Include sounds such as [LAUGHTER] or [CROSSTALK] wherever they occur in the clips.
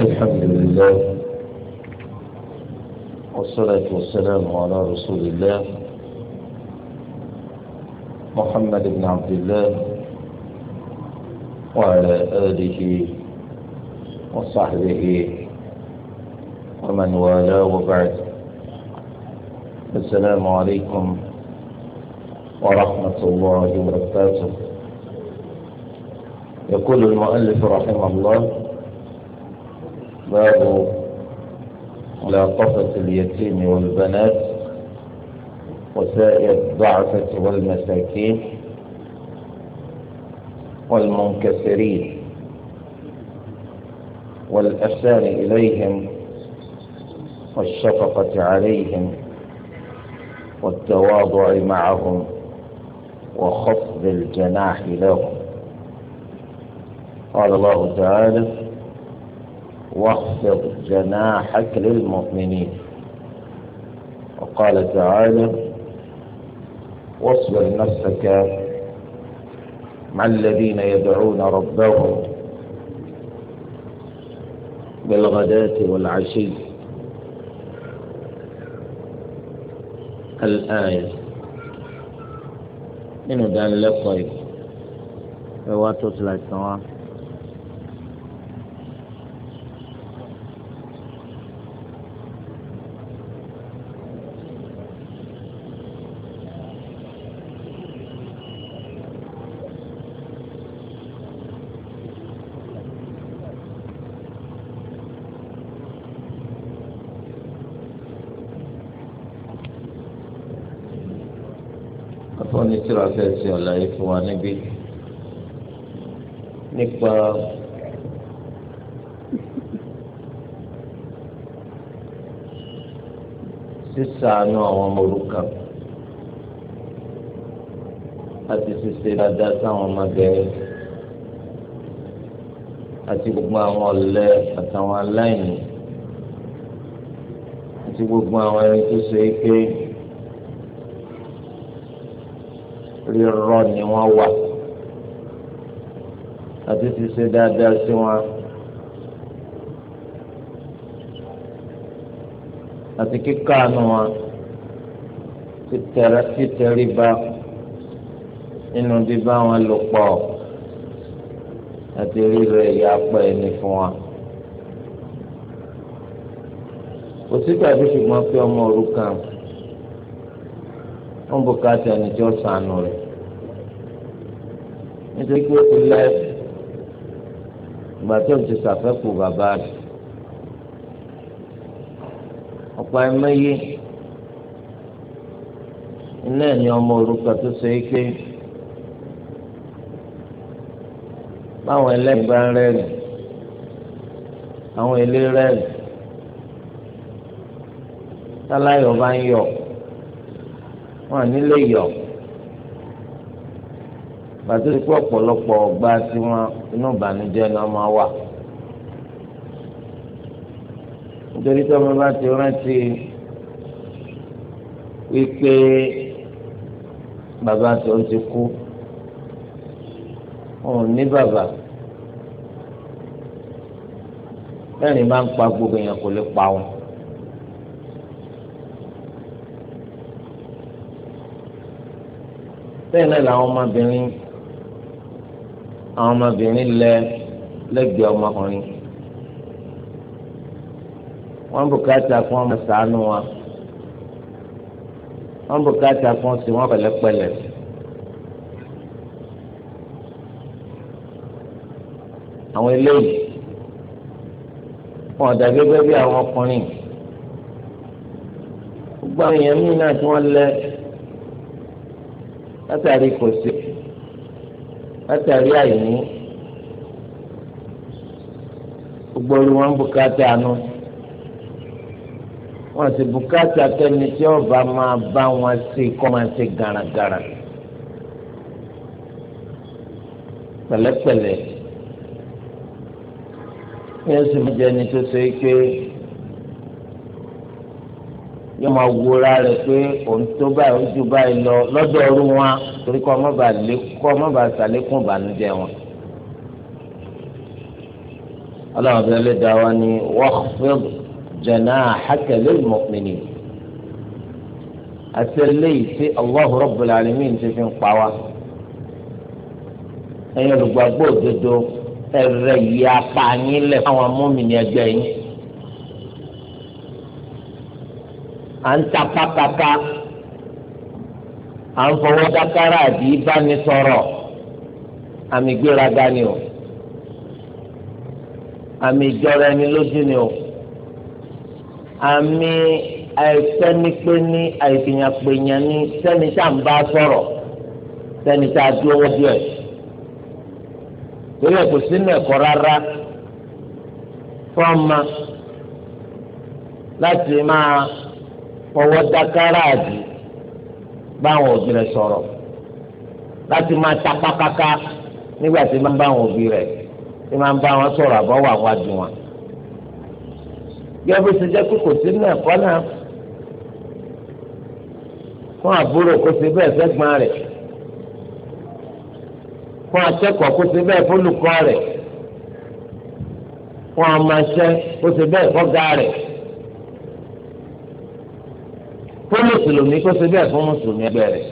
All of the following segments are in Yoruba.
الحمد لله والصلاة والسلام على رسول الله محمد بن عبد الله وعلى آله وصحبه ومن والاه وبعد السلام عليكم ورحمة الله وبركاته يقول المؤلف رحمه الله باب ملاطفة اليتيم والبنات وسائر الضعفة والمساكين والمنكسرين والإحسان إليهم والشفقة عليهم والتواضع معهم وخفض الجناح لهم قال الله تعالى واخفض جناحك للمؤمنين وقال تعالى واصبر نفسك مع الذين يدعون ربهم بالغداة والعشي الآية من دان لقيت واتوت لا tírà fẹ́ ṣe àlàyé fún wa níbí nípa sísàánú àwọn ọmọ òrukàn àti ṣíṣe dáadáa sáwọn ọmọbìnrin àti gbogbo àwọn ọ̀lẹ àtàwọn aláìní àti gbogbo àwọn ẹni tó ṣe é pé. rírọ́ ni wọ́n wà àti ti ṣe dáadáa sí wọn. àti kíkàánú wọn títẹríba nínú bíbá wọn lò pọ̀ àti rírọ ẹ̀yà pẹ́ ẹni fún wa. kò sígbà bí ṣùgbọ́n pé ọmọ òrukàn ń bùkátà ẹni tí ó sànù rẹ̀ ṣe pé ó ti lẹ́ ìgbà tó ń ti ṣàfẹ́kù bàbá rẹ̀ ọ̀pọ̀ ẹ̀mẹ́yẹ iná ẹ̀ ní ọmọ òrukàn tó ṣe é pé báwọn ẹlẹ́yìn bá ń rẹ́rìn àwọn ilé rẹ́rìn táláyọ̀ bá ń yọ̀ wọ́n à nílé yọ̀ pàtó ikú ọ̀pọ̀lọpọ̀ ọgbà tí wọn inú ìbànújẹ́ náà máa wà. nítorí tí ọmọ bá ti rántí wípé bàbá tó ti kú òun ní bàbá lẹ́yìn máa ń pa gbogbo èèyàn kò lè pa wọn. bẹ́ẹ̀ náà làwọn ọmọbìnrin àwọn ọmọbìnrin lẹ lẹ́gbẹ̀ẹ́ ọmọkùnrin wọ́n bùkátà kí wọ́n ṣàánú wa wọ́n bùkátà kí wọ́n sì wọ́n pẹ̀lẹ́pẹ̀lẹ́. àwọn eléyìí wọ́n dà gẹ́gẹ́ àwọn ọkùnrin gbogbo àwọn èèyàn míì náà tí wọ́n lẹ látàrí kò sí látàrí àìní gbogbo olùwọ́n ń bùkátà àánú wọ́n sì bùkátà kẹ́ni tí ọba máa bá wọn ṣe kọ́ máa ṣe garagara pẹ̀lẹ́pẹ̀lẹ́ yẹn sì máa jẹ ẹni tó ṣe é yóò máa wúra rẹ̀ pé òun tó báyìí ó báyìí lọ lọ́dọ̀ wa torí kọ́ ọmọ bá sàlékún ìbànújẹ́ wọn. ọlọ́run fẹ́ lè dá wa ní waqfid janahaka lil mu'minin. àti eléyìí tí Allahu Rabbul Alamin ti fi ń pa wá. ẹ̀yin olùgbàgbọ́ òdodo ẹ̀rẹ̀ yìí apá yín lẹ̀ fáwọn mọ́mìnì ẹgbẹ́ yín. à ń ta pátápátá. à ń fọwọ́ dákàrà àbí ìbánisọ̀rọ̀ àmì gbéraga ni o àmì ìjọra ẹni lójú ni o àmì àìsẹ́nipé ní ní sẹ́ni tá à ń bá sọ̀rọ̀ sẹ́ni tá a dúró díẹ̀ torí ẹ̀ kò sínú ẹ̀kọ́ rárá fún láti máa fọwọ́ báwọn òbí rẹ̀ sọ̀rọ̀ láti máa ta pákáká nígbà tí máa ń báwọn òbí rẹ̀ tí máa ń bá wọn sọ̀rọ̀ àbọ̀ wà wá jù wọn. bí ọbẹ̀ ṣe jẹ́ pé kò sí ní ẹ̀kọ́ náà fún àbúrò kó ṣe bẹ́ẹ̀ sẹ́gbọ́n rẹ̀ fún akẹ́kọ̀ọ́ kó ṣe bẹ́ẹ̀ fólùkọ́ rẹ̀ fún ọmọ iṣẹ́ kó ṣe bẹ́ẹ̀ fọ́gá rẹ̀ fún mùsùlùmí kó ṣe bẹ́ẹ̀ fún mùsùlùmí ẹgbẹ́ rẹ̀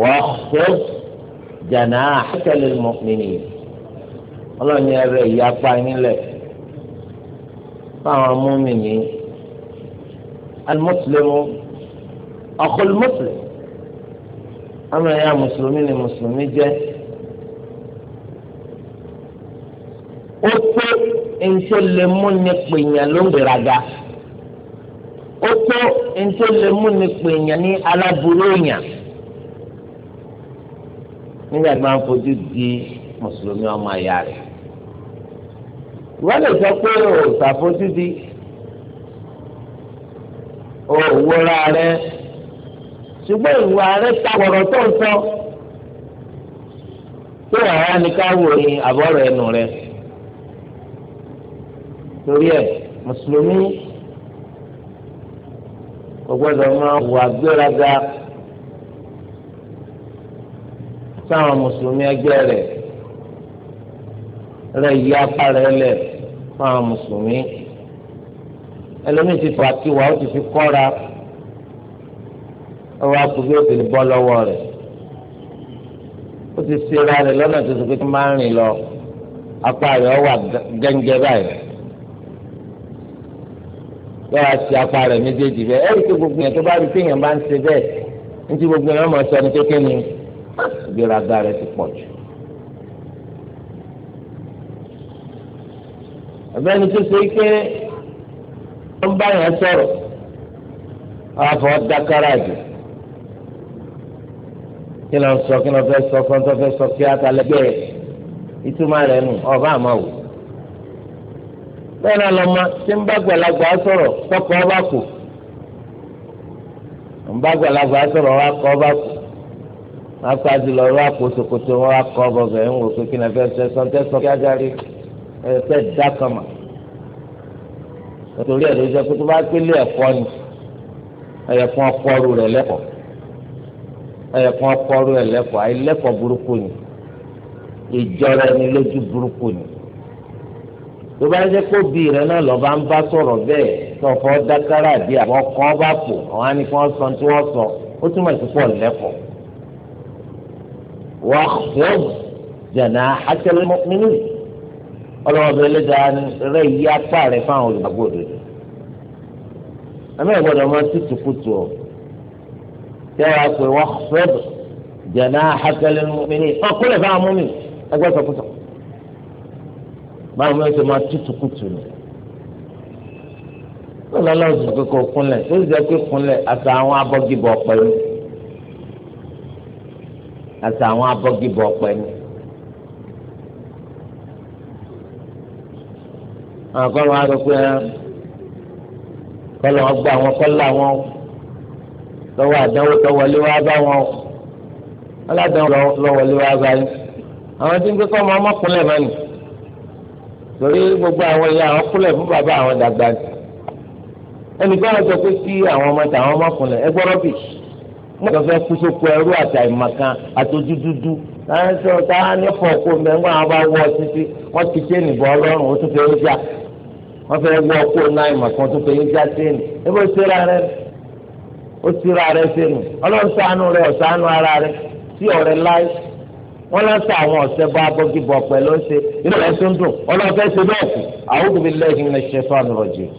wọ́n ṣe jàǹdà àkẹ́lẹ́ mọ́mìnì ọlọ́ni ẹ̀rọ ìyapa nílẹ̀ fáwọn mọ́mìnì alimọ́sùlùmí ọ̀kọ́lùmọ́sùlùmí ọmọ ẹ̀yà mùsùlùmí ni mùsùlùmí jẹ́ ó tó lè ní pènyàn ló ń gbéraga ó tó nítorí lè mú ni pè yàn ní aláburú èèyàn nígbà tí wọ́n fojú di mùsùlùmí ọmọ ìyá rẹ̀ wọ́n lè sọ pé o ṣàfojú di o wúra rẹ̀ ṣùgbọ́n ìwà rẹ̀ takọ̀rọ̀ tó ń sọ tó wàá ní ní àbọ̀rọ̀ ẹnu rẹ̀ torí ẹ̀ mùsùlùmí ọgbọ́dọ̀ máa wà gbéraga sáwọn mùsùlùmí ẹgbẹ́ rẹ̀ rẹ̀ yí apá rẹ̀ lẹ̀ fáwọn mùsùlùmí ẹlòmíì ti fà tiwa ó ti fi kọ́ra ọwọ́ akùnfin òfin bọ́ lọ́wọ́ rẹ̀ ó ti ṣe ra rẹ̀ lọ́nà tó pé kí n máa rìn lọ apá rẹ̀ ọ wà báyìí yóò wá sí apá rẹ̀ méjèèjì bẹ́ẹ̀ ẹ̀rí tó gbogbo yẹn tó bá rí téèyàn bá ń ṣe bẹ́ẹ̀ ní ti gbogbo yẹn máa sọ ní kékeré ni ìgbéraga rẹ̀ ti pọ̀ jù. ọ̀gbẹ́ni tó ṣe pé wọ́n bá yẹn sọ̀rọ̀ àfọ̀ dákàrà jù kí ló ń sọ kí ló fẹ́ sọ kí ló fẹ́ sọ kí á ta lẹ́gbẹ̀ẹ́ ìtumá rẹ̀ nù ọba àmọ́ wò bẹ́ẹ̀ náà lọ́mọ tí ń bá gbàlagbà sọ̀rọ̀ tọkọ ọba kù ń bá gbàlagbà sọ̀rọ̀ wá kọ́ ọba kù wá pàdé lọ wá kó sokoto wọn wá kọ́ ọba bẹ̀rẹ̀ ń wò pé kí nàfẹ́ sẹ́sán tẹ́sán kí ajáre ẹ̀ fẹ́ dákàmà nítorí ẹ̀ ló jẹ́ pé tó bá gbélé ẹ̀kọ́ ni ẹ̀yẹ̀kan ọkọ̀ọ́rù rẹ̀ lẹ́kọ̀ọ́ ẹ̀yẹ̀kan ọkọ̀ọ́rù rẹ̀ lẹ́kọ̀ọ́ àìlẹ́kọ̀ọ́ burúkú ni ìjọra ẹni lójú burúkú ni tó bá jẹ́ kó bí rẹ náà lọ́ba ń bá sọ̀rọ̀ bẹ́ẹ̀ sọ̀fọ́ dákàrà bí àwọn kan bá pò àwọn á ní kí wọ́n sọ tí wọ́n sọ ó túmọ̀ sí pọ̀ lẹ́kọ̀ọ́. wà á fún jẹ̀nà akẹ́lẹ́ mọ́kúnmí ọlọ́mọbìnrin lẹ́dàá rẹ yí apá rẹ fáwọn olùgbàgbọ́ òdodo. àmọ́ ìgbọ́dọ̀ máa tútù kùtù ọ̀ pé wà á fún jẹ̀nà akẹ́lẹ́ mọ́kúnmí ọkùnrin báwo ni wọ́n ṣe máa tútù kùtù ni wọ́n lọ́lọ́ sọ pé kò kúnlẹ̀ tó sì jẹ́ pé kúnlẹ̀ àti àwọn abọ́gibọ̀ ọ̀pẹ ni àti àwọn abọ́gibọ̀ ọ̀pẹ ni. àwọn kan máa sọ pé kọ́lọ̀ wọn gbọ́ àwọn kọ́lọ̀ àwọn lọ́wọ́ àdánwò tó wọlé wá bá wọn aládánwò lọ́wọ́ wọlé wá bá yín àwọn tí ń gbé kọ́ ọmọ ọmọkùnrin mẹ́rin torí gbogbo àwọn ìyá àwọn kúlẹ̀ fún bàbá àwọn dàgbà ní. ẹnìkan wọn sọ pé kí àwọn ọmọ tàwọn ọmọ kùnlẹ̀ ẹ gbọ́dọ̀ bì mo kàn fẹ́ kú sóko ẹrú àti àìmọ̀kan àtọ́jú dúdú láńsọ tá a ní fọ kó mẹ ńgbà wọn bá wọ títí wọn ti tẹ́ nìbọn ọlọ́run ó tún fẹ́ yín já wọn fẹ́ wọ kó náà ìmọ̀kan tún fẹ́ yín já sẹ́nu ẹ bó sẹ́ra rẹ ó sẹ́ra rẹ sẹ́nu ọlọ́run ṣàánú rẹ ọ̀ṣàánú ara rẹ sí ọ̀rẹ́ láì wọn lọ sọ àwọn ọ̀sẹ̀ bọ́ abọ́gibọ̀ pẹ̀lú ṣe inú rẹ̀ tó ń dùn ọlọ́fẹ́ ṣe bẹ́ẹ̀ kù a'udhu billahi minash shaitanir rajim.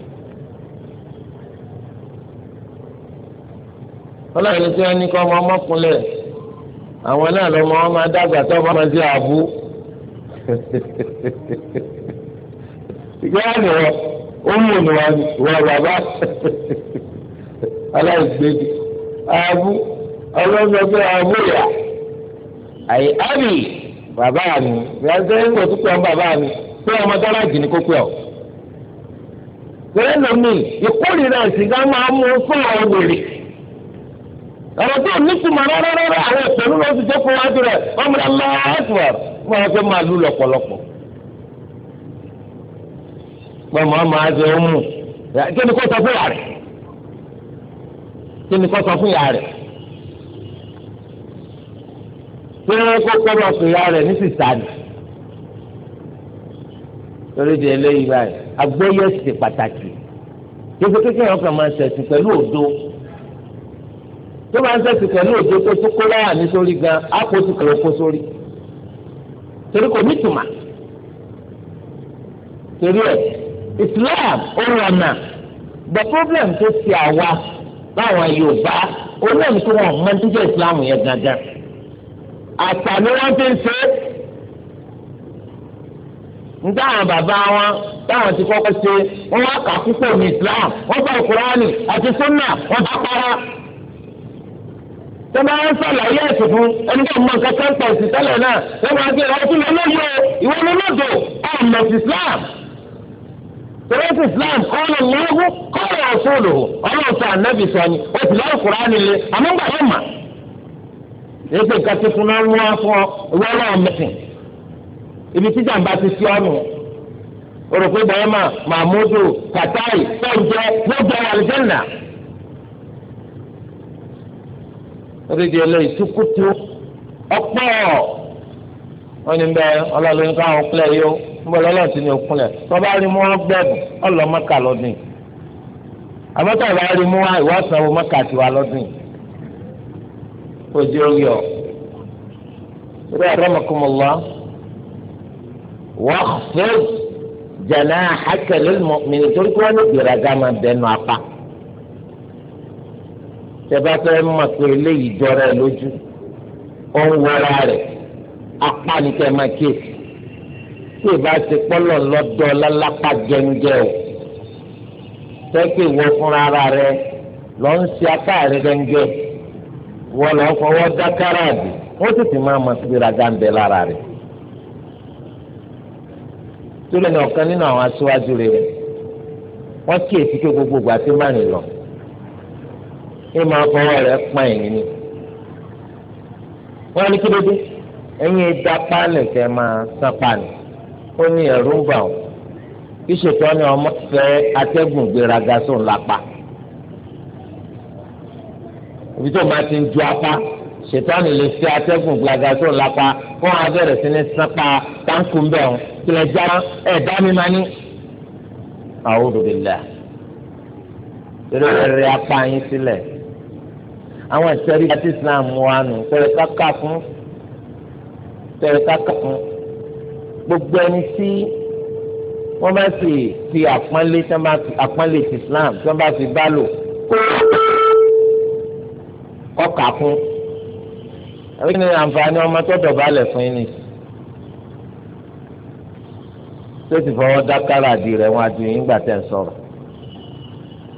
ọlọ́run tí wọ́n ní kọ́ ọmọ ọmọkùnrin àwọn náà lọ́mọ ọmọ adágbà tó ọmọ ọmọdé àbú. ìgbéra ni wọ́n ó mú ni wọ́n bàbá aláìgbèjì àbú ọlọ́sọ̀tò àbúyà. àyè ábì bàbá mi ìyáṣẹ́ ń gbòtú pé bàbá mi pé ọmọ gáràjì ni kó pé ọ. Pẹ̀lú mi, ìkórìíra sìgá máa mú fún àwọn wèrè. Àwọn tó nítumọ̀ rárá rárá àwọn ìpẹ̀lú ló ti jókòó wájú rẹ̀, wọ́n mú lọ́wọ́ ẹ̀sùwà máa lù lọ́pọ̀lọpọ̀. Kí ni kò sọ fún yàrá? pé kó kọ́dọ̀ fìyà rẹ̀ ní sísá ni. torí di eléyìí báyìí agbóyè sí pàtàkì kíkó kékeré ọkàn máa ń ṣẹ̀sìn pẹ̀lú òdo tó máa ń ṣẹ̀sìn pẹ̀lú òdo tó tó kó láyà ní sórí gan àkóso kò kó sórí torí kò ní tùmà torí ẹ Islam ó rọnà the problem tó ti àwa báwọn Yorùbá ó lẹ́nu tó wọn mọ́ ní tó jẹ́ Islam yẹn gangan. àṣà ni wọ́n ti ń ṣe é níta bàbá wọn táwọn ti kọ́kọ́ ṣe wọ́n wá kà púpọ̀ ní Islam wọ́n bá Kùránì àti Sunna wọ́n bá para tọ́ba wọn sàlàyé ẹ̀sùn fún ẹni tó mọ nǹkan kan pọ̀ sí tẹ́lẹ̀ náà wọ́n máa gbé ẹ̀rọ tó lọ lóye ìwọ ni lọ́dọ̀ ọ̀nà sí Islam tọ́lá sí Islam kọ́ọ̀lù lọ́wọ́ èsì nǹkan ti fún náà ń wá fún ọ wọ́n náà mẹ́sìn ibi tí jàǹbá ti fi ọ́ nù òròpé bàyẹ́mà mahmudu katai tọ́jọ́ lọ́jọ́ àlùjẹ́nà. oríṣi eléyìí tukutu ọ̀pọ̀ wọ́n ní bẹ́ẹ̀ ọlọ́run káwọn kúlẹ̀ yó níbo lọ́lọ́run ti ní òkúlẹ̀ tọ́ba rí mú wọn gbẹ̀bù ọlọ́mọkà lọ́dún àmọ́tọ́ ìbá rí mú wọn ìwọ́sàn ọmọkà tiwa lọ́dún yìí ojú yọ rẹ rẹmọkùnmọlá wọ́n fẹ́ jẹ̀nà àkẹlẹ́ mi nítorí pé wọ́n lè gbéraga máa bẹnu apá tẹ́bá fẹ́ mọ̀ pé eléyìí jọra ẹ lójú ó ń wọra rẹ̀ apá ni kẹ́ máa kéèsì tí ìbá ti pọ́lọ̀ lọ́dọ̀ lálápá jẹ́ńjẹ́ o tẹ́kì wọ fúnra rẹ̀ lọ́n ṣe apá rẹ̀ jẹ́ńjẹ́ o. wọ́n lọ fọwọ́ dá káràdì wọ́n tètè máa mọ síbi rajà ń bẹ lára rẹ̀ torí ẹni ọ̀kan nínú àwọn aṣáájú rere wọ́n kíyèsí pé gbogbo ìgbà tí máa lọ ẹ máa fọwọ́ pa ẹ̀yìn ni ní kí ẹja máa sán ibi tó máa ti ń ju apá ṣètọ́nù lè fi atẹ́gùn gbàgà tó lápá kó wọn abẹ́rẹ́ sí ní sápá táǹkù ń bẹ̀ wọn tilẹ̀ já ẹ̀dá mi máa ní. a'udhu billah torí wọn rí apá yín sílẹ̀ àwọn ìṣẹ́rí àti Islam wa nù tẹ̀rẹ̀ káká fún tẹ̀rẹ̀ káká fún gbogbo ẹni tí wọ́n bá sì fi àpọ́nlé tí wọ́n bá fi àpọ́nlé ti Islam tí wọ́n bá fi bá lò kó kọ́ka fún ẹ̀rí ni àǹfààní ọmọ tó dọ̀bálẹ̀ fún yín ni tó ti fọwọ́ dákàrà di rẹ̀ wọn àti yín gbà tẹ̀ ń sọ̀rọ̀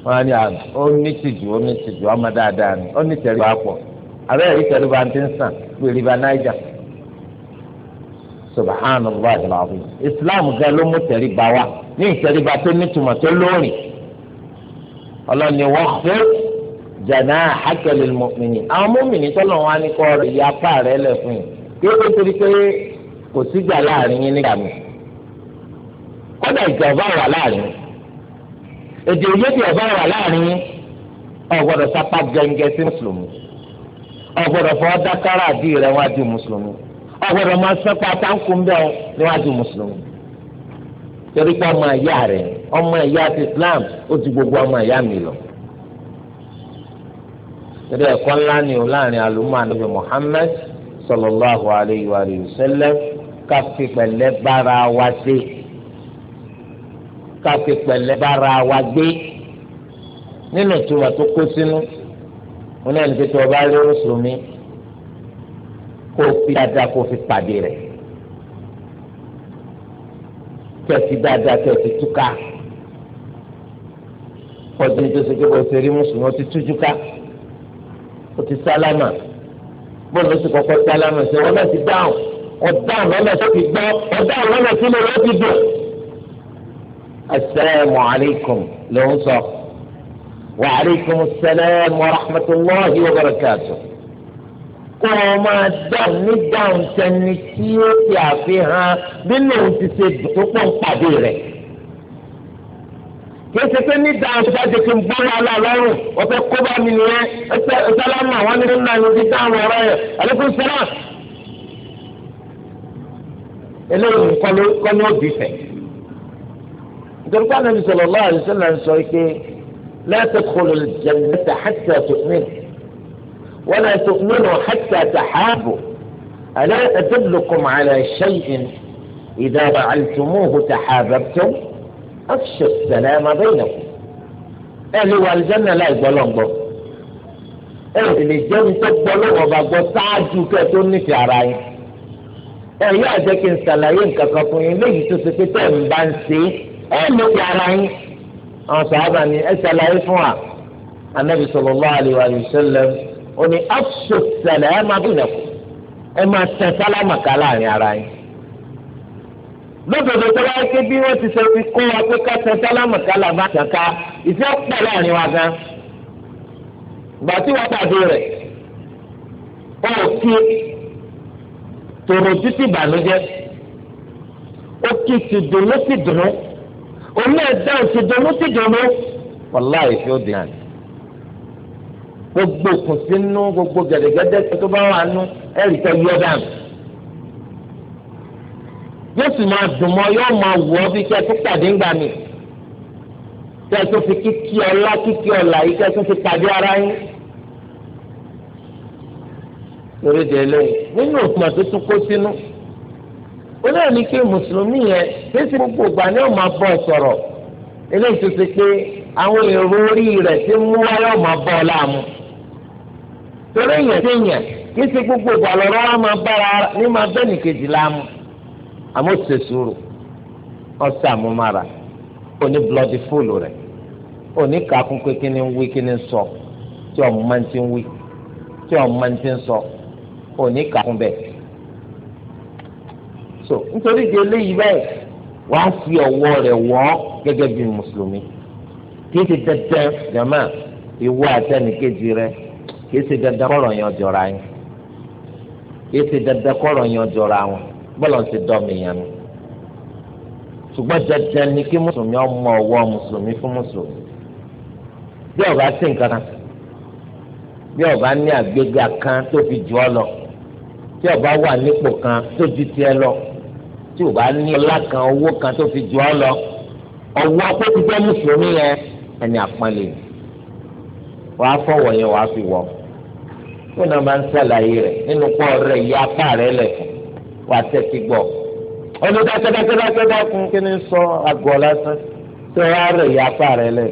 wọn á ní àná ó ní tìjú ó ní tìjú ọmọ dáadáa ni ó ní tẹ̀lé wa pọ̀ àbẹ́ ẹ̀rí tẹ̀lé wa ti ń sàn pèrè ba náíjà subhanallah alazim islam gan ló mú tẹ̀lé ba wa ní ìtẹ̀lé ba tó nítumọ̀ tó lóòrìn ọlọ́ni wọ́n fẹ́ẹ́ janahaka lil mu'minin àwọn mọ́mìnì tọ́lọ̀ wọn á ní kọ́ rẹ̀ ya apá rẹ̀ lẹ̀ fún yìí kí ó torí pé kò sígbà láàrin yín nígbà mi kódà ìjọba wà láàrin èdè òyìnbó ọba wà láàrin yín ọ̀gbọ́dọ̀ sapá gẹ́ngẹ́ sí mùsùlùmí ọ̀gbọ́dọ̀ fọ́ dákàrà àdí rẹ̀ wọ́n á mùsùlùmí ọ̀gbọ́dọ̀ máa sẹ́pà táǹkùn bẹ́ẹ̀ ni wọ́n á mùsùlùmí torí pé ọmọ ìyá rẹ̀ ọmọ ìyá ti Islam ó ti gbogbo ọmọ ìyá mi lọ torí ẹ̀kọ́ ńlá ni o láàrin àlùmọ́ ànábì Muhammad sallallahu alayhi wa sallam káfí pẹ̀lẹ́ bára wa dé káfí pẹ̀lẹ́ bára wa gbé nínú ìtumọ̀ tó kó sínú wọn náà ní pé tí wọn rí mùsùlùmí kó fi dáadáa kó fi pàdé rẹ̀ kẹsì dáadáa kẹsì túká kọjú tó ṣe pé kò ṣe rí mùsùlùmí ó tújú ká. o ti sálámà bóòlù ó sì kọ́kọ́ sálámà ṣe wọn náà ti dáhùn ọ̀dáhùn lọ́nà tó ti gbọ́ ọ̀dáhùn lọ́nà tó lè wọ́n ti dùn. asalaamu alaykum ló ń sọ wa alaykum salaam wa rahmatulahi wa barakatu. kó o máa dáhùn ní dáhùn sẹ́ni tí ó ti àfihàn bí lóun ti ṣe dùn tó pọ̀ ń pàdé rẹ̀. kéésì pé ní dáhùn jáde tó ń gbọ́ wàhálà lọ́rùn wọ́n fẹ́ kó bá mi nìyẹn ẹsẹ̀ sálámù àwọn nínú náà ní ti dáhùn ọ̀rọ̀ yẹn alẹ́kùn sẹ́lá. eléyìí kọ́ ní òbí fẹ̀. nítorí pé ànábì sọ̀rọ̀ lọ́wọ́ àdìsẹ́ náà ń sọ pé lẹ́sẹ̀ kọlù jẹ̀mẹ́tà hàtà tòmìn wọ́n náà tòmìn hàtà tàhábù àlẹ́ ẹ̀dẹ́gbẹ̀kùn àlẹ́ ṣẹ́yìn ìdàbà afṣọ sẹlẹ ẹ máa bẹ ìyàwó ẹ lè wà alìjẹnà láì gbọlọgbọ ẹ sì lè jẹ ní tó gbọlọgbọ bá gbọ sáájú kẹ tó nífẹ̀ẹ́ ara yín ẹ yóò àjẹ kí n ṣàlàyé nǹkan kan fún yín léyìí tó ṣe pé tẹ ń bá ń ṣe ẹ nífẹ̀ẹ́ ara yín àwọn sàábà ni ẹ ṣàlàyé fún wa anabi sallallahu alaihi wa sallam ó ní afṣọ sẹlẹ ẹ máa bẹ ìyàwó ẹ máa tẹ sálámà ká láàrin ara yín lódodo tó bá ké bí wọ́n ti ṣe fi kó wa pé ká ṣe sálámù kálá bá kàkà ìfẹ́ pọ̀ láàrin wa gan. ìgbà tí wọ́n pàdé rẹ̀ ó kí tòrò títí ìbànújẹ́ ó kí ti dùnú ti dùnú òun náà dáhùn ti dùnú ti dùnú wàlá ìfẹ́ ó dìnyàn. gbogbo kùsínú gbogbo gẹ̀dẹ̀gẹ̀dẹ̀ tó bá wà nú ẹ̀rí tẹ́ yọ dáhùn yóò sì máa dùn mọ́ yóò máa wọ̀ ọ́ bí kẹ́ tó pàdé ńgbà mi kẹ́ tó fi kíkí ọlá kíkí ọlà yìí kẹ́ tó fi pàdé ara yín torí de lẹ́yìn nínú òpin tó tún kó sínú ó náà ní kí mùsùlùmí yẹn fèsì gbogbo ìgbà ni ó máa bọ̀ sọ̀rọ̀ eléyìí tó ti pé àwọn èrò orí rẹ̀ ti mú wá yóò máa bọ̀ láàmú torí yẹn ti yẹn kí sí gbogbo ìgbà lọ́rọ́ wa máa bára ní máa bẹ́ẹ̀ nìkejì láàmú àmọ́ ṣe sùúrù ọ̀sẹ̀ àmúmára òní blọdi fóòlù rẹ̀ òní kàákùn pé kí ni ń wí kí ni ń sọ tí ọ̀mú máa ń ti ń wí tí ọ̀mú máa ń ti ń sọ òní kàákùn bẹ́ẹ̀. so nítorí ìdí eléyìí bẹ́ẹ̀ wàá fi ọwọ́ rẹ̀ wọ́ gẹ́gẹ́ bí mùsùlùmí kì í ti dandan jama ìwọ àtẹnìkejì rẹ kì í ti dandan kọ́rọ̀ yẹn ọjọ́ra yẹn kì ti dandan kọ́rọ̀ yẹn ọjọ́ra wọn bọ́lá ti dọ́mi yẹn nu ṣùgbọ́n dandan ni kí mùsùlùmí ọmọ ọwọ́ mùsùlùmí fún mùsùlùmí bí ọba sí nǹkan kan bí ọba ní àgbéga kan tó fi jù ọ lọ tí ọba wà nípò kan tó ju tiẹ̀ lọ tí ọba ní ọlá kan owó kan tó fi jù lọ ọwọ́ akókò jẹ́ mùsùlùmí yẹn ẹni àpọ́nlé wàá fọwọ́ yẹn wàá fi wọ́ fún ọ̀nà máa ń sàlàyé rẹ̀ nínú pọ́ọ̀rọ̀ rẹ̀ yí apá rẹ̀ lẹ̀ wà tẹ́tí gbọ́ ẹni dákẹ́dákẹ́dákẹ́dá fún kí ni sọ àgọ́ lásán tí wọ́n á rẹ̀ ìyá apá rẹ̀ lẹ̀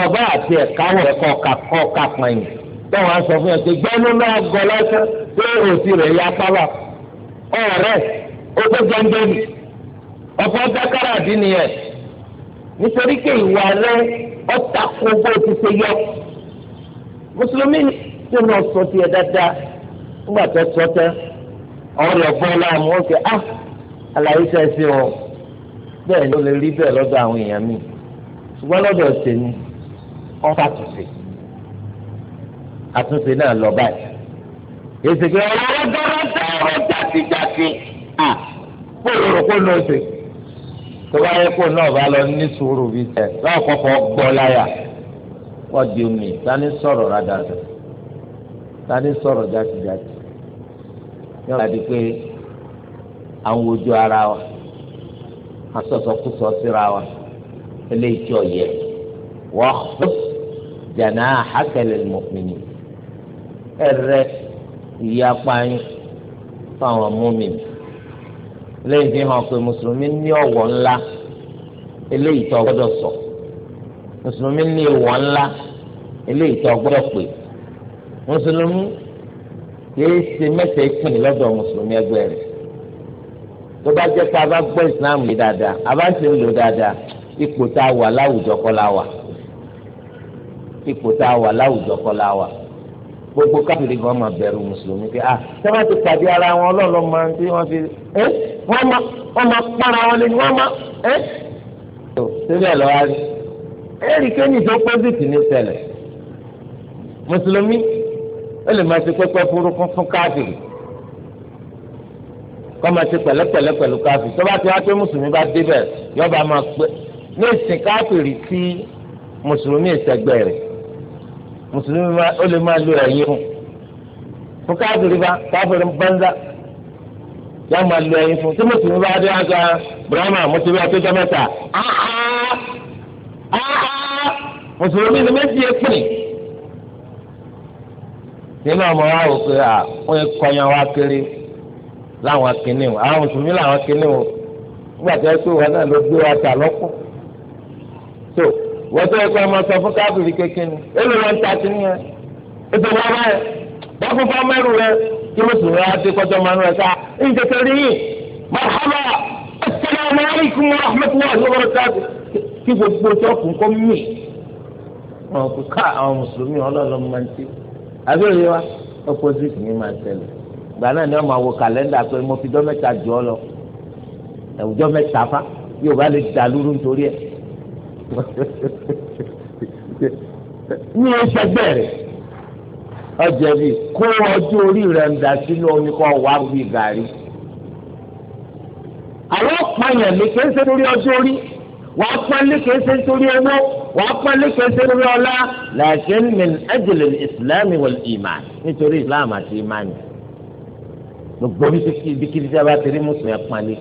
ọba àti ẹ̀ka wọ̀ kọ́ kakọ́ kápẹ́yìn táwọn aṣọ fún ẹ pé gbẹ́nu náà gọ́ lásán pé òsì rẹ̀ ìyá apá wà ọ̀rẹ́ ó tó ọ̀pọ̀ dákàrà dín nìyẹn nítorí pé ìwà rẹ̀ ọ̀tà kó ti ṣe yọ mùsùlùmí tí wọ́n sọ tiẹ̀ dáadáa nígbà tó sọ tẹ́ ọ̀rọ̀ ẹ̀fọ́ láàmú ó fi á àlàyé sẹ́sẹ́ o bẹ́ẹ̀ ló lè rí bẹ́ẹ̀ lọ́dọ̀ àwọn èèyàn mi ṣùgbọ́n lọ́dọ̀ tèmi wọ́n fà tùsí àtúnṣe náà lọ báyìí èsì pé ọ̀rọ̀ dọ́rọ̀ dọ́rọ̀ jákèjákè à kó lóru kó lóru ṣe tó bá yẹ kó náà bá lọ ní sùúrù bíi tẹ náà kọ́kọ́ gbọ́ láyà wọ́n di omi tani sọ̀rọ̀ rádàdà tani sọ̀rọ̀ jákèjákè yóò bá di pé àwọn ojú ara wa asọ̀sọ̀kúsọ síra wa eléyìí tí ò yẹ wọ́n jàǹdà àhákẹ́lẹ́ mọ̀mìnì ẹ̀rẹ́ ìyapa yín fáwọn mọ́mìnì lẹ́yìn fi hàn pé mùsùlùmí ní ọ̀wọ̀ ńlá eléyìí tó gbọ́dọ̀ sọ mùsùlùmí ní ìwọ̀ ńlá eléyìí tó gbọ́dọ̀ pè mùsùlùmí kìí ṣe mẹ́tẹ̀ẹ́ kìnnì lọ́dọ̀ mùsùlùmí ẹgbẹ́ rẹ̀ tó bá jẹ́ pé a bá gbọ́ ìsìláàmù yìí dáadáa a bá ń ṣe ń lò dáadáa ipò tá a wà láwùjọ kọ́ la wà ipò tá a wà láwùjọ kọ́ la wà gbogbo káfíìrì gan máa bẹ̀rù mùsùlùmí pé ah sábà ti pàdé ara wọn ọlọ́ọ̀lọ́ máa ń tí wọ́n fi ẹ́ eh, wọ́n máa wọ́n máa para wọn lẹ́nu wọ́n máa ẹ́ eh. tó síbẹ̀ lọ́wọ́ rí ẹ̀rí kéènì tó pọ́sìtì ní ṣẹlẹ̀ mùsùlùmí ó lè máa ṣe pẹ́pẹ́ burúkú fún káfíìrì kọ́ máa ṣe pẹ̀lẹ́pẹ̀lẹ́ pẹ̀lú káfíìrì tó bá ti wá pé mùsùlùmí bá débẹ̀ yọba máa pẹ́ ní ìsìn káfíìrì tí mùsùlùmí ìṣẹ́gbẹ́ rẹ̀ mùsùlùmí ó lè máa lo ẹ̀yìn fún fún káfíìrì bá káfíìrì bánzá yóò máa lo ẹ̀yìn fún tí mùsùlùmí bá dé wá gan burama mùsùlùmí àti ọjọ́ mẹ́ta mùsùlùmí ni méjì nínú ọmọ wa wò pé à wọn yẹ kọyan wa kéré láwọn kínní o àwọn mùsùlùmí làwọn kínní o nígbà tó yẹ pé wọn náà ló gbé wa tà lọ́pọ̀ tó wọ́n tó yẹ pé ọmọ sọ fún káfíìrì kékeré èlò wọn ta ti níyẹn ètò wọn bẹ́ẹ̀ bákú fámẹ́rù rẹ kí mùsùlùmí wa ti kọjọ mọ́nú ẹ̀ ká ń tètè rí yìí marhaba asalaamu alaykum wa rahmatulahi wa barakatuh kí gbogbo tó kún kó mí. àwọn mùsùlùmí ọlọ́ọ̀lọ́ máa ń tẹ́ àbí òye wa opposite ni máa tẹ̀lẹ̀ gbà náà ni wọ́n máa wo kàlẹ́ndà pé mo fi jọ́ mẹ́ta jọ lọ ẹ̀wùjọ́ mẹ́ta fa yóò bá lè dà lúrú nítorí ẹ̀ ní ẹsẹ̀gbẹ́ rẹ̀ ọjọ́ bí kó ọjọ́ orí rẹ̀ ń dà sínú omi kọ́ wá bí gàrí àwọn pààyàn lè kéńsé lórí ọjọ́ orí wọ́n pààyàn lè kéńsé lórí ẹgbẹ́ wàá pálí kẹsẹ̀ rí ọlá làákìn min ajìlẹ̀ ìsìlámì wal ìmàn nítorí ìsìlámù àti ìmánì gbogbo ibikíbi tí a bá ti rí mùsùlùmí ẹ pálí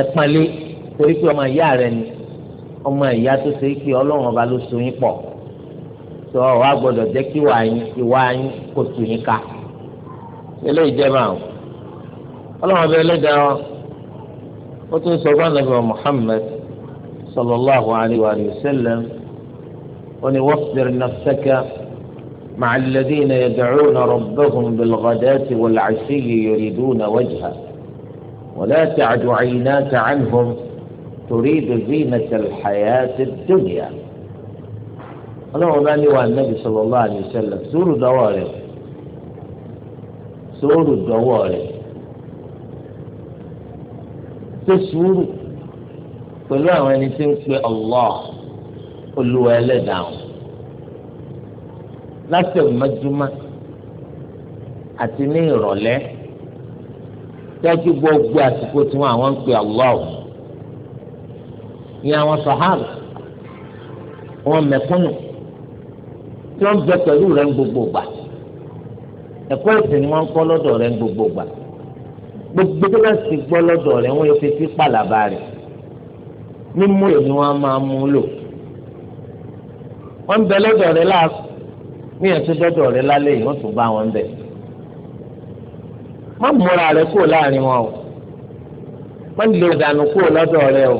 ẹ pálí torí pé ọmọ ìyá rẹ ni ọmọ ìyá tó ṣe é pé ọlọ́run ọba ló so yín pọ̀ tó ọ wá gbọdọ̀ jẹ́ kí ìwà yín ìwà yín kó tu yín ká eléyìí jẹ́ máa ọlọ́run ọba ẹlẹ́dàá ó tún sọ fún ànábì Muhammad. صلى الله عليه وآله وسلم أن واصبر نفسك مع الذين يدعون ربهم بالغداة والعشي يريدون وجهه ولا تعد عيناك عنهم تريد زينة الحياة الدنيا ọlọ́run bá النبي صلى الله عليه وسلم سور sùúrù سور rẹ̀ تسور pẹ̀lú àwọn ẹni tí ń pe Allah olúwa ẹlẹ́dàá wọn láti ọ̀mọ́júmọ́ àti ní ìrọ̀lẹ́ dájú gbogbo àsìkò tí wọn àwọn ń pe Allah ní àwọn sàhábà wọn mẹ̀kúnnù tí wọn bẹ pẹ̀lú rẹ̀ ń gbogbo gbà ẹ̀kọ́ ẹ̀sìn ni wọ́n kọ́ lọ́dọ̀ rẹ̀ ń gbogbo gbà gbogbo tó bá sì gbọ́ lọ́dọ̀ rẹ̀ wọ́n yóò fi sí pàlàbà rẹ̀ mímú èyí wọn máa mú lò wọn bẹ lọ́dọ̀ rẹ̀ láàkú níyẹn tó dọ́dọ̀ rẹ̀ lálẹ́ yìí wọn tún bá wọn bẹ má múra rẹ̀ kúrò láàrin wọn o má lè dànù kúrò lọ́dọ̀ rẹ̀ o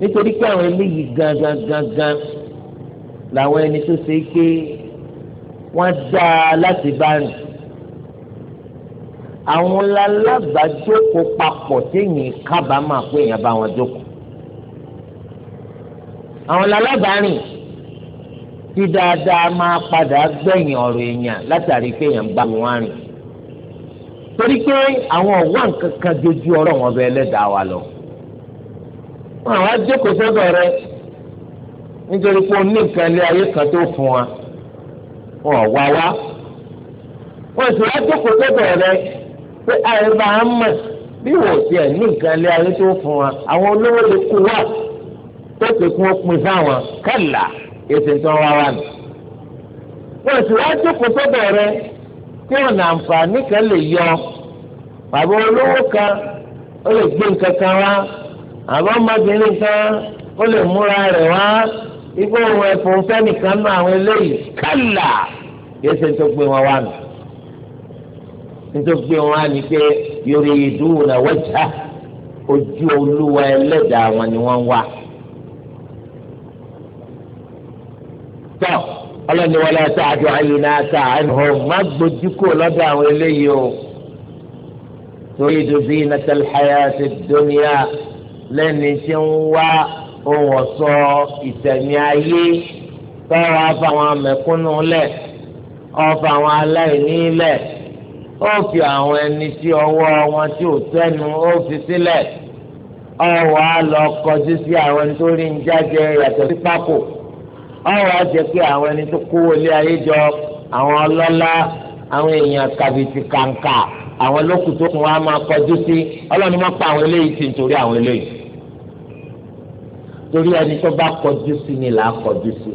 nítorí pé àwọn eléyìí gangan gangan làwọn ẹni tó ṣe é pé wọn dá a láti bá rìn àwọn alábàájókòó papọ̀ téèyàn kábàámà pé èèyàn bá wọn jókòó àwọn lálábàárìn tí dáadáa máa padà gbẹ̀yìn ọ̀rọ̀ èèyàn látàrí pé èèyàn bá wọn rìn torí pé àwọn ọ̀wá nǹkan kan dojú ọ̀rọ̀ wọn bẹ ẹlẹ́dàá wa lọ wọn àwọn ajókòó sọ́dọ̀ rẹ nítorí pé o ní nǹkan ilé ayé kan tó fún wa wọn ò wá wọn sì wá jókòó sọ́dọ̀ rẹ pé àìbá á mọ̀ bí wò ó tiẹ̀ ní nǹkan ilé ayé tó fún wa àwọn olówó lè kú wá tó pè kí wọ́n pin fáwọn kálá èsì tó ń wá wà nù. wọ́n sì wá jókòó sọ́dọ̀ rẹ tí wọ́n nà àǹfààní kan lè yọ bàbá olówó kan ó lè gbé nǹkan kan wá àbọ̀ ọmọbìnrin kan ó lè múra rẹ̀ wá igbó ohun ẹ̀fọn fẹ́nìkan náà àwọn eléyìí kálá èsì tó pè wọ́n wà nù nítorí wọn á ní pé yorùbá ìdúró náà wọ́n já ojú olúwa ẹlẹ́dàá wọn ni wọ́n wá. tọ́ ọlọ́ni wọlé ẹ̀ta àjọ àyìnà ẹ̀ta ẹ̀hún má gbójú kó lọ́dọ̀ àwọn eléyìí o torí dùbí nàtàlì hayàtì dóníyà lẹ́ni tí ń wá ohun ọ̀sọ́ ìtẹ̀mí ayé tọ́wọ́ afa àwọn amẹ̀kúnnù lẹ̀ ọ̀fọ̀ àwọn aláìní lẹ̀ ó fi àwọn ẹni tí ọwọ́ wọn tí ò tẹ́nu ó fi sílẹ̀ ọ̀wọ́ á lọ kọjú sí àwọn tó rí ń jáde yàtọ̀ sí pákó ọ̀rọ̀ àjẹ pé àwọn ẹni tó kówó ilé ayé jọ àwọn ọlọ́lá àwọn èèyàn kàbìtì kàǹkà àwọn lókùn tó kún wa máa kọjú sí ọlọ́run máa pa àwọn eléyìí tì nítorí àwọn eléyìí torí ẹni tó bá kọjú sí ni là á kọjú sí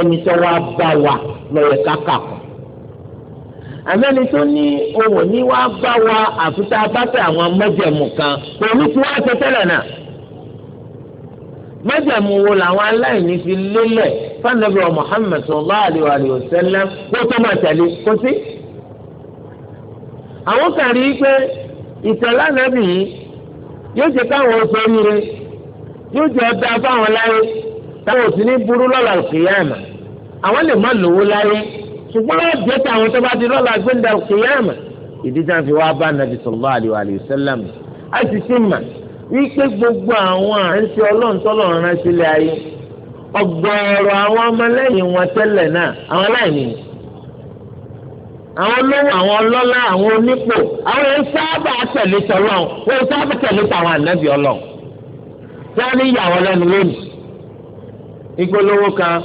ẹni tó wá bá wa lọ́yẹ̀ káka kan àmẹ́ni tó ní òun ní wá bá wa àfitá bá tẹ àwọn mọ́jẹ̀mù kan òun ti wá ṣe tẹ́lẹ̀ náà májàmú wo làwọn aláìní fi lélẹ̀ fanabi wa Muhammad sallallahu alayhi wa sallam kó tó máa tẹ̀lé kó sí. àwọn kan rí i pé ìtẹ̀lé ànábì yìí yóò jẹ́ káwọn sọ yire yóò jẹ́ ọ̀dà fáwọn láyé táwọn ò sì ní burú lọ́la òkèèyàmà àwọn lè má lówó láyé ṣùgbọ́n wọ́n táwọn tó bá di lọ́la gbẹ̀ndà òkèèyàmà ìdíjà fi wá bá nàbì sallallahu alayhi wa sallam á ti wípé gbogbo àwọn àǹtí ọlọ́run tọ́lọ̀ rán sílẹ̀ ayé ọ̀gọ̀ọ̀rọ̀ àwọn ọmọlẹ́yìn wọn tẹ́lẹ̀ náà àwọn aláìní àwọn olówó àwọn ọlọ́lá àwọn onípò àwọn èèyàn sábà tẹ̀lé tọ́lọ́run wọ́n sábà tẹ̀lé tàwọn ànábì ọlọ́run wọ́n ní ìyàwó lẹ́nu lónìí ìgbólówó kan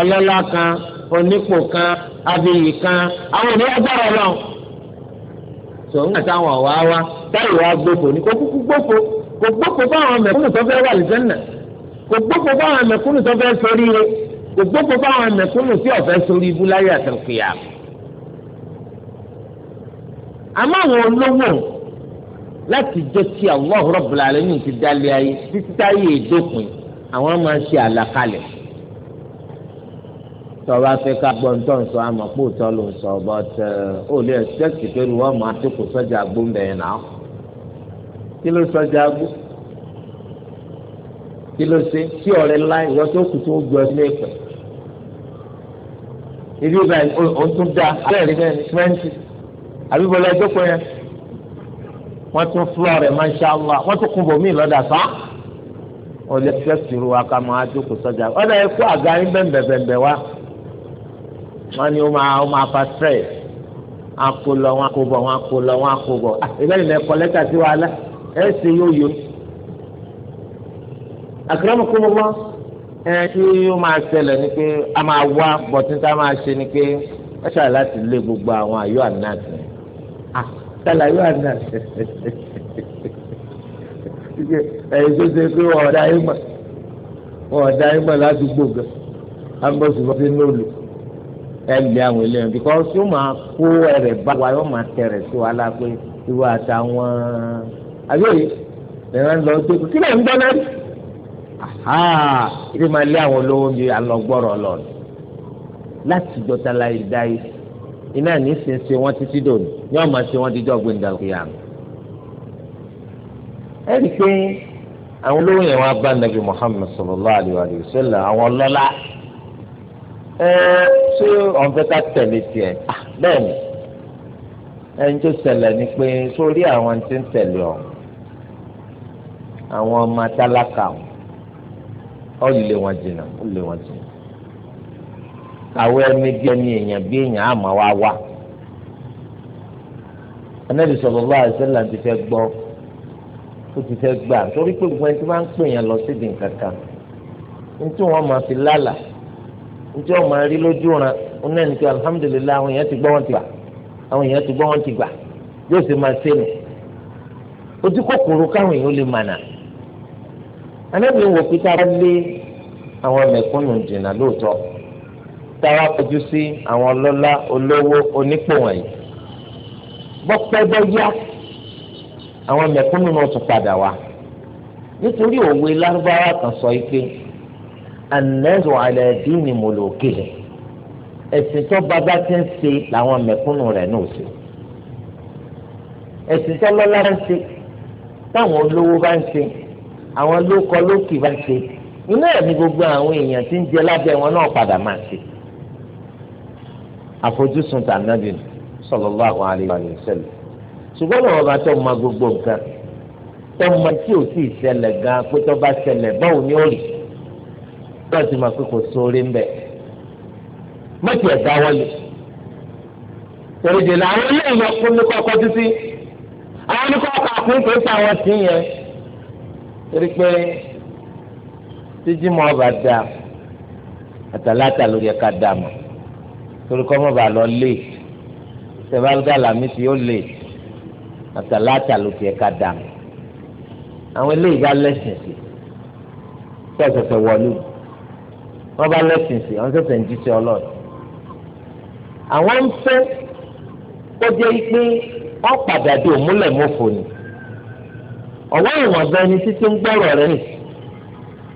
ọlọ́lá kan onípò kan abiyì kan àwọn ènìyàn gbọ́dọ̀ ọlọ́run tó ń gbà táwọn ọ̀wá wa táyì wá gbófò ní kó kúkú kò gbókò fáwọn mẹ̀kúnnù tó fẹ́ wà lìjẹ́nà kò gbókò fáwọn mẹ̀kúnnù tó fẹ́ sórí rẹ kò gbókò fáwọn mẹ̀kúnnù tí ọ̀fẹ́ sórí ibú láyé àtẹ̀kùyà. àmọ́ àwọn olówó láti jẹ́ ti Allah Rabbul Alamin ti dálé ayé títí táyé èdópin àwọn máa ń ṣe àlàkalẹ̀ tọba fẹ ká gbọ́ ntọ́ nsọ àmọ́ kó ló ń sọ but uh, ó lè ṣẹ́kì kí ló sọ jago kí ló ṣe tí ọ̀rẹ́ ńlá ìwọ tó kù tó gbọ́ ilé ìpẹ́ ibi bẹ́ẹ̀ o tún da abẹ́rẹ́ bẹ́ẹ̀ ní twenty àbí bọ́lá ẹjọ́ pé yẹn wọ́n tún fúlọ̀ rẹ̀ masha Allah wọ́n tún kún bòmí lọ́dà sá ọ̀lẹ́ fẹ́ sùúrù wa ká máa jókòó sọ́jà ọ̀dà yẹn kó àga yín bẹ́ẹ̀nbẹ̀ẹ̀bẹ̀ wá wọ́n ní wọ́n máa wọ́n máa fa stress wọ́n á kó lọ wọ́n á kó bọ̀ wọ́n á kó lọ wọ́n á kó bọ̀ ah, ìbẹ́ẹ̀ ni ẹ̀kọ́ lẹ́tà sí wàhálà ẹ ṣe yóò yọ akramakumullah ẹ tí yóò máa ṣẹlẹ̀ ni pé a máa wá bọ̀tí tá a máa ṣe ni pé ẹ ṣàlàyé láti lé gbogbo àwọn àyọ ànáàtì ah ṣàlàyé ànáàtì [LAUGHS] ẹ̀yin tó ṣe pé wọ́n ọ̀dà ìmọ̀ wọ́n ọ̀dà ìmọ̀ ládùúgbò gan ambọ̀sibọ́sí lólu ẹ̀lẹ́ àwọn ilé yẹn because yóò máa kó ẹ̀rẹ̀ bá wa yóò máa tẹ̀rẹ̀ sí wa lápé irú àtàwọn àbí òye lẹ́yìn lọ sí kí lẹ́yìn ń dáná rí ibi máa lé àwọn olówó ń bi alọ́gbọ́rọ̀ lọ láti jọta láyé dáyé iná ní sin ṣe wọ́n títí dòní ní ọmọ ṣe wọ́n dídọ́ gbẹ̀ndàkúyà ẹ̀ rí i pé àwọn olówó yẹn wá bá nàbì Muhammad sallallahu alayhi wa sallam àwọn ọlọ́lá ẹ ṣé ọ̀nfẹ́ ká tẹ̀lé tiẹ̀ ah, bẹ́ẹ̀ ni ẹni tó ṣẹlẹ̀ ni pé sórí àwọn tí ń tẹ̀lé ọ̀hún àwọn ọmọ tálákà ó lè wọn jìnnà ó wọn jìnnà àwọn ẹni bí ẹni èèyàn bí èèyàn àmọ́ wá wá anabi ti fẹ gbọ́ ó ti fẹ gbà torí pé gbogbo ẹni tí wọ́n ń pè yẹn lọ síbi nǹkan kan máa fi lálà máa rí lójú ran wọn náà ní kí àwọn èèyàn ti wọn ti gbà àwọn èèyàn ti wọn anábì wò pé tá a bá lé àwọn mẹ̀kúnnù jìnnà lóòótọ́ tá a wá kojú sí àwọn ọlọ́lá olówó onípò wọ̀nyí bọ́pẹ́ bọ́yá àwọn mẹ̀kúnnù náà tún padà wá nítorí òwe lárúbáwá kan sọ yìí pé anẹ́rù alẹ́dí ni mo ẹ̀sìn tó bàbá ti ń ṣe làwọn mẹ̀kúnnù rẹ̀ náà ṣe ẹ̀sìn tó lọ́lá ń ṣe táwọn olówó bá ń ṣe àwọn lókọ lókì bá ṣe iná ẹ̀ ní gbogbo àwọn èèyàn tí ń jẹ lábẹ́ wọn náà padà máa ṣe. àfojúsùn tànàbì sallallahu alaihi wa sallam ṣùgbọ́n àwọn ọba tó ma gbogbo nǹkan tó ma tí ò sì ṣẹlẹ̀ gan pé tó bá ṣẹlẹ̀ báwo ni ó rí náà ti máa pé kò sóore ń bẹ̀ mọ́tì ẹ̀ dáwọ́lé torí dèlà àwọn ilé ìlọkùn ní kọ́kọ́ títí àwọn oníkọ́kọ́ àkúńkè torí pé jíjímọ̀ ọba da àtàlátà lórí ẹ̀ka dà mọ̀ torí kọ́ mọ̀ba lọ lé sẹ́fàlùdà làmísì ó lé àtàlátà lórí ẹ̀ka dà mọ̀ àwọn eléyìí bá lẹ́sìn sí sẹ́sẹ̀sẹ̀ wọlé wọ́n bá lẹ́sìn sí wọ́n sẹ̀sẹ̀ ń jíṣẹ́ ọlọ́run àwọn ń fẹ́ kó jẹ́ pé wọ́n padà ni ọ̀wọ́ ìwọ̀n gan ni títí ń gbọ́rọ̀ rẹ nì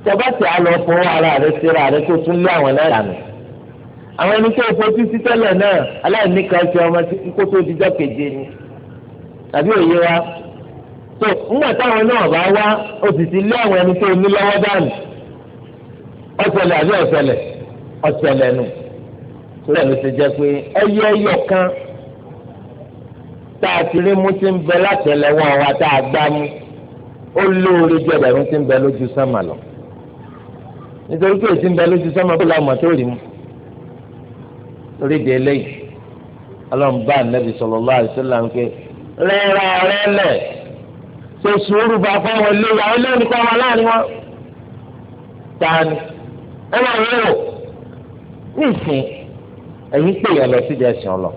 tọ́ba tí a lọ fún ara rẹ síra rẹ tó tún lé àwọn náírà nù àwọn ẹni tó fojú sí tẹ́lẹ̀ náà aláìní kan ṣe ọmọ tí kó tó dijọ́ keje ni tàbí òye wa tó ńgbà táwọn náà bá wá ó sì ti lé àwọn ẹni tó ní lọ́wọ́ dànù ọ̀sẹ̀lẹ̀ àbí ọ̀sẹ̀lẹ̀ ọ̀sẹ̀lẹ̀ nù torí ẹ̀ ti jẹ́ pé ẹyẹ ẹyọ kan tá a ti rí mú ti ń bẹ látẹ̀lẹ́wọ̀n wa tá a gbá mú ó lóore ju ẹgbẹ̀rún tí ń bẹ lójú sánmà lọ nítorí pé èsì ń bẹ lójú sánmà bó làwọn tó rí mu torí di eléyìí ọlọ́run bá ànábì sallallahu alaihi wasallam pé rẹ́ra rẹ́lẹ̀ ṣe sùúrù bá fáwọn eléyà eléyìí kọ́ wọn láàrin wọn tani ẹ máa rí o ní ìsìn pè yàn lọ síjà ẹ̀sìn ọlọ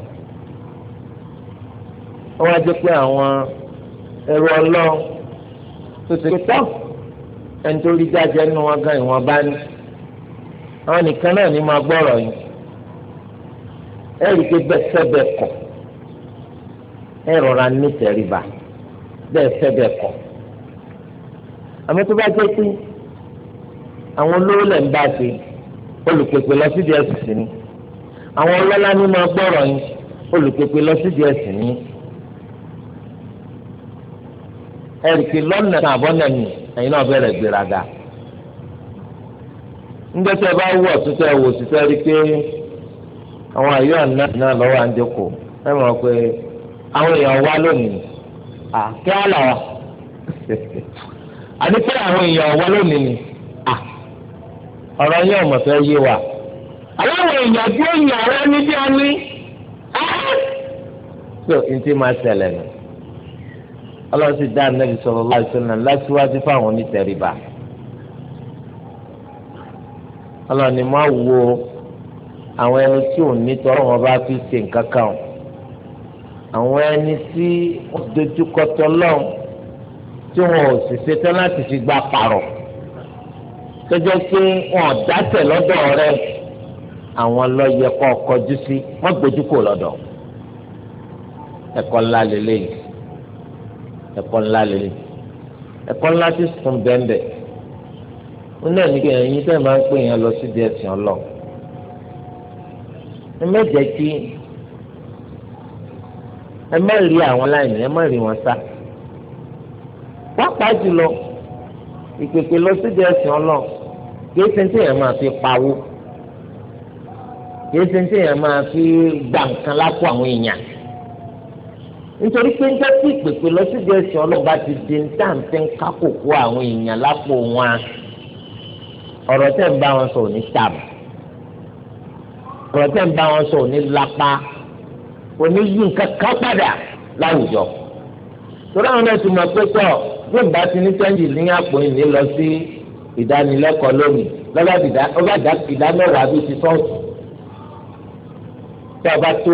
wọ́n wá jẹ́ pé àwọn ẹrù ọlọ́run tó ti ké tán ẹni tó rí jáde nínú wọn gan ìwọ̀n bá ní àwọn nìkan náà ní máa gbọ́rọ̀ yìí ẹ rí pé bẹ́ẹ̀ fẹ́ kọ̀ ẹ rọra nítẹríba bẹ́ẹ̀ fẹ́ kọ̀ àmọ́ tó bá jẹ́ pé àwọn olówó lẹ̀ ń bá ṣe olùpèpè lọ sí díẹ̀ sì sí ni àwọn ọlọ́lá ní máa gbọ́rọ̀ yìí olùpèpè lọ sí díẹ̀ sì ni. erik lọ́nà kan àbọ̀nà mi ẹ̀yin náà bẹ̀rẹ̀ gbéraga. ńgbẹ́sẹ̀ bá wù ọ̀tún tẹ̀ wò rí pé àwọn àyọ̀ náà lọ́wọ́ à ń jókòó ẹ mọ̀ pé àwọn èèyàn wá lónìí à kí á là [LAUGHS] àní pé àwọn èèyàn wá lónìí ni à ọ̀rọ̀ yẹn fẹ́ yé wa. aláwọ̀ èèyàn so máa ṣẹlẹ̀ ọlọ́run sì dá anábì sallallahu alaihi wasallam lásìwájú fáwọn onítẹ̀ríba ọlọ́run ni máa wo àwọn ẹni tí ò ní tọ́ wọn bá fi ṣe nǹkan kan o àwọn ẹni tí wọ́n dojúkọ tọ́lọ́run tí wọn ò sì ṣetán láti fi gba pààrọ̀ tó jẹ́ pé wọn ò dátẹ̀ lọ́dọ̀ rẹ̀ àwọn lọ́yẹ kọ́ kọjú sí wọ́n gbójú kò lọ́dọ̀ ẹ̀kọ́ ńlá lélẹ́yìn ẹ̀kọ́ ńlá lélẹ̀ ẹ̀kọ́ ńlá ti sùn bẹ́ẹ̀nbẹ́ẹ̀ wọn náà ní kéèyàn yín tẹ́lẹ̀ máa ń pè yẹn lọ sí di ẹ̀sìn ọlọ ẹ má jẹ́ kí ẹ má rí àwọn láìní ẹ má rí wọn sá wọ́n pa jùlọ ìpèpè lọ sí di ẹ̀sìn ọlọ kìí ṣe tí èèyàn máa fi pawó kìí ṣe tí èèyàn máa fi gbà nǹkan lápò àwọn èèyàn nítorí pé ń jẹ́ sí ìpèpè lọ sí ìdíyẹsẹ̀ ọlọ́ba ti di ń tà ń tẹ́ ń kákòkò àwọn èèyàn lápò wọn ọ̀rọ̀ tẹ́ ń bá wọn sọ ní tàm ọ̀rọ̀ tẹ́ ń bá wọn sọ ní lápá òní yí nǹkan kan padà láwùjọ torí àwọn náà ti mọ̀ pé tọ́ bí ìgbà tí ní tẹ́ǹdì ní àpò ìní lọ sí ìdánilẹ́kọ̀ọ́ lónìí lọ́ba ìdámẹ́wàá bíi ti sọ́ọ̀tù tí ọba tó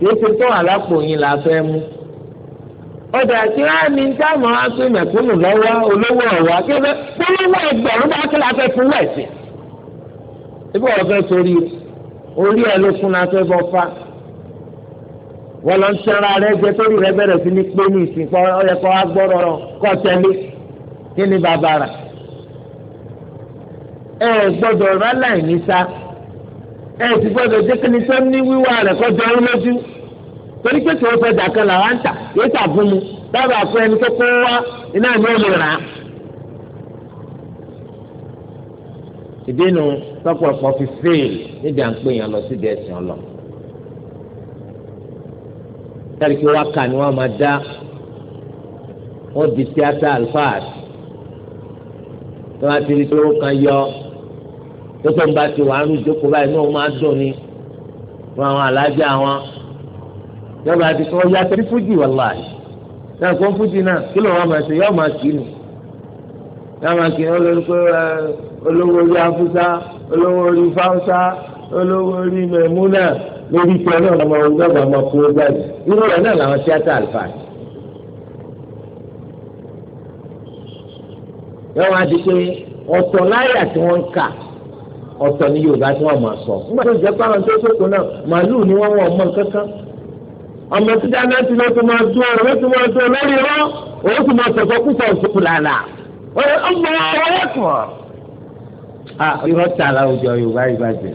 kìí ṣe tó àlápò yín la fẹ́ mú ọjà tí wọn ní táwọn aṣọ ìmẹ̀kúnnù lọ́wọ́ olówó ọwọ́ akéwé polówó ẹgbẹ̀rún bá kí la fẹ́ fún wẹsì ibi wọn fẹ́ sórí orí ẹ ló fún la fẹ́ bọ fa wọn lọ ń tẹnra rẹ jẹ torí rẹ bẹ̀rẹ̀ sí ní pé ní ìsìnkọ ọyẹ kọ agbọrọ kọ tẹlé kí ni bàbá rà ẹ gbọ́dọ̀ rálá ìníṣà ẹ ti gbọ́dọ̀ jẹ́ kí ni tó ní wíwá rẹ̀ kọjọ ń lójú torí pé tí wọ́n fẹ́ dàkan làwọn ń tà yóò tà fún mu dábàá fún ẹni tó kó wá iná ní òun rà á. ìdínú tọpọlọpọ fi fèèl níbi à ń pè yàn lọ sí dẹ́sìn ọlọ. sáré kí wọ́n kà ni wọ́n máa dá wọ́n di tíátà alfaad tí wọ́n ti rí tó kan yọ tótó ń bá ti wà ń jókòó báyìí náà máa dùn ni fún àwọn alájà wọn yọba àti kọ́ ya tẹ́lí fújì wàláì náà kọ́ fújì náà kí ló wà máa ṣe yọ máa kì í nù yọ máa kì í olórí pé olówó orí afúsá olówó orí fáwúsá olówó orí mẹmúnà lórí ìpè náà lọmọ ọgbàgbà máa kú ó jáde irú rẹ̀ náà làwọn tíátà àlùfáà yọ máa di pé ọ̀tọ̀ láyà tí wọ́n ń kà ọ̀tọ̀ ní yorùbá tí wọ́n máa sọ. nígbà tó jẹ́ pàrọ̀ tó sòkò náà màálù ni wọ́n wọ̀ ọmọ kankan. ọmọ tí dáná ti lọ́ọ́ tó máa dún ọ̀rọ̀ tó máa dún lórí rọ́ òun tó máa sọ̀kọ́ kú sọ̀ sọ̀kù làlà. ọmọ ọ̀rọ̀ kan. a irọ́ ta la òjò yorùbá yìí bàjẹ́.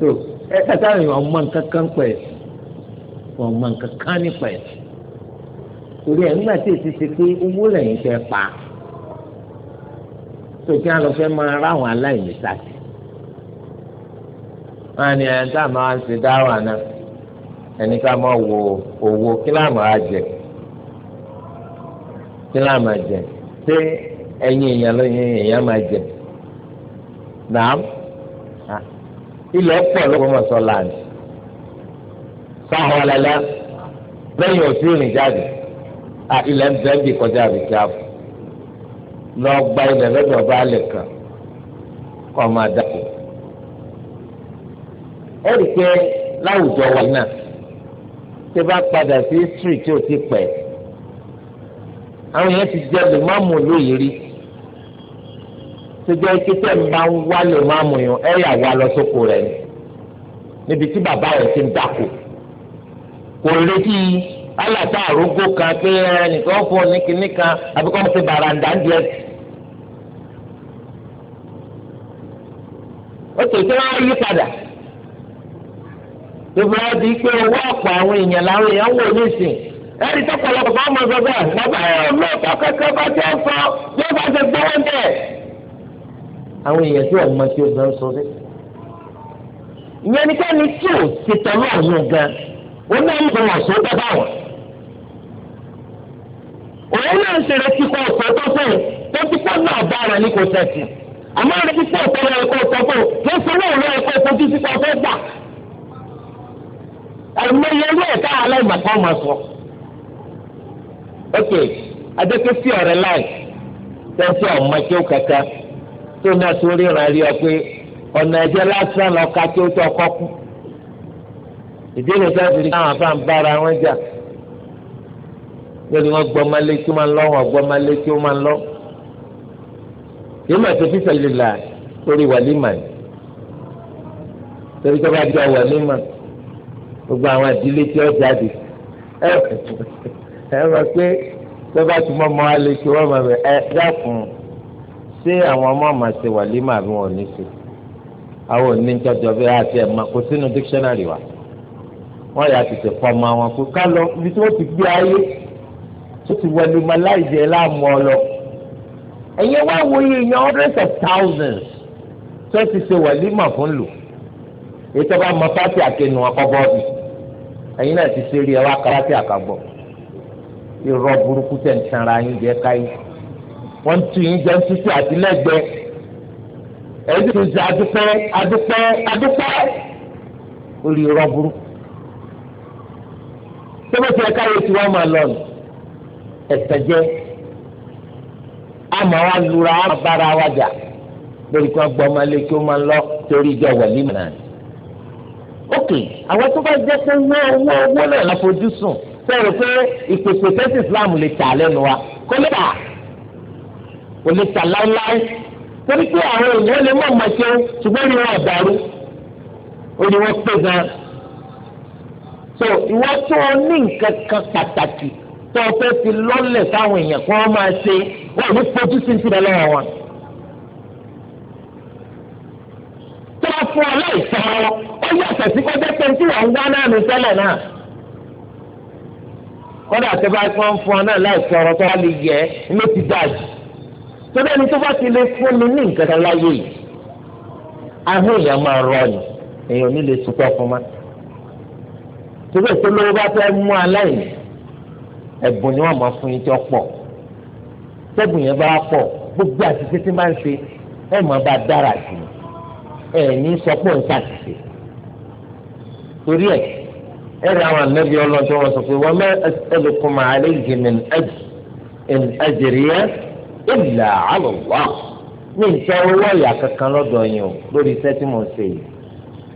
tó [LAUGHS] ẹ kàtà ni ọmọ kankan pẹ̀ ọmọ kankan ní pẹ̀ torí ẹ̀ nígbà tí èsì ti pé owó lẹ́yìn fẹ́ pa tó kí wọn lọ fẹ́ máa ráwọn aláìní sáàtì wọn ni ẹni tá a máa ń ṣe dáwà náà ẹni ká máa wo owó kí láàmú á jẹ kí láàmú á jẹ ṣé ẹyin èèyàn lóyún èèyàn máa jẹ nàá ilẹ̀ pọ̀ lọ́wọ́ mọ̀ láàánú sáwọn ọ̀lẹ́lẹ́ lẹ́yìn òsì rìn jáde ilẹ̀ ń bẹ́ẹ̀ bí kọjá àbíkí àbọ̀ lọ gba ilẹ̀ lọ́dọ̀ baálẹ̀ kan kọ́ máa dàpọ̀. ẹ rí i pé láwùjọ wa náà tí bá padà sí history tí ó ti pẹ́ àwọn yẹn ti jẹ́ lè má mú lóye rí tó jẹ́ kí tẹ̀ ń bá ń wá lè má mú yàn ẹ yà wá lọ sóko rẹ̀ ni níbi tí bàbá rẹ̀ ti ń dàpọ̀ kò retí alátàrógó kan pé ẹnìkan fún ọ ní kinní kan àbíkọ́ mo ti bàràǹdà ń di ẹ̀sìn. ó kè kí wọ́n yí padà gbogbo wọn di pé owó ọ̀pọ̀ àwọn èèyàn làwọn èèyàn wò nísìn ẹni tó pọ̀lọpọ̀ bá ọmọ sọ bẹ́ẹ̀ bàbá ẹ ọlọ́ọ̀tọ́ kẹ́kẹ́ bá ti ń sọ yóò bá ti gbọ́ wọn bẹ́ẹ̀. àwọn èèyàn tí wọ́n mọ tí ó gan sọ bẹ́ẹ̀. ìyẹn ní káni tí ò ti tọ́lú ọ̀hún gan wọn náà ń bọ̀ wọ̀ sọ bẹ́ẹ̀ báwọn. òun náà ń ṣe retí kọ́ ọ̀sán tó fún un tó ti kọ́ náà bá ara ní kò sẹ́sìn àmọ́ ẹni tí kò tẹ́lẹ̀ ẹ̀kọ́ ìtọ́kọ̀ ló sanwó òun náà ẹ̀kọ́ ìtọ́jú sí kan fẹ́ gbà. àìmọye owó ẹ̀ka aláìmọ̀kan máa sọ. ok adékè sí ọ̀rẹ́ láì tẹ́sí ọ̀mọ kí ó kẹ̀kẹ́ tó náà tó ríran rí ọ pé ọ̀nà ẹ̀jẹ̀ lásán lọ ka ó tó ọkọ ìdí ni sáfì ní káwọn afáàn bára wọn jà lórí wọn gbọmọlé yìí mà ṣe fífẹ́ lílà lórí wàlímà yìí torí tó bá jẹ́ wàlímà gbogbo àwọn ìdílé tí ó jáde ẹ ẹ mọ̀ pé tó bá tún mọ́ mọ́ á lè wọ́n mọ̀ ẹ dákun ṣé àwọn ọmọ mà ṣe wàlímà àbí wọn ò ní ṣe àwọn òní ń tọ́jú ọbẹ̀ àti ẹ̀ma kò sínú dictionary wa wọ́n yà tètè fọmọ àwọn kó ká lọ ibi tí wọ́n ti gbé ayé tó ti wọlé ma láì jẹ́ láàmú ọ lọ ẹ̀yin wá wo iye èèyàn hundreds of thousands tó ti ṣe wàlímà fún lò ètò bá mọ pátì àkẹnu àkọ́bọ́ bì ẹ̀yin náà ti ṣe rí ẹ wá kápátì àkàgbọ̀ irọ́ burúkú tẹ̀ ń tanra yín jẹ́ káyé wọ́n ń tu yín jẹ́ ń tútù àti lẹ́gbẹ̀ẹ́ ẹ̀yin tó ṣe adúpẹ́ adúpẹ́ adúpẹ́ orí irọ́ burúkú tó bá ti ẹ̀ka yẹn tí wọ́n máa lọ ẹ̀sẹ̀ jẹ́ àmọ́ wa lura wa bára wa jà lórí kí wọ́n gbọ́ ọmọ ilé kí wọ́n máa lọ torí ìjọ wẹ̀lí mọ̀ náà. ok àwọn tó bá jẹ́ pé wọ́n owó owó náà la fojú sùn sọ̀rọ̀ pé ìpèsè tẹ́sí Islam lè tà lẹ́nu wa kó lè tà kò lè tà láéláé torí pé àwọn èèyàn lè mọ̀ mọ̀ ṣe ṣùgbọ́n ní wọn ọ̀dàrú ó ní wọ́n pé gan-an. so ìwọ́n tó ní nǹkan kan pàtàkì tó o fẹ́ fi lọ́lẹ̀ sáwọn èèyàn kí wọ́n máa ṣe é wọn ò ní fojú sí ti rẹ lọ́wọ́ wọn. tó bá fún ọ láìsàn ọ ó yàtọ̀ sí kọjá pé tí wọ́n ń wá náà ní tẹ́lẹ̀ náà. kọ́dà tó bá fún ọ fún ọ náà láìsàn ọ̀rọ̀ tó wá lè yẹ ló ti dájú. tó bẹ́ẹ̀ ni tó bá ti lè fún mi ní nǹkan kan láyé yìí. ahọ́n èèyàn máa rọ ni èèyàn ò ní lè sùpọ̀ fún ma. tó bẹ́ẹ̀ tó lówó bá fẹ́ mú aláìní ẹ̀bùn ni wọ́n máa fún yín tí ó pọ̀ tẹ́gùn yẹn bá pọ̀ gbogbo àṣìṣe tí máa ń ṣe ẹ̀ mọ̀ bá dára sí i ẹ̀ ní sọpọ̀ ń ṣàṣìṣe torí ẹ̀ ẹ̀ rí àwọn ànábi ọlọ́dún wọn sọ pé wọ́n mẹ́ ẹlòkùn máa lè jẹ mi ẹ̀jẹ̀rìyẹ ìlà àlùwà ní ìṣe owó ìyá kankan lọ́dọ̀ yìí o lórí iṣẹ́ tí mo ṣe yìí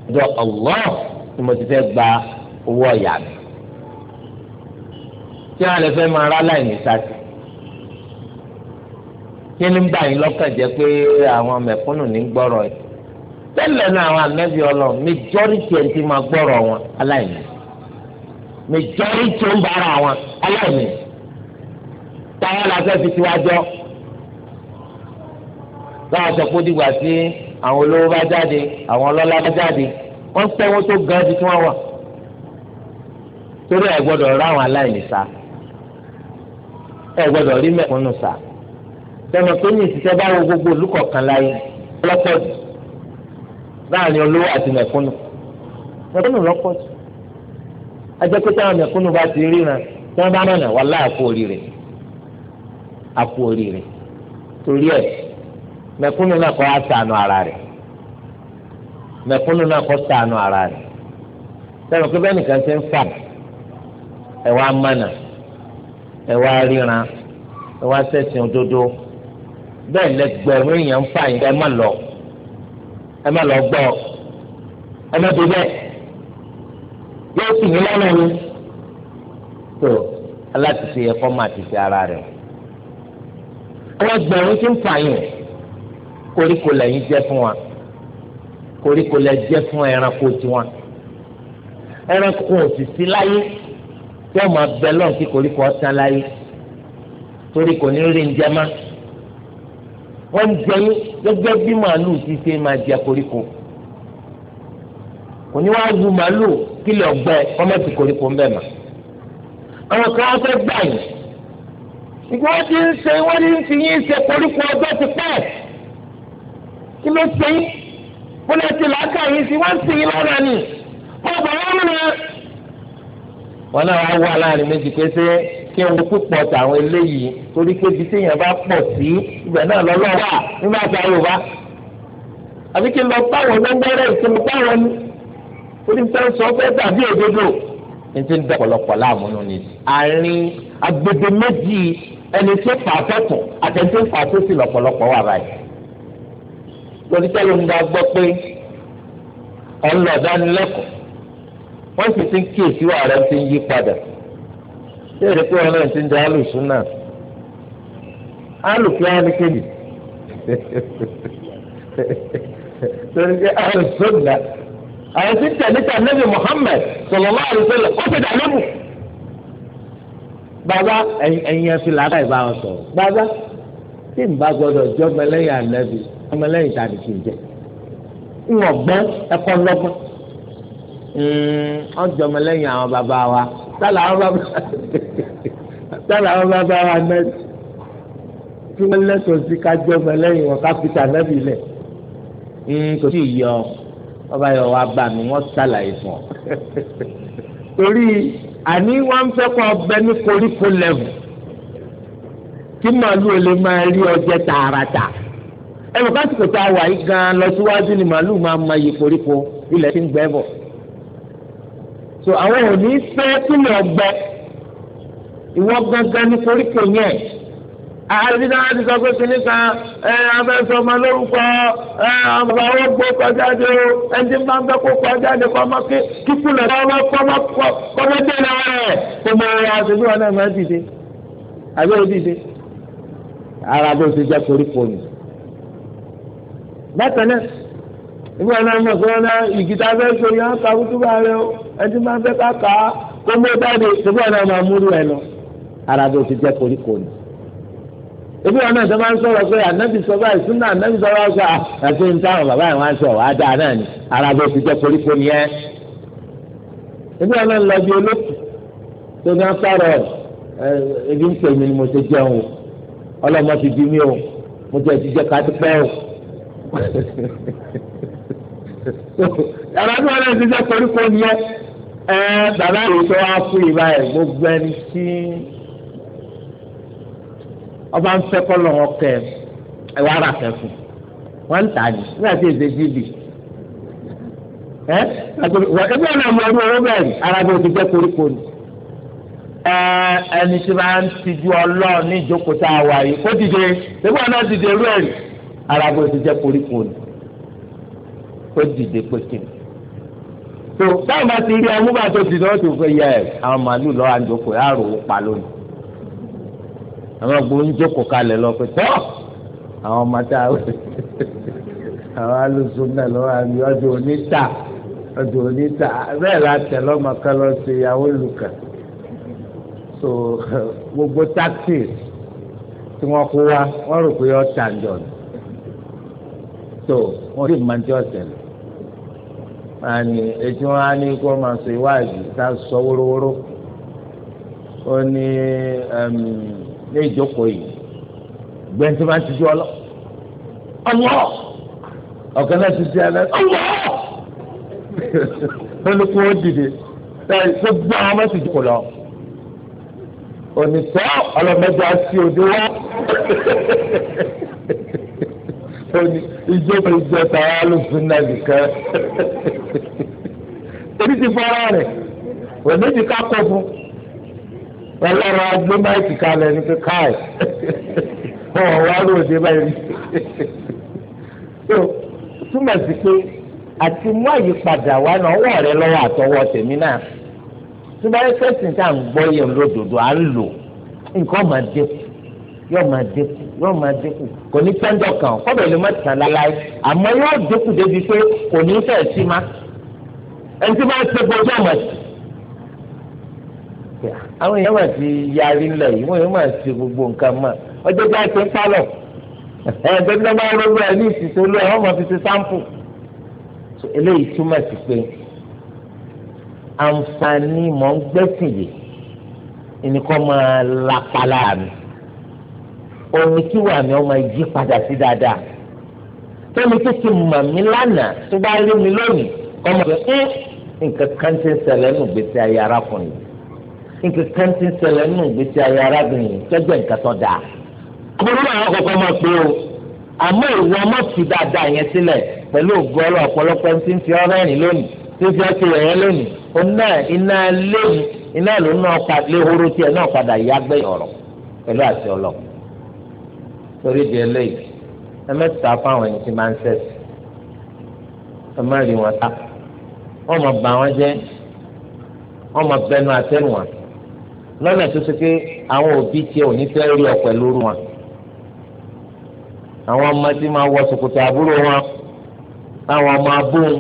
ọ̀dọ̀ Allah ni mo ti fẹ́ gba owó ìyá mi tí wọ́n lè fẹ́ máa rálá ìmísàtì kí ni ń bà yín lọ́kàn jẹ́ pé àwọn mẹ̀kúnnù ní gbọ́rọ̀ ẹ̀ tẹ́lẹ̀ náà àwọn ànábì ọlọ́run majority ẹ̀ ti máa gbọ́rọ̀ wọn aláìní majority ń bára wọn aláìní táwọn làásẹ̀ fi tiwájọ́ láwọn sọ pé ó dìgbà tí àwọn olówó bá jáde àwọn ọlọ́lá bá jáde wọ́n tẹ́wọ́ tó ga ju tí wọ́n wà torí ẹ̀ gbọ́dọ̀ ráwọn aláìní sá ẹ̀ gbọ́dọ̀ rí mẹ̀kúnnù sá tẹmọ pé ní ìṣiṣẹ́ bá wo gbogbo olùkọ̀ọ̀kan láyé lọ́pọ̀ jù láàrin olówó àti mẹ̀kúnnù mẹ̀kúnnù lọ́pọ̀ jù ajẹ́ pé táwọn mẹ̀kúnnù bá ti ríran tí wọ́n bá mọ̀nà wà láàpò oríire àpò oríire torí ẹ̀ mẹ̀kúnnù náà kọ́ àṣàánú ara rẹ̀ mẹ̀kúnnù náà kọ́ ṣàánú ara rẹ̀ tẹmọ pé bẹ́ẹ̀ nìkan ṣe ń fà ẹ̀ wá mọ̀nà ẹ̀ wá ríran ẹ̀ wá ṣẹ̀sìn òdodo bẹ́ẹ̀ lẹ́gbẹ̀rún èèyàn ń fà yín ẹ má lọ ẹ má lọ gbọ́ ẹ má dé bẹ́ẹ̀ yóò sì ní lọ́nà mi tó aláṣìṣe yẹ kọ́ máa ti ṣe ara rẹ̀ ẹlẹ́gbẹ̀rún tí ń fà yín koríko lẹ́yìn jẹ́ fún wa koríko lẹ́ jẹ́ fún ẹranko tiwọn ẹranko òsìsí láyé tí wọ́n máa bẹ lọ́n kí koríko ọ̀tán láyé torí kò ní rí ń jẹ máa wọ́n ń jẹ yín gẹ́gẹ́ bí màálù ti ṣe máa jẹ koríko kò ní wàá wu màálù kílẹ̀ ọgbẹ́ ọmọ ti koríko ń bẹ̀ mà àwọn kan wọ́n fẹ́ gbà yín ìgbà wọ́n ti ń ṣe wọ́n ti ń fi yín ṣe koríko ọjọ́ ti pẹ́ kí ló ṣe yín wọ́n lè ti làákà yín sí wọ́n ti yín lọ́ra nì wọ́n bọ̀ wọ́n mú wọn. wọn náà wá wá láàrin méjì pé ṣé kí n púpọ̀ tàwọn eléyìí torí pé ibi téèyàn bá pọ̀ sí ibẹ̀ náà lọ́lọ́wà nígbà tí a yóò bá. àbí kí n lọ báwọn lọ́gbẹ́rẹ́ ìsinmi báwọn ni orí nǹkan sọ fẹ́ dàbí òdodo. ní ti ń dá ọ̀pọ̀lọpọ̀ láàmú nù ní. àárín agbede méjì ẹni tó fà sọ́tún àtẹni tó fà sósì lọ́pọ̀lọpọ̀ wà báyìí. lórí tẹ́lẹ̀ ń gbọ́ pé ọ̀nà ọ̀dánilẹ́kọ̀ọ́ wọ́n sì ti ń kíyèsí wàrà ti ń yí padà ṣé èrè pé wọn náà ti ń da alùsùn náà alùpùpù alùkejì torí pé alùsùn náà àwọn tí ń tẹ̀lé ta nẹ́bí Muhammad sallallahu alaihi ó ti dà lóbù. bàbá ẹ̀yin ẹ̀ fi làákà ìbá wọn sọ̀rọ̀ bàbá tí n bá gbọ́dọ̀ jọ́ mẹlẹ́yìn ànẹ́bí ọmọlẹ́yìn tàbí kì í hmm, jẹ́ ìwọ̀n gbọ́n ẹ̀kọ́ lọ́gbọ́n ọjọ́ mẹlẹ́yìn àwọn bàbá wa tálà àwọn bàbá wa náà tí wọ́n lẹ́sọ̀ọ́ sí kájọ́ ọmọ lẹ́yìn wọn kápítà náà bì lẹ̀ hmm, kò tí ì yọ ọba yọ wá bá mi wọ́n ṣàlàyé fún ọ. torí àní wọ́n fẹ́ kọ́ ọbẹ̀ ní koríko lẹ́wù kí màálù ò lè máa rí ọjẹ́ tààràtà ẹnì kásìkò tá a wà yìí gan-an lọ síwájú ni màálù máa ma yí koríko ilẹ̀ tí ń gbẹ́ bọ̀ so àwọn ò ní fẹ́ sílẹ̀ ọgbẹ́ ìwọ gangan ní koríko yẹn àdìsá ti sọ pé kìnnì kan ẹ abẹ́sọ ọmọ lórúkọ ẹ bàbá wọn gbó kọjáde o ẹni máa ń bẹ kó kọjáde kọ́ ọmọ kíkú lọ kọ́ ọmọ kọ́ ọmọ kọ́ ọmọ dé lọ rẹ̀ kó mọ ọ̀rọ̀ àṣẹbí wọn náà máa dìde àbí ó dìde ara bó ṣe jẹ́ koríko yìí. bákan náà nígbà náà mọ̀ pé ọ̀nà ìgìtà fẹ́ sori á ka kútúbà rẹ o ẹtí máa fẹ́ ká kà á kó mọ́ jáde nígbà náà máa múlò ẹ lọ. ara bí o ti jẹ́ koríko ni. ebi wọn náà sábà ń sọ̀rọ̀ pé ànábì sọ báyìí súnà ànábì sọ báyìí sọ àti ní táwọn bàbá yẹn wá ń sọ wàá dáa náà ni ara bí o ti jẹ́ koríko ni ẹ. ebi wọn náà lọ bí olókùn tó ní afárọ̀ ebi ń pè mí ni mo ti jẹun o ọlọ́mọ ti bí mi [LAUGHS] yàrá tí wọn lè ṣiṣẹ́ koríko ni ẹ bàbá yìí tó wá fún ìbá ẹ gbogbo ẹni tí ọba ń fẹ́ kọ lọ́wọ́ kẹ ẹ wá rà kẹ fún wọn ń tà ní nígbà tí èdè jíbi ẹ ẹgbẹ́ ọ̀nà ọmọ ọdún bẹ́ẹ̀ ni ara bí o ti jẹ́ koríko ni ẹni tí máa ń tijú ọlọ́ọ̀ ní ìjókòó tá a wà yìí kó dìde ẹgbẹ́ ọ̀nà dìde rú ẹ̀rí ara bí o ti jẹ́ koríko ni kó dìde pé kí ni. tó táwọn bá ti rí amúgbà tó ti lọ́ọ́ tó fẹ́ yẹ ẹ̀ àwọn màálùú lọ́wọ́ àjòkò yà rò ó pa lónìí. àwọn gbogbo ń jókòó kalẹ̀ lọ pé tọ́ àwọn ọmọ tá a wẹ̀ àwọn alùsùn náà lọ́wọ́ àmì ọdún oníta ọdún oníta bẹ́ẹ̀ la tẹ̀ lọ́mọ kan lọ sí ìyàwó lùkà so gbogbo táksì tí wọ́n kó wa wọ́n rò pé ọ̀tá ń jọ ni so wọ́n sì máa ń jọ sẹ́lẹ̀ àní etí wọn á ní kó máa sọ ìwádìí tá a sọ wórówóró ó ní ní ìjókòó yìí gbẹ̀ntì máa ti ju ọlọ́ ọlọ́ ọ̀kan náà ti di alẹ́ ọlọ́ lónìí kó dìde táyì tó gbọ́ àwọn mẹ́sì jù lọ onítọ́ ọlọ́mọdé á sí òde wá òní ìjọba ìjọba alùpùpù náà nìkan èyí ti fọ́ra rẹ̀ òní ti ká kọ́ fún wọn lọ́rọ̀ agbẹ́máìtì kalẹ̀ ní kíkà ẹ̀ ọ̀ wá lóde báyìí túmọ̀ sí pé àti mú àyípadà wá náà wọ̀ rẹ lọ́wọ́ àtọwọ́ tèmi náà tí bá yẹ kẹ́sìn tá à ń gbọ́ yẹn lódodo à ń lò nǹkan máa dẹ́kun yóò máa dínkù yóò máa dínkù kò ní pẹ́ńdọ̀ kan kọ́dọ̀ lè má tàn láláì àmọ́ yóò dínkù débi pé kò ní fẹ́ sí ma ẹni tí máa ń ṣe gbogbo ọmọ sí. àwọn èèyàn máa ti yarí ńlẹ̀ yìí wọ́n yóò máa ṣe gbogbo nǹkan mọ́ ọjọ́ bí a ṣe ń pálọ̀ ẹ̀ẹ́dẹ́gbẹ́ bí wọ́n bá rọ́gbọ́ ẹ̀ ní ìsìsó lóyè wọ́n máa fi ṣe sáǹpù. eléyìí túmọ̀ sí pé àǹfààní mọ̀ ń gbẹ́sìn yìí ẹnì òní kí wà mí ọmọ ìjì padà sí dáadáa tómi tó ti mọ̀ mí lánàá tó bá rí mi lónìí ọmọ rẹ̀ ń nǹkan kan ti ń ṣẹlẹ̀ nù gbèsè ayé arákùnrin nǹkan kan ti ń ṣẹlẹ̀ nù gbèsè ayé arábìnrin tọ́jú nǹkan tó dáa. ọmọdé àwọn kọ̀ọ̀kan máa pé o àmọ́ ìwọ ọmọ fi dáadáa yẹn sílẹ̀ pẹ̀lú ògbọ́lọ́ ọ̀pọ̀lọpọ̀ ẹni tí ń fi ọ̀rẹ́ rìn lónìí tí ń fi ọtí rẹ̀ yẹn lónìí òun náà iná lónìí iná lòún náà léhoro tiẹ̀ náà padà yá gbẹ̀yìn ọ̀rọ̀ torí di eléyìí ẹ mẹ́ta fáwọn ẹni tí máa ń sẹ́sì ẹ má rí wọn ta wọ́n mọ̀ bà wọ́n jẹ́ wọ́n mọ̀ bẹnu àtẹ́nu wọn lọ́nà tó ṣe pé àwọn òbí tiẹ̀ ò ní fẹ́ rí ọ pẹ̀lú wọn àwọn ọmọ tí máa wọ ṣòkòtò àbúrò wọn àwọn ọmọ abóhùn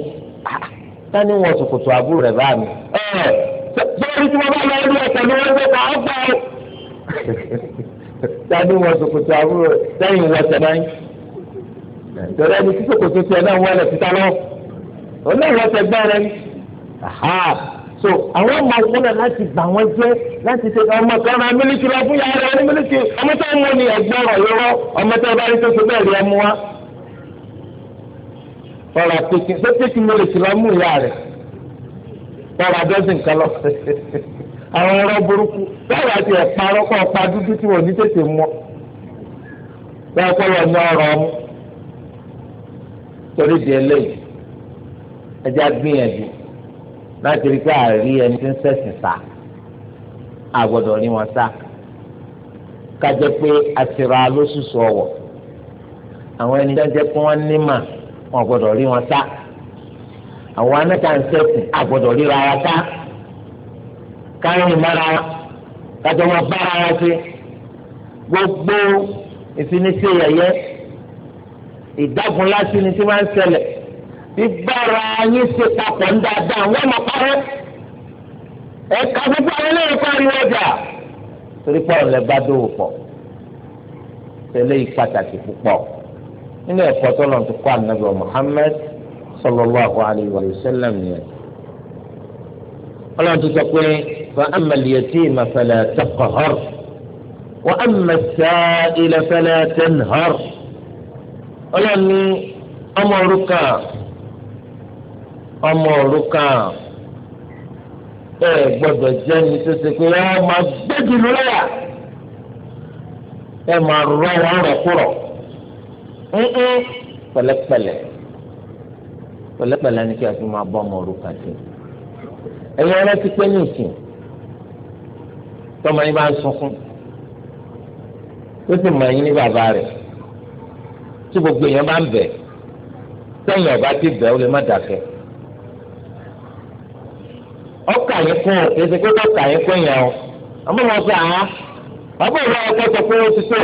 sani wọ ṣòkòtò àbúrò rẹ̀ bá mi. bẹ́ẹ̀ ni tí wọ́n bá lọ rí ọ pẹ̀lú wọn gbé ta ọgbà o. [LAUGHS] sani we ṣòkòtò àbúrò sẹ́yìn wọ sẹmẹ tọrọ ẹni tí ṣòkòtò tiẹ̀ náà wọ ẹlẹ títa lọ òun náà rẹ so àwọn ọmọ láti wọn jẹ láti ṣe ọmọ kan mílíkì lọ fún yàrá ní mílíkì ọmọ tó ń mú ni ọmọ tó bá rí rí wa lè lọ mú ìyá [LAUGHS] àwọn ọ̀rọ̀ burúkú bẹ́ẹ̀ wá ti ẹ̀pa ọkọ̀ ọ̀pa dúdú tí wọ́n ní tètè mọ́ bẹ́ẹ̀ kọ́ lọ ní ọ̀rọ̀ ọmú torí di eléyìí ẹja gbìyànjú láti rí pé àárí ẹni tí ń sẹ̀sìn sá àgbọ̀dọ̀ ní wọn sá kájẹ pé àtìrà lóṣùṣù ọwọ̀ àwọn ẹni jẹ́ pé wọ́n ní mà wọn gbọ́dọ̀ rí wọn sá àwọn anáta ń sẹ̀sìn àgbọ̀dọ̀ rí rárá sá káyìn mára kájọ wọn bára wọn sí gbogbo ìfinisí yẹyẹ ìdágun láti ni tí máa ń ṣẹlẹ̀ bíbára yín ṣe papọ̀ ń dáadáa wọ́n mọ̀ parẹ́ ẹ̀ka púpọ̀ àwọn eléyìí pariwo ọjà torí pọ̀ ọ̀lẹ́ bá dòwò pọ̀ tẹ́lẹ̀ yìí pàtàkì púpọ̀ nínú ẹ̀kọ́ tó lọ́n ti kọ́ ànábì Muhammad sallallahu alaihi wa sallam nìyẹn ọlọ́run tó sọ pé fa amàlìyẹtì màfẹlẹ tẹkọhọr wa amàsá ilẹfẹlẹ tẹnhọr ọlọ́run ní ọmọ òrùka ọmọ òrùka ẹ gbọ́dọ̀ jẹ ní tó ṣe pé ẹ máa gbẹdì lóyà ẹ máa rọ wọn rẹ kúrọ pẹ̀lẹ́pẹ̀lẹ́ ni kí a fi máa bọ ọmọ òrùka sí ẹ̀yin ẹlẹ́tí pé ní ìsìn tọ́mọ yín bá ń sunkún tó sì mọ ẹ̀yin ní bàbá rẹ̀ tí gbogbo èèyàn bá ń bẹ̀ sẹ́yìn ọ̀bá ti bẹ̀ ó lè má dàkẹ́ ọkà yín kún ọ kì í ṣe pé ọkà yín kún yẹn o àmọ́ wọn sọ àá bàbá ìwà ọkọ sọ pé ó ti tó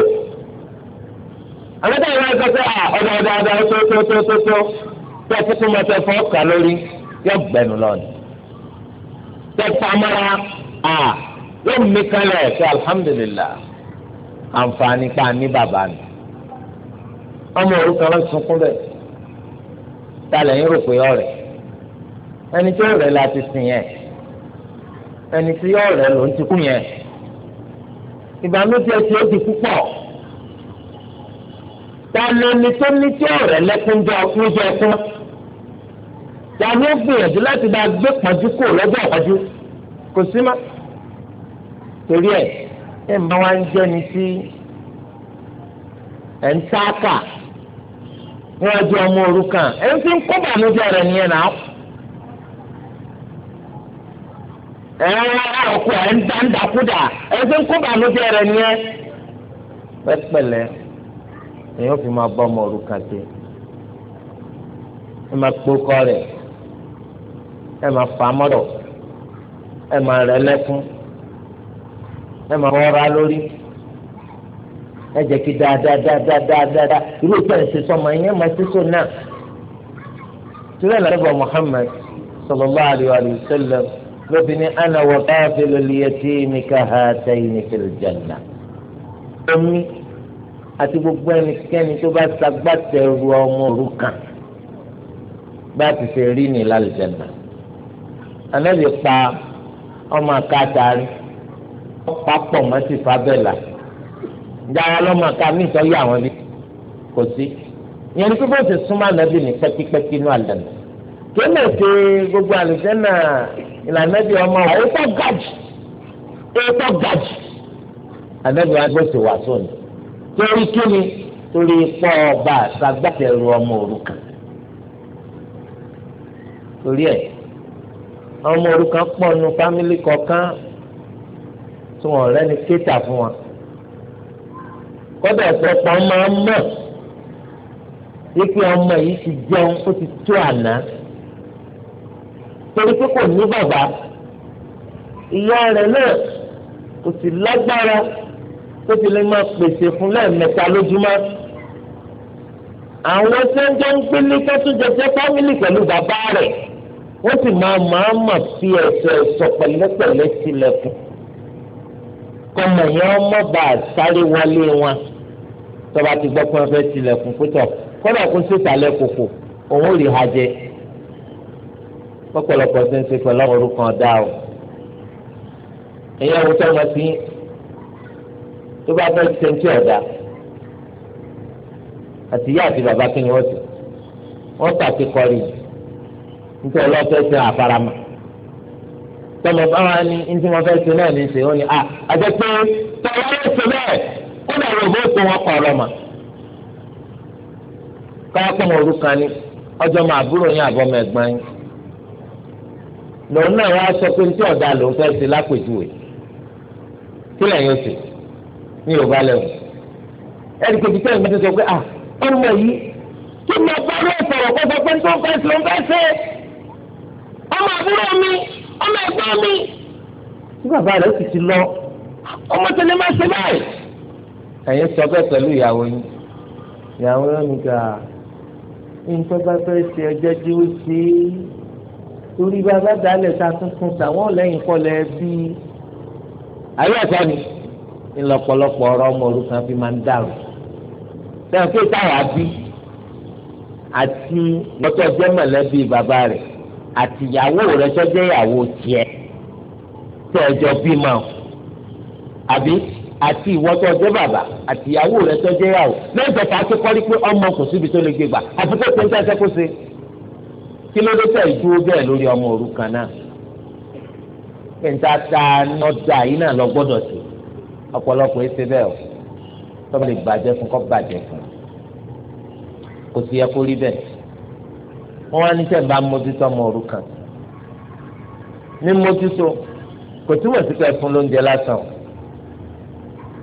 àmọ́tẹ́ ìwà ọkọ sọ à ọ̀dọ̀ ọ̀dọ̀ ọ̀dọ̀ tó tó tó tó tó tó tó tó tó tó tó tó tó tó tó tó tó tó pamọ́ra à yóò mi kalẹ̀ ṣe alhamdulillah àǹfààní pa ní bàbá mi ọmọ òrukàn lọ sunkún bẹ́ẹ̀ ta lẹ́yìn rò pé ọ̀rẹ́ ẹni tí ọ̀rẹ́ la ti sìn yẹn ẹni tí ọ̀rẹ́ ló ń ti yẹn ìbànújẹ́ tí ó di púpọ̀ ta lẹni tó ní tí ọ̀rẹ́ lẹ́kúnjọ́ ọkúnjọ́ ẹkún. tàbí ó gbìyànjú láti bá gbé pọ́njú kò lọ́jọ́ ọ̀pọ̀jú kò sí mọ́ torí ẹ̀ ẹ̀ máa wá ń jẹ́ni sí ẹ̀ ń sáàkà níwájú ọmọ òrukàn ẹ̀ ń fi ń lójú ọ̀rẹ́ ń wá ọkọ ń ń fi ń lójú ẹ máa fà á mọ́dọ̀ ẹ máa rẹ lẹ́kún ẹ máa rọra lórí ẹ jẹ́ kí dáadáadáadáadáa irú ìgbà ìṣe sọmọ yẹn máa ṣe sọ náà tìrẹ̀ lẹ́bọ̀ Muhammad sallallahu alayhi wa sallam lóbìnrin ana wọ káfí lóliẹtì nìkan ha tẹ́yìn nìkan jẹ̀nà. omi àti gbogbo ẹnikẹ́ni tó bá sagbátẹ̀rù ọmọ òrukàn bá ti ṣe rí ní lálẹ́ jẹ̀nà anabi pa ọmọ akátari ọ̀pá pọ̀ mọ́sí fábẹ́là jáwa lọ́mọ aká mi ìtọ́ yà wọ́n bí kò sí ìyẹn ní kí bó ṣe súnmọ́ anabi ní pẹ́kípẹ́kí inú àlẹ́ kí ló ṣe gbogbo àlùfẹ́ náà ìlànà bí ọmọ wa ètò gàjì ètò gàjì anabi wa gbé ṣe wà sóni torí kíni torí pọ́ ọba àtàgbàtẹ̀rù ọmọ òrukàn torí ẹ̀ àwọn ọmọ òrukàn pọ̀ nu fámìlì kọ̀ọ̀kan tí wọ́n rẹ́ni kéta fún wọn kọ́dà ọ̀pọ̀lọpọ̀ máa ń mọ̀ wípé ọmọ yìí ti jẹun ó ti tó àná torí pé kò ní bàbá ìyá rẹ̀ náà kò sì lágbára tó ti lè máa pèsè fún lẹ́ẹ̀mẹ́ta lójúmọ́ àwọn tó ń jẹun gbélé tó tún jẹ fámìlì pẹ̀lú bàbá rẹ̀ ó sì máa máa mà fi ẹsẹ̀ ẹ̀sọ̀ pẹ̀lẹ́pẹ̀lẹ́ tilẹ̀kùn kọ́mọ yẹn ọmọ bá a sáré wọlé wọn tọ́ba ti gbọ́ pé wọ́n fẹ́ tilẹ̀kùn pétọ̀ kọ́dà kó sísàlẹ̀ kòkò òun ò rí ha jẹ pọ́pọ́lọpọ́ ṣe ń ṣe pẹ̀lú àwọn orúkọ o èyàn wọ́n tọ́mọ sí tó bá fẹ́ ṣe ń tí ọ̀dà àti ìyá àti bàbá kí ni wọ́n ti wọ́n tàkì kọ́rin nítorí ọlọ́fẹ́ sin àfarama tọmọ báwa ni ntí wọn fẹ́ sin náà ní sè ó ní a àti pé tọwọ́ ló sin bẹ́ẹ̀ ó dà wọ́n bó tó wọn kọ̀ ọ̀rọ̀ mà káyọ̀ pọ̀ wọn orúkọ ni ọjọ́ máa búrò yín àbọ̀ mẹ́gbọ́n yín lòun náà wá sọ pé ntí ọ̀dà lòun fẹ́ sin lápèjúwe kí lẹ́yìn oṣù ní yorùbá lẹ́wọ̀n ẹni kejì tẹ́lẹ̀ mi ti sọ pé ah ọmọ yìí kí ni ọba náà sọ̀rọ̀ kó sọ pé ntí ó fẹ́ sin ó fẹ́ sin àbúrò mi ọmọ ẹ̀gbọ́n mi. tí bàbá rẹ̀ sì ti lọ ọmọ tẹ̀lé máa ṣe báyìí. ẹ̀yin sọ bẹ́ẹ̀ pẹ̀lú ìyàwó yín ìyàwó yín ni kà nǹkan bá fẹ́ ṣe ọjọ́ tí ó ṣe é torí bàbá dálẹ̀ ta tuntun tàwọn lẹ́yìn kọlẹ̀ bí ayé ọ̀tọ̀ ni ńlọ́pọ̀lọpọ̀ ọ̀rọ̀ ọmọ òrukàn fi máa ń dàrú sẹ́wọ̀n pé táwa bí àti lọ́tọ̀ jẹ́ mọ̀lẹ́bí bàbá rẹ̀ àtìyàwó rẹ sọjẹ ìyàwó tiẹ̀ tẹ ẹjọ bímọ àbí àti ìwọ tó jẹ́ bàbá àtìyàwó rẹ sọjẹ ìyàwó lẹ́yìn tó ti kọ́rí pé ọmọ kò síbi tó lè gbé gbà àti pé tó ń tẹ́ ẹsẹ́ kó ṣe kí ló dé tẹ̀ ìdúró bẹ́ẹ̀ lórí ọmọ òrukàn náà níta ta ọjà yìí náà lọ gbọ́dọ̀ sí ọ̀pọ̀lọpọ̀ ẹsẹ bẹ́ẹ̀ o tọ́ lè bàjẹ́ fún kọ́ bàjẹ́ fún kò sí ẹkú rí bẹ́ẹ̀ wọ́n wá ní sẹ́ńbà mójútó ọmọ òrukàn ní mójútó kò túmọ̀ sí pé ẹ fún lóúnjẹ lásán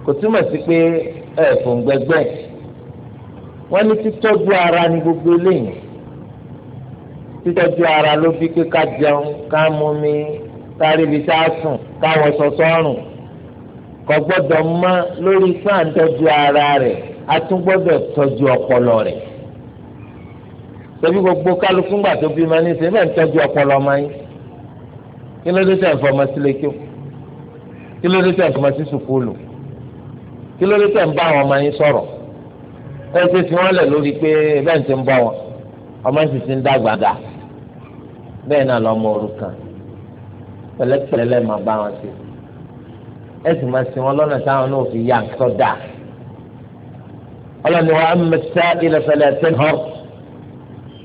kò túmọ̀ sí pé ẹ fún gbẹgbẹ́ wọ́n ní títọ́jú ara ní gbogbo eléyìí títọ́jú ara ló bí pé ká jẹun ká mumi ká ríbi tá a sùn káwọn sọ̀sọ́ ọ̀rùn kò gbọ́dọ̀ mọ́ lórí pé à ara rẹ̀ a tún gbọ́dọ̀ tọ́jú ọpọlọ rẹ̀ ṣebí gbogbo kálukú ńgbà tó bí ma ní ṣe bẹ́ẹ̀ ń tọ́jú ọpọlọ ọmọ yín kí ló dé tẹ̀ ń fọmọ sílé kí o kí ló dé tẹ̀ ń fọmọ sí sùkúlù kí ló dé tẹ̀ ń bá àwọn ọmọ yín sọ̀rọ̀ ẹ ṣe fi wọ́n lẹ̀ lórí pé bẹ́ẹ̀ ń ti ń bọ́ wọn ọmọ sì ti ń dàgbà dà bẹ́ẹ̀ náà lọ́mọ òrukàn pẹ̀lẹ́pẹ̀lẹ́ lẹ́ẹ̀ máa bá wọn ṣe ẹ sì máa sin wọn lọ́nà táwọn náà fi yá nǹkan dà wa amma as-sa'ila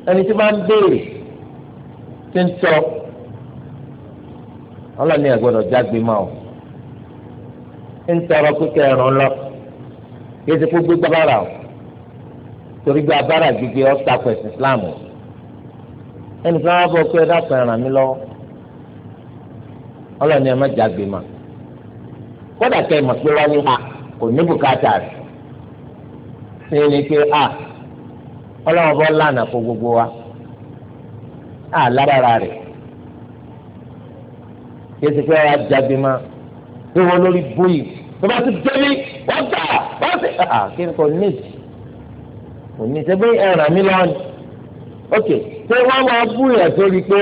ẹni tí máa ń béèrè ti ń tọ́ ọlọ́ni ẹ̀ gbọ́dọ̀ jágbe máa o ń tọrọ pípẹ́ ẹ̀ràn lọ kí ẹsẹ̀ kó gbégbá bára o torí gbé abára gbígbé ọ̀tá pẹ̀sì Islam o ẹnìkan wá bọ̀ pé ẹ dákun ẹ̀ràn mi lọ́wọ́ ọlọ́ni ẹ̀ má jágbe máa kódà kẹ́ ẹ̀ mọ̀ pé wọ́n ní a kò ní bùkátà rẹ̀ ṣe é pé a. Ah, ọlọ́wọ́ bọ́ lánàá fún gbogbo wa á lábára rẹ̀ yéésì pé ọ̀rọ̀ ajabi ma pé wọ́n lórí bóyì tó bá ti débi wọ́n gbà wọ́n sì à kí ni kò ní ìsì kò ní ìsì pé ẹ̀ràn mi lọ́wọ́ ok pé wọ́n máa búyà sórí pé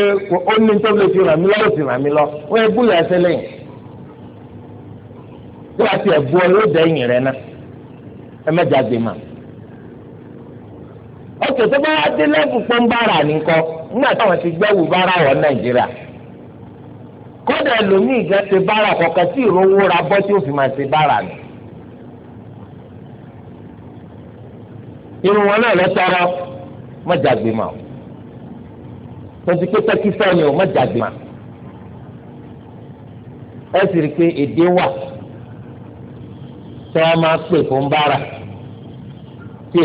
ó ní tó lè fi ràn mí lọ́wọ́ sì ràn mí lọ wọ́n yẹ búyà sẹ́lẹ̀ yìí tó bá ti ẹ̀ bu ọ yóò dẹ́yìn rẹ̀ náà ẹ mẹ́ta máa. ọkẹ tó bá dé lẹ́bù pọ́nbára nìkan nígbà táwọn ti gbẹ́wò bára wọ nàìjíríà kódà ẹlòmíì gan ṣe bára kọ̀ọ̀kan tí ìrówó ra bọ́ tí ó fi máa ṣe bára irun wọn náà lọ tọrọ ò ẹ sì rí i pé èdè wà tí máa bára tí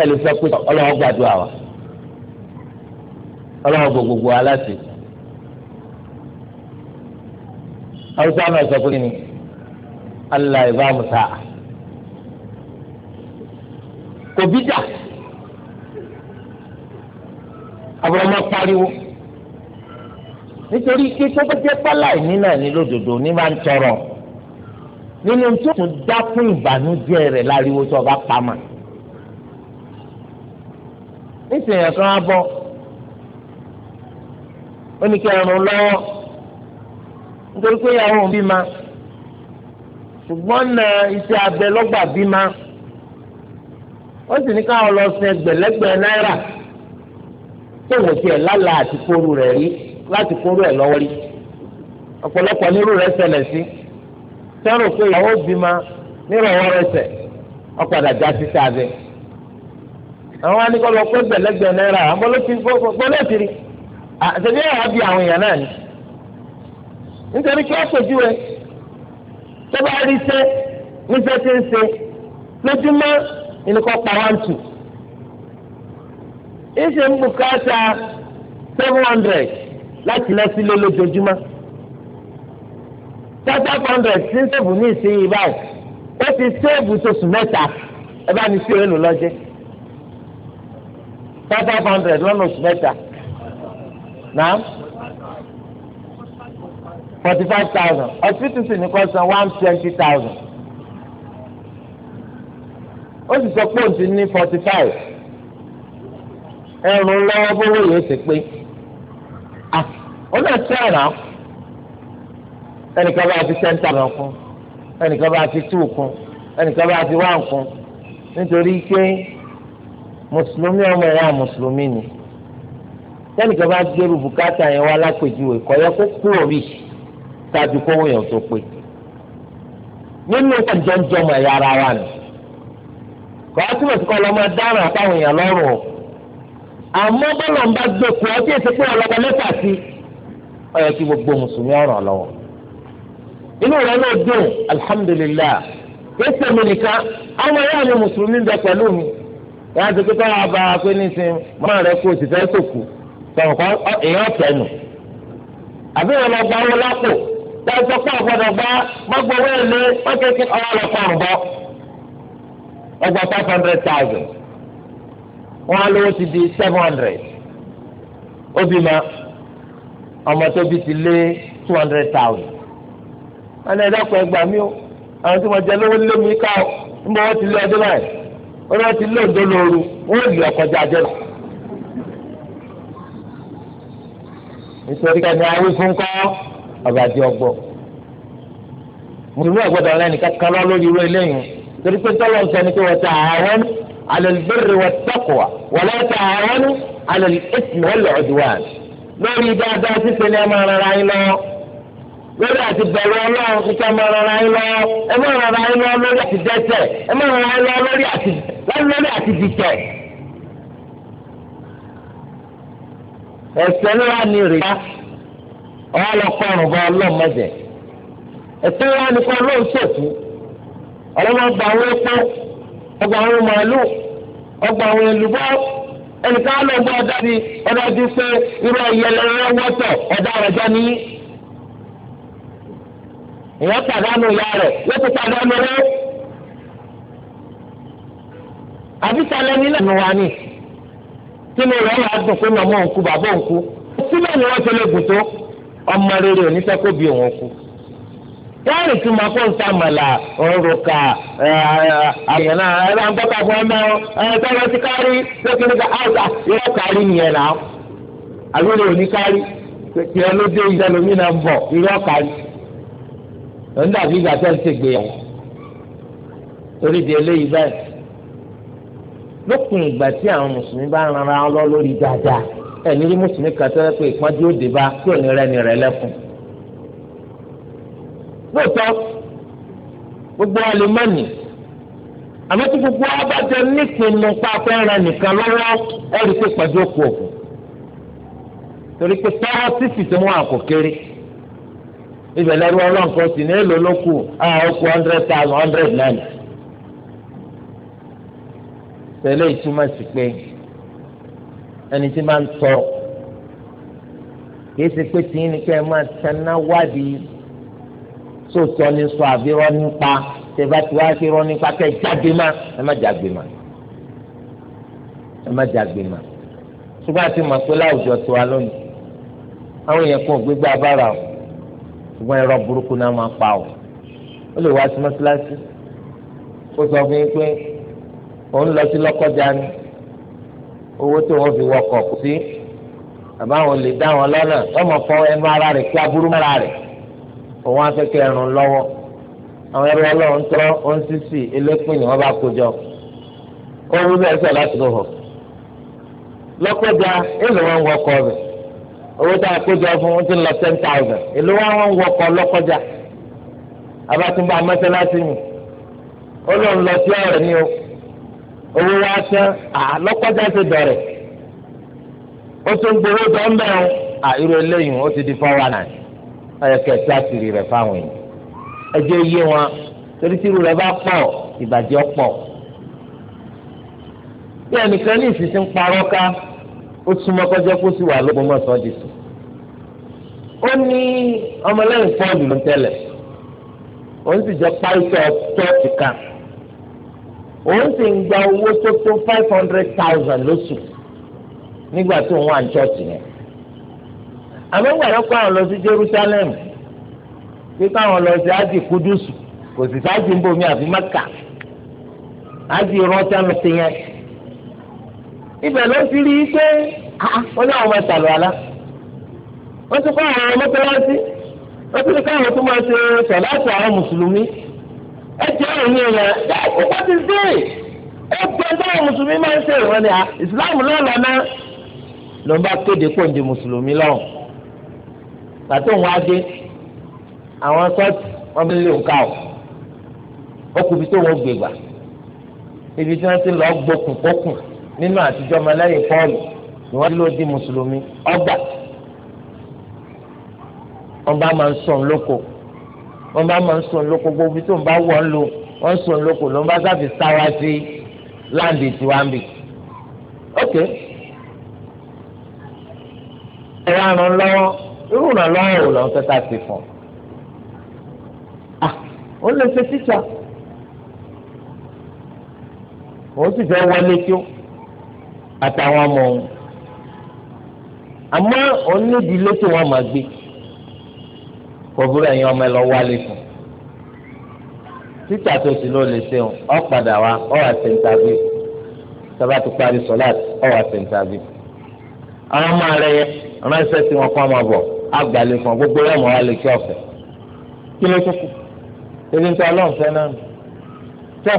ẹ lè sọ pé ọlọ́wọ́ gbàdúrà wa ọlọ́wọ́ bò gbogbo wa láti. Hausa náà sọ pé ni Allah ìbá musa kò bí jà àbúrọ̀mọ pariwo nítorí pé tó bá jẹ́ pálàìní náà ní lódodo ní máa ń tọrọ nínú tó tún dá fún ìbànújẹ́ rẹ̀ láriwo tó ọba pamọ́ nísìnyí èèyàn kan á bọ́ ó ní kí ẹrùn lọ́wọ́ nítorí pé ìyàwó òun bímá ṣùgbọ́n na iṣẹ́ abẹ lọ́gbà bímá ó sì ní káwọn lọ sin ẹgbẹ̀lẹ́gbẹ̀ náírà tó wò tiẹ̀ lálàá àti kóru rẹ̀ rí láti kóru ẹ̀ lọ́wọ́ rí ọ̀pọ̀lọpọ̀ nírú rẹ̀ ṣẹlẹ̀ sí sẹ́rù pé ìyàwó bímá nírọ̀wọ́ rẹ̀ sẹ̀ ọ̀padà já sí sábẹ́ àwọn anìkọ́ lọ pé gbẹ̀lẹ́gbẹ̀ náírà àwọn olóòtú gbọ́lẹ́tìrì àtẹ̀lé ẹ̀rọ bí àwọn èèyàn náà ni. nítorí kí wọ́n pèjú ẹ tó rí iṣẹ́ níṣẹ́ tí ń ṣe lójúmọ́ ìnìkan pa wá ń tù. ìṣe ń bùkátà seven hundred láti lọ sílé lójoojúmọ́. tata hundred tí ń sèbù ní ìsinyìí báyìí ó ti sèbù tó sùn mẹ́ta ẹ bá ní sí òun lò lọ́jẹ́ five hundred lọ́nà oṣù mẹ́ta náà forty five thousand hospital sì ní kọ́ san one twenty thousand ó sì sọ pé òun ní forty five ẹrùn lọ́wọ́ bówó yóò ṣe pé ah ó náà tẹ́ ọ̀nà ẹnìkan bá fi ten thousand kún ẹnìkan bá fi two kún ẹnìkan bá fi one kún nítorí pé mùsùlùmí ọmọ ìyá mùsùlùmí ni tẹnìkan bá gbèrú bùkátà yẹn wá lápèjúwe kò yẹ kó kú òbí ṣáájú kówó yẹn tó pé nínú ìjọ́njọ́mọ̀ ẹ̀yà ara wa ni kò á túbọ̀ sí kọ́ lọ́mọ dáràn àtàwọn èèyàn lọ́rùn o àmọ́ bọ́lá ń bá gbèkú ọtí èsì pé ọlọ́mọ lẹ́tà sí ó yẹ kí gbogbo mùsùlùmí ọ̀ràn lọ́wọ́ inú rẹ̀ náà dùn alihamudulilayi kí ẹsẹ̀ mi nìkan àwọn ẹ̀yà mi mùsùlùmí bẹ pẹ̀lú mi. wọ́n á ti pé káwọn bá a pé nísìnyí mọ́nà rẹ kó fẹ́ sòkò kọ́ èèyàn àbí wọn lọ gba owó lápò tẹ̀sán pọ̀ gbọ́dọ̀ gba gbogbo owó èlé wọ́n kékeré ọwọ́ lọ fọ̀rọ̀ bọ́ ọgbà five hundred thousand wọ́n á ti di ma ọmọ tó ti lé two hundred thousand wọ́n ẹgbàá mi o àwọn tí wọ́n jẹ lówó lé mi o ti lé ọdún wọn láti lóògbé lóru wọn ò lè ọkọjá jẹ lọ. nítorí kẹ́ni awé fún kọ́ ọ̀bàjẹ́ ọgbọ́ mùsùlùmí ọ̀gbọ́dọ̀ lẹ́nu kankan lọ lórí irú eléyìí torí pé tọ́lọ̀ sẹ́ni pé wọ́n ta àwọn alẹ́lẹ́bẹ̀rẹ̀ wọ́n tọ́kùwà wọ́n lọ́ ta àwọn alẹ́lẹ́bẹ̀rẹ̀ wọ́n lọ́ọ̀dùwà lórí dáadáa sísè ní ẹ máa rárá yín lọ́wọ́. lórí àti bẹ̀rù ọlọ́run kíkẹ́ ọmọ rárá yín lọ ẹ má rárá yín lọ lórí àti dẹ́ṣẹ̀ ẹ má yín lọ lórí àti lórí àti dìtẹ̀. ẹ̀ṣẹ̀ ńlá ni ọlọ́kọ̀ọ̀rùn bá ńlá ni kọ́ ọlọ́mọgbà àwọn epo ọgbà àwọn màálù ọgbà àwọn èlùbọ́ ẹnìkan lọ́gbọ́ ọ̀dà bíi ọ̀dà bíi irú ìyẹn pàdánù ìyá rẹ̀ yóò ti pàdánù rẹ̀ àbí sálẹ́ni náà nù wá ní sínú rẹ̀ wà á dùn pé màmá òun kú bàbá òun kú síbẹ̀ ni wọ́n ti lè gùn tó ọmọ rere oníṣẹ́kọ̀ bí òun kú yáàrì tí mo kó nsàmàlà òrùka àyànnà ẹ̀rọ àǹkọ́tà fún ọmọ ẹ̀ tọ́lọ́ ti kárí lókèrè ká àwùjá yóò kárí nìyẹn náà àlọ́ òní kárí tiẹ̀ ló dé ìdálómìnà bọ̀ yóò kárí ló ń dàbí ìgbà tẹ́ ń ṣègbéyàwó torí di eléyìí báyìí lópin ìgbà tí àwọn mùsùlùmí bá ń rara lọ lórí dáadáa ẹni rí mùsùlùmí kan tẹ́lẹ̀ pé ìpọ́njú òde bá tí ò ní rẹ ni rẹ lẹ́kùn. lóòótọ́ gbogbo wa lè má nì àmọ́ tí gbogbo wa bá jẹ nípinnu pápẹ́ ra nìkan lọ́wọ́ ẹ̀rí pé pàjọ́ kù òkú torí pé tọ́wọ́ sísì tó mú àkókèrè ibẹ̀ lẹ́rú ọlọ́nkọ sí ní èlò ló kù àwọn ó kù hundred thousand hundred naira. tẹ̀lé ìtumọ̀ sí pé ẹni tí máa ń tọ́ kìí ṣe pé tìyín ni kẹ́ ẹ máa tẹná wádìí sóòtọ́ ní sọ àbírọ́ nípa tẹ̀bá tí wàá fi rọ́ nípa kẹ́ ẹ jágbe má ẹ má jágbe má ẹ má jágbe má ṣùgbọ́n àti màpé láwùjọ tó wa lónìí àwọn èèyàn kan ò gbégbá bára o ṣùgbọ́n ẹ̀rọ burúkú náà máa pa ọ́ ó lè wá sí mọ́ṣáláṣí ó sọ fún yín pé òun lọ sí lọ́kọ́jà ni owó tó wọ́n fi wọkọ̀ kù sí àbá wọn lè dá wọn lọ́nà ọmọ fọ ẹnu ara rẹ̀ kí aburú mọ́ra rẹ̀ òun afẹ́kẹ́ ẹ̀rùn lọ́wọ́ àwọn ẹrú ọlọ́run tọ́ ó ń sísì elépin ni wọ́n bá kó ó wúlò ẹsẹ̀ láti lò hàn lọ́kọ́jà èlò wọn wọkọ̀ rẹ̀ owó tá a kójọ fún wọn ti lọ ten thousand èló wa wọn ń wọkọ̀ lọ́kọjá abatumba amọ́sálásí mi ó lọ lọ sí ọ̀rẹ́ ni o owó wa tán à lọ́kọjá ti dọ̀rẹ̀ ó tún gbowó dọ́ńbẹ́ o à irú eléyìí ó ti di four one nine ọ̀yẹ̀kẹ̀ tí rẹ̀ fáwọn yìí ẹ jẹ́ wọn torí tí rẹ̀ bá pọ̀ ìbàjẹ́ pọ̀ bí ẹnìkan ní ìsinsìn parọ́ ká ó súnmọ́ kọjá kó sì wà lóko mọ́sán ti sùn. ó ní ọmọlẹ́yìn pọ́ọ̀lù ló ń tẹ́lẹ̀ òun sì jẹ́ pàìtọ́ tọ́ọ̀tì kan òun sì ń gba owó tó tó five hundred thousand lóṣù nígbà tó ń wà ní ṣọ́ọ̀tì yẹn. àmọ́ ìgbà yẹn kó àwọn lọ sí Jerusalem pé káwọn lọ sí ájì kúdùsù kò sì sáájì ń bomi àfi Mẹ́kà ájì rántí àmì ti ibẹ̀ ló ti rí i pé wọ́n ní àwọn ọmọ ìsàlọ̀ àlá wọ́n ti kọ́ àwọn ọmọ mọ́tẹ́lásí wọ́n ti kọ́ àwọn tó máa ṣe sọ̀láṣì àwọn mùsùlùmí ẹ jẹ́ òun ní ìyá ọkọ̀ ti dé ẹ pé táwọn mùsùlùmí máa ń ṣe ìwọ́n ni ìsìláàmù lọ́la náà ló ń bá kéde kó ń di mùsùlùmí lọ́hùn pàtó òun á dé àwọn sọ́ọ̀tì wọ́n bí lè ń o ó kú ibi tó wọ́n gbé gbà ibi tí wọ́n ti lọ́ọ́ gbókùnkókùn nínú àtijọ́ ọmọlẹ́yìn pọ́ọ̀lù ni wọ́n lò di mùsùlùmí ọgbà wọ́n bá máa ń sọ̀n lóko wọ́n bá máa ń sọ̀n lóko gbogbo tó ń bá wọ̀ ń lò wọ́n sọ̀n lóko ló ń bá sáfì sáwá sí láǹdì tiwáǹbì ok ẹ̀rọ àrùn lọ́wọ́ irú ìrànlọ́wọ́ wò lọ́n fẹ́ ká ti fún ah ó lè ṣe tíṣà òun sì fẹ́ wọlé tí àtàwọn ọmọ òun àmọ́ onídìílé tí wọ́n máa gbé kọ̀bùrù ẹ̀yin ọmọ ẹ lọ wálé fún títà tó ti ló lè ṣeun ọ padà wá ọ wà sèǹtàbí sábà tó parí sọláàtì ọ wà sèǹtàbí àwọn ọmọ rẹ yẹ ránṣẹ́ tí wọ́n kọ́ ọmọ bọ̀ àgbàlẹ̀ fún gbogbo ẹ̀ mọ́ wá lè kí ọ̀fẹ́ kí ló kúkú ebi ń tọ́ ọlọ́run fẹ́ náà tọ́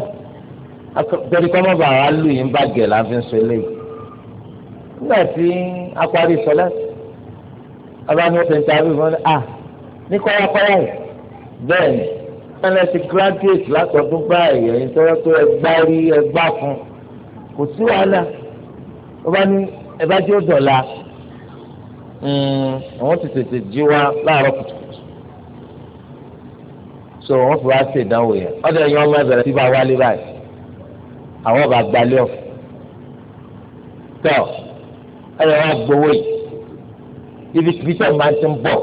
torí kọ́ mọ́ bàa wá lù yín bá gẹ̀ láfi ń sọ eléyìí nígbà tí a parí sọlá abáni ó sèǹtà àbí fún mi à ah, ní kọ́yàkọ́yà yìí bẹ́ẹ̀ ni ẹnlẹ́ ti graduate látọ̀dún báyìí ẹ̀yin tọ́wọ́ tó ẹgbá rí ẹgbá fún kò sí wàhálà ó bá ní ẹ bá jẹ́ àwọn hmm, ti tètè jí wa láàárọ̀ kùtùkùtù so wọ́n fi wá ṣe ìdánwò yẹn ọdọ ẹ̀yin ọmọ ẹ̀bẹ̀rẹ̀ tí bá wálé báyìí àwọn bá gbalẹ̀ ọ̀fọ̀ tọ́ ẹ̀rọ wọn gbowó yìí ibi tí bísọ̀ máa ti ń bọ̀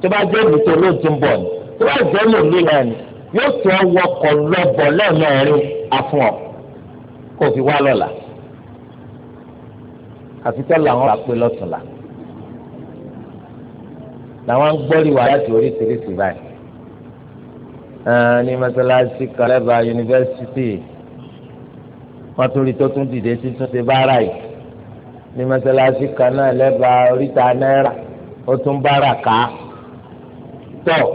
tó bá jẹ́ ìlú tó ló ti ń bọ̀ ni tó bá jẹ́ lòlú náà ni yóò tó wọkọ̀ lọ́bọ̀ lẹ́ẹ̀mẹ́rin àfún ọ kó fi wá lọ́la àfi tẹ́lẹ̀ àwọn àpè lọ́tùnla làwọn ń gbọ́rí wà láti oríṣiríṣi báyìí ní mọ́sálásí kan lẹ́bàá yunifásitì wọ́n tún rí tó tún dìde títún ṣe báárà yìí ní mọ́sálásí kan náà lẹ́bàá oríta náírà ó tún bára kà á tọ̀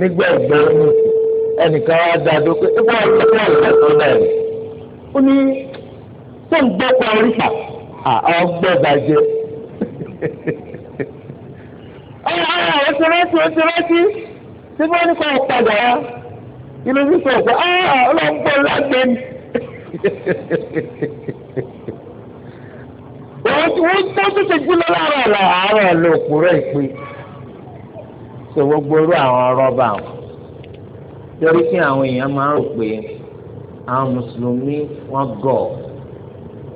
nígbà ẹgbẹ́ ẹnìkan wá dáadó pé ẹ bá ọ̀sẹ̀ náà lọ́sẹ̀ tó náà rẹ̀ ó ní tó ń gbọ́ pa oríta ọgbẹ́ bàjẹ́ ọ̀rọ̀ [LAUGHS] ọ̀sẹ̀ rántí ọ̀sẹ̀ rántí tí wọ́n ní kọ́ ọ̀padà wá inú mi sọ̀rọ̀ pé ọ̀rọ̀ ọlọ́gbọ́n lágbẹ́ni àwọn tí wọ́n tó tó ti gbúná láàárọ̀ lọ àárọ̀ lọ òkúrọ̀ ìpè tó gbogbo irú àwọn rọ́bà wọn torí kí àwọn èèyàn máa rò pé àwọn mùsùlùmí wọ́n gọ̀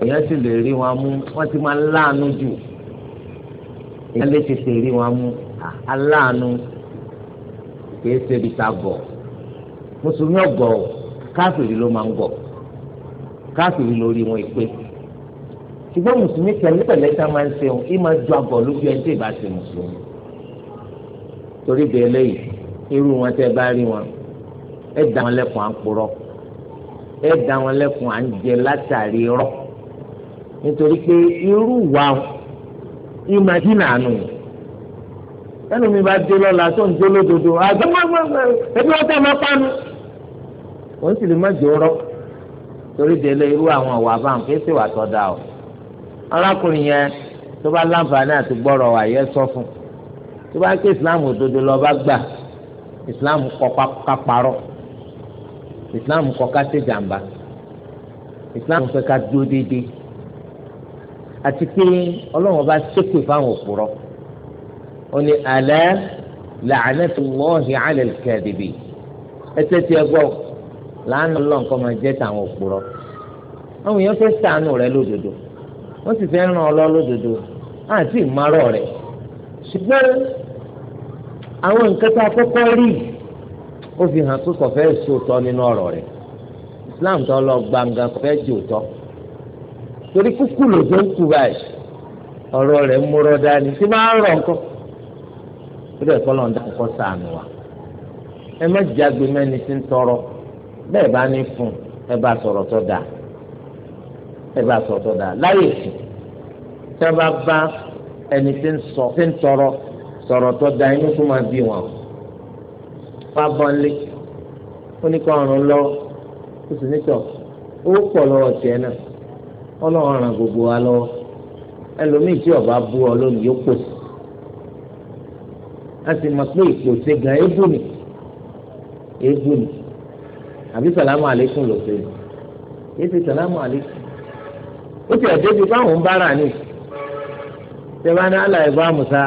èèyàn sì lè rí wọn mú wọ́n ti máa láàánú jù èèyàn lè tètè rí wọn mú aláàánú kìí ṣe ibi tá a gọ̀ mùsùlùmí ọ̀gọ̀ káfíìrì ló máa ń gọ̀ káfíìrì lórí wọn ìpè ṣùgbọ́n mùsùlùmí pẹ̀lẹ́pẹ̀lẹ́ tá a máa ń ṣe òun ìmọ̀ ju àgọ̀ lójú ẹni tí ì bá ṣe mùsùlùmí. torí bẹ́ẹ̀ lẹ́yìn irú wọn tẹ́ bá rí wọn ẹ dá wọn lẹ́kùn à ń purọ́ ẹ dá wọn lẹ́kùn à ń jẹ látàrí rọ́ nítorí pé irú wa ìmọ̀ dínà nù ẹnu mi bá dé lọ́la tó ń dé lódodo àgbẹ̀wọ̀n ẹbí wọn tẹ́ máa pánu òun sì lè má jòrọ́ torí bẹ́ẹ̀ lẹ́yìn irú àwọn ọ̀wà arákùnrin yẹn tó bá láǹfààní àti gbọ́rọ̀ wà yẹ sọ fún tó bá ké ìsìláàmù òdodo lọ bá gbà ìsìláàmù kọ kápárọ̀ ìsìláàmù kọ kásẹ̀jàmbá ìsìláàmù fẹ́ ká dúró déédéé àti pé ọlọ́run bá ṣépè fáwọn òpùrọ̀ ó ní alẹ́ làánẹ́tì wọ́ọ̀hì alẹ́ kẹ́ẹ̀dẹ̀bì ẹsẹ̀ tí ẹ gbọ́ làánú ọlọ́run kọ́ máa jẹ́ tàwọn òpùrọ̀ àwọn èèyàn fẹ́ ṣàánú rẹ lódodo wọ́n sì fẹ́ ràn ọ́ lọ lódodo àti ìmárọ̀ rẹ̀ ṣùgbọ́n àwọn nǹkan tá a kọ́kọ́ rí ó fi hàn pé kò fẹ́ sòótọ́ nínú ọ̀rọ̀ rẹ̀ Islam tó lọ gbangba kò fẹ́ jẹ́ òótọ́ torí kúkú lòdó ń kú báyìí ọ̀rọ̀ rẹ̀ ń múrọ̀ dání tí máa ń rọ̀ nǹkan ó dẹ̀ kọ́ lọ́n dá kọ́ sànù wa ẹ má jágbe mẹ́ni tí ń tọrọ bẹ́ẹ̀ bá ní fún ẹ bá sọ̀rọ̀ tó dáa ẹ bá sọ tó dáa láyè sí tí wọn bá bá ẹni tí ń sọ tí ń tọrọ sọ̀rọ̀ tó dáa inú tó máa bí wọn wọn bọ́ ń lé ó ní kó ọrùn lọ ó sì ní tọ̀ ó pọ̀ lọ́wọ́ tiẹ̀ náà ọlọ́run ràn gbogbo wa lọ́wọ́ ẹlòmíì tí ọba bú ọ lónìí yóò pòsì a sì mọ̀ pé ìpòsè gan ebú ni ebú ni àbí sàlámù àlékún ló ṣe yìí sàlámù àlékún ó ti ẹ̀dẹ́ bíi fáwọn bára ni ṣẹba ní àlàyé bá musa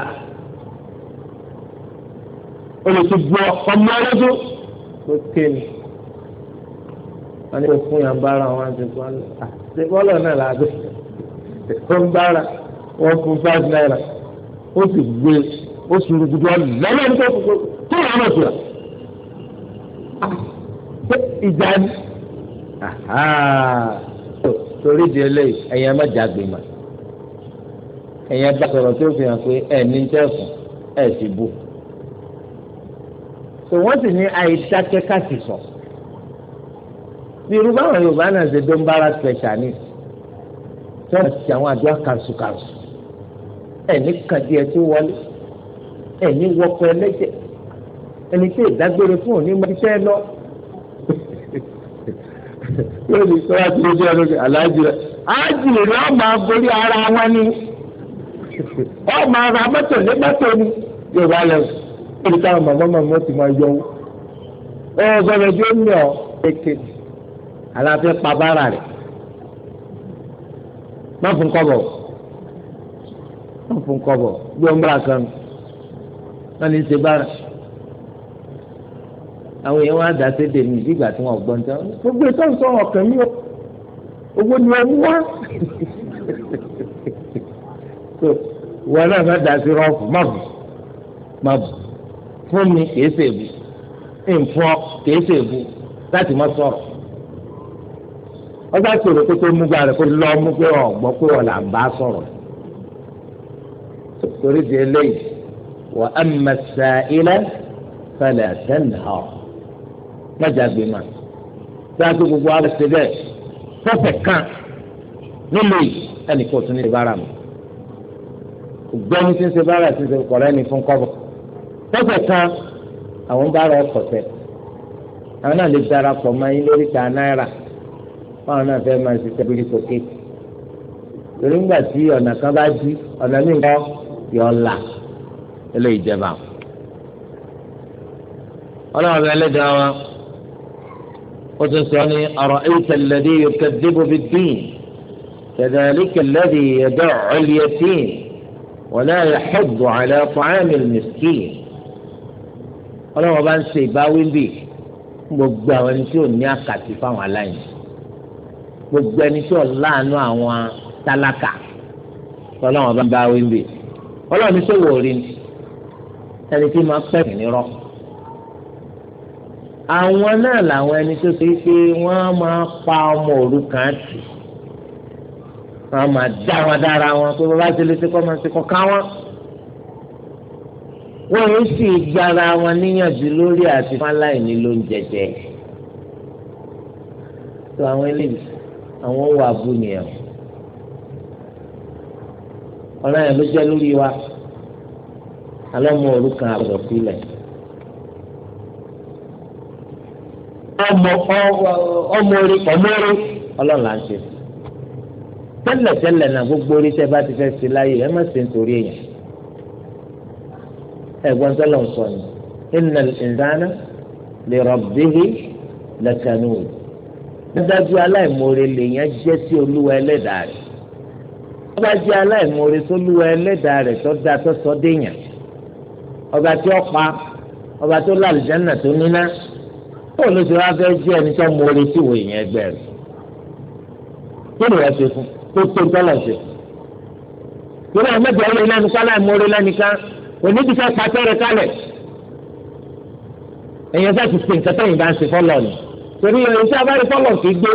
olùsùgbọ́ ọmọ ọlọ́dún ló ké ni wọ́n ní fún yàn bára wọn ti bọ́ lọ àti bọ́lọ̀ náà làbẹ́ wọ́n bára wọ́n fún five naira ó sì gbé ó sùn rúgudu ọ̀lẹ́lẹ́ ní kókó tó yàrá náà tura ìjà ni torí di eléyìí ẹ̀yin ẹ̀ma jágbe mà ẹ̀yin ẹ̀bá sọ̀rọ̀ tó fi hàn pé ẹ̀ ní tẹ̀sùn ẹ̀ sì bù tò wọ́n sì ní àìdákẹ́ káàsì sọ bí irú báwọn Yorùbá náà ṣe dó ń bára pẹ̀ṣà ní tí wọ́n ti àwọn àdúrà kàṣùkàṣù ẹ̀ ní kàdí ẹ̀ tó wọlé ẹ̀ ní wọ́pọ̀ ẹlẹ́jẹ̀ ẹni tí ìdágbére fún òní mọ́ iṣẹ́ lọ́ọ́ yóò lè sọ láti lójú ẹ lókè aláàjì rẹ aláàjì rẹ náà máa borí ara wọn ni ọ máa ra mọ́tò ní mọ́tò ni yóò bá lẹ orí táwọn màmá màmá ti máa yọ ọ ọ gbọ́dọ̀ tí ó ń yọ kéèké aláfẹ pabara rẹ má fún kọ́bọ̀ má fún kọ́bọ̀ bí ó ń bá a kan wọn ní í ṣe bára àwọn èèyàn wá dá sédè mi ìdígbà tí wọn gbọ́ ní sọ́wọ́n gbogbo ètò ìsọ̀rọ̀ ọ̀kàn yìí ó owó ni wọ́n wá so wọn náà fẹ́ dá sí rọ́ọ̀fù má bù má bù fún mi kìí ṣèbù nfọ kìí ṣèbù láti má sọ̀rọ̀ ọgbà sọ̀rọ̀ kó tó mú gba rẹ̀ kó lọ́ mú pé ọ̀gbọ́n pé ọ̀là ń bá sọ̀rọ̀ torí di eléyìí wà á mẹsà ilẹ̀ fẹlẹ̀ tẹ́lẹ̀ mẹ́jà gbé ma sáájú gbogbo alẹ́ ṣe bẹ́ẹ̀ fọ́fẹ̀ kan nílò yìí ẹnì kò tún ní ṣe bára mi ògbẹ́ni tí ń ṣe bára ti ṣe kọ̀rẹ́ ni fún kọ́bọ̀ fọ́fẹ̀ kan àwọn bára ọkọ̀ tẹ̀ àwọn náà lè darapọ̀ mọ́ ayé lórí ta náírà fáwọn náà fẹ́ máa ṣe tẹ́bílì sókè torí ńgbà tí ọ̀nà kan bá di ọ̀nà míì kọ́ yọ̀ ọ́ la eléyìí jẹba ọlọ́run ẹlẹ́dàá wọn. وتسألني أرأيت الذي يكذب بالدين كذلك الذي يدع اليتيم ولا يحض على طعام المسكين ọlọ́wọ́ bá ń ṣe ìbáwí ń bì gbogbo àwọn ẹni tí ò ní àkàtì fáwọn aláìní gbogbo ẹni tí ò láàánú àwọn tálákà ọlọ́wọ́ bá ń báwí ń bì ọlọ́wọ́ ní sọ wòórí ẹni tí máa pẹ̀lú nírọ́ àwọn náà làwọn ẹni tó ṣe pé wọ́n máa pa ọmọ òrukàn tì wọ́n máa dá wọn dára wọn pé bàbá ti lè ṣe kọ́ máa ṣe kọ́ ká wọn. wọ́n yóò sì gbára wọn níyànjú lórí àti fáláìní ló ń jẹjẹ. tó àwọn eléyìí àwọn wà abúnìyàn ọ̀ràn yẹn ló jẹ́ lórí wa alọ́ mọ òrukàn àbọ̀dọ̀ sílẹ̀. ọmọ ọmọre ọmọre ọlọ́run là ń ṣe tẹ́lẹ̀ tẹ́lẹ̀ náà gbogbo orí tẹ́ bá ti fẹ́ ṣe láyé ẹ má ṣe nítorí èèyàn ẹ̀gbọ́n tẹ́lẹ̀ ń sọ ni inna al-insana li rabbihi lakanud nígbàjú aláìmoore lèèyàn jẹ́ sí olúwa ẹlẹ́dàá rẹ̀ ọba jẹ́ aláìmoore sólúwa ẹlẹ́dàá rẹ̀ tó da tó sọ déèyàn ọba tí ó pa ọba tó lálùjáná tó níná bóun ló ṣe wá fẹ́ jẹ́ ẹni tó mú orí sí ìwòye yẹn ẹgbẹ́ rẹ̀ kí ni wọ́n ṣe fún tó tó tọ́lọ̀ ṣe fún. ìwé àwọn mẹ́jọ orí lẹ́nu kálá ìmú orí lẹ́nu kan oníbi fẹ́ pàtẹ́rẹ̀ kálẹ̀ ẹ̀yẹn fẹ́ ti pè nǹkan tẹ́yìn bá ń ṣe fọ́lọ̀ ni torí ẹ̀yìn tí a bá rí fọ́lọ̀ kì í gbé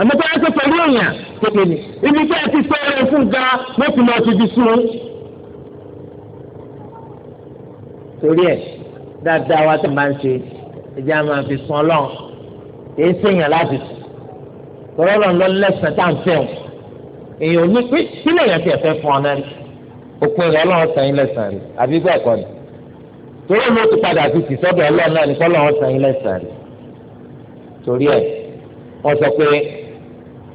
àmọ́ tó yẹ kó pẹ̀lú èèyàn kékeré ni ibi tí a ti sọ̀rọ̀ fún ga mọ́tìmọ́tì bí sùn. torí ẹ̀ dáadáa wa tó máa ń ṣe ẹjẹ a máa fi sun ọlọ́run èyí sèyàn láti sùn tọ́lọ́ ọlọ́run lọ lẹ́sàn tá à ń fẹ́ o èyàn ò ní pé sílẹ̀ yẹn ti ẹ̀fẹ́ fún ọ náà òpin rẹ̀ ọlọ́run sàn yín lẹ́sàn rẹ̀ àbí bẹ́ẹ̀ kọ́ ni torí mo ti padà fi tìsọ́dọ̀ ọlọ́run náà ní kọ́lọ́run sàn yín lẹ́sàn rẹ̀ torí ẹ̀ wọ́n sọ pé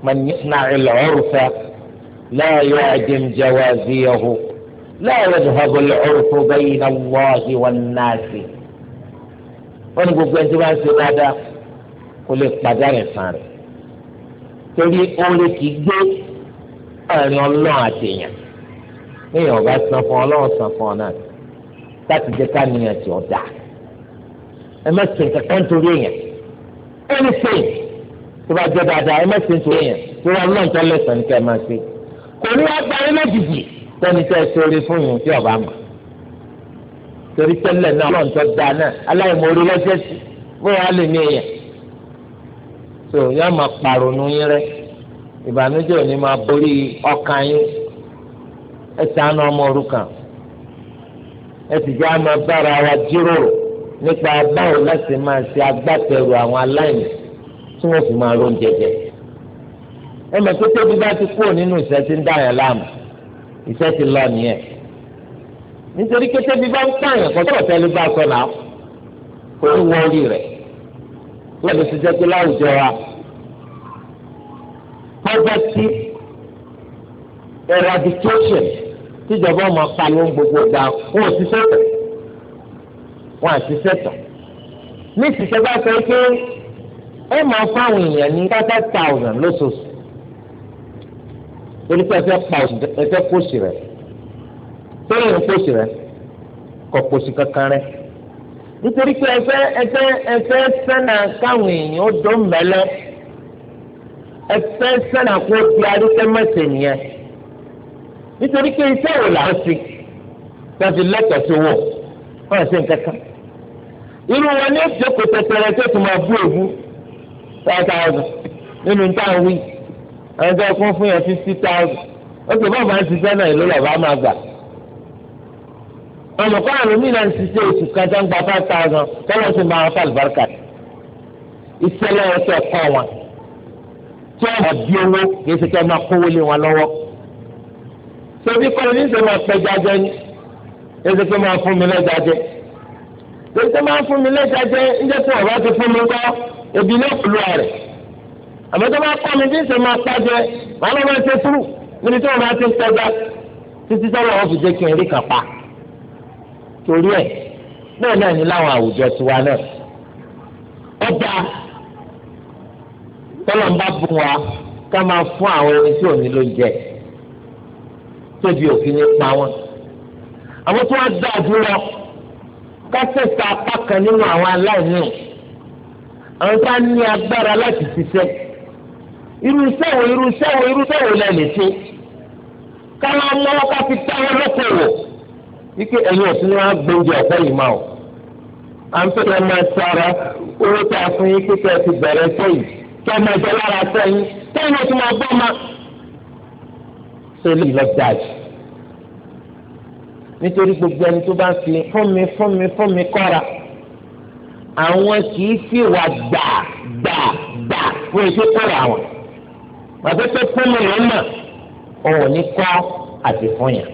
mọ̀nyí náà ìlọ̀ ọ̀rùfẹ́ láàyò àjẹmjẹwà ziyahoo la yadhhabu al-'urfu bayna Allahi wan-nasi wọ́n ní gbogbo ẹni tí wọ́n á ṣe dáadáa kò lè padà rẹ̀ sàn rẹ̀ torí oore kì í gbé àárín ọlọ́run àti èèyàn níyàn ọba san fún ọlọ́run san fún ọ náà láti jẹ́ ká níyàn tí ó ẹ má ṣe nǹkan kan torí èèyàn anything tó bá jẹ́ dáadáa ẹ má ṣe nítorí torí ọlọ́run tó lẹ́sàn-án ní ká ẹ ní sẹ́ni tẹ́ ẹ sórí fún yìí tí ọba mọ̀ torí tẹ́lẹ̀ náà ọlọ́run tó da náà aláìmoore lọ́jọ́ sí bóyá wàá lè ní èèyàn tó yọ máa pàrònú yín rẹ ìbànújẹ́ òní máa borí ọkàn yín ẹ sànú ọmọ òrukàn ẹ sì jẹ́ àmọ́ bára wa jíròrò nípa báwo láti máa ṣe agbátẹrù àwọn aláìní tí wọ́n fi máa ronú jẹjẹ ẹ mọ̀ pé tóbi bá ti kúrò nínú ìṣẹ́ tí ń dá yẹn láàmú iṣẹ́ ti lọ nìyẹn nítorí kété bí bá ń pààyàn kọ́ tó ọ̀tẹ́ ló bá sọ náà kò ní wọ orí rẹ̀ wọ́n lè ti jẹ́ pé láwùjọ wa poverty eradication tíjọba ọmọ pariwo gbogbo gbà wọn ò ti sẹ́tọ̀ wọn àti sẹ́tọ̀ ní ìsìsẹ́ bá sọ pé ẹ máa fáwọn èèyàn ní thirty thousand lóṣooṣù torí pé ẹfẹ pa ẹfẹ kóòsì rẹ sọlá ń kóòsì rẹ kọ kóòsì kankan rẹ nítorí pé ẹfẹ ẹfẹ ẹfẹ sẹnà káwọn èèyàn dó mẹlẹ ẹfẹ sẹnà kó di arúgbó mẹsẹ nìyẹn nítorí pé iṣẹ́ wò là ń sí tàbí lẹ́tọ̀ọ́ sí wọ̀ wọ́n ṣe nǹkan kan irú wọn ní ìjókòó tẹtẹrẹ tó tún máa bú èbú five thousand nínú táwọn wí ẹni tó kún fún yẹn fifty thousand ó ti bọ́ọ̀ bá ń ṣiṣẹ́ náà ìlú lọ́ba máa gbà olùkọ́ àrùn mi náà ń ṣiṣẹ́ oṣù kan tó ń gba five thousand tọ́lọ́ sì máa ń fa àlùbáríkà iṣẹ́ lọ́wọ́ tó kọ́ wọn tí wọ́n bá bí owó kì í ṣe kẹ́ máa kówó lé wọn lọ́wọ́ ṣebí kọ́ni ní sèwọ́n pẹ́jà jẹ́ ni ẹsẹ pé máa fún mi lẹ́jà jẹ máa fún mi lẹ́jà ń jẹ́ pé ọ̀rọ̀ ti fún mi kọ́ ebi náà kúlọ̀ rẹ̀ àmọ́ tó bá kọ́ mi bí ń sè máa pàjẹ́ màá lọ́ máa ṣe túrú níbi tí wọ́n máa ti ń tọ́jà títí sọ́wọ́ wọn fi jẹ́ kí n rí kàpá torí ẹ̀ bẹ́ẹ̀ náà ní láwọn àwùjọ tiwa náà ọjà tọ́lọ̀ ń bá bùn wa ká máa fún àwọn ẹni tí ò ní ló ń jẹ tóbi òfin ní pa wọn àwọn tí wọ́n dá àdúrà ká tẹ̀sà apá kan nínú àwọn aláìní àwọn tá a ní agbára láti ṣiṣẹ́ irú sẹ́wọ̀ irú sẹ́wọ̀ irú sẹ́wọ̀ lẹ́ lè ṣe káwọn ọmọ ká fi tá wọn lókòwò wípé ẹ̀yin ọ̀tún ni wọ́n á gbóúnjẹ ọ̀pẹ́ yìí máa o à ń pè é máa sára owó tá a fún yín kíkẹ́ ti bẹ̀rẹ̀ sẹ́yìn kí ọmọ ẹ̀jẹ̀ lára sẹ́yìn sẹ́yìn ló ti máa bọ́ ma. sẹ́lẹ̀ lọ dájú nítorí gbogbo ẹni tó bá fi fún mi fún mi fún mi kọ́ra àwọn kì í fi wà gbà gbà gbà fún iṣẹ́ àtẹ́tẹ́ fúnmi ló mà òun ní kọ́ àti fúnyà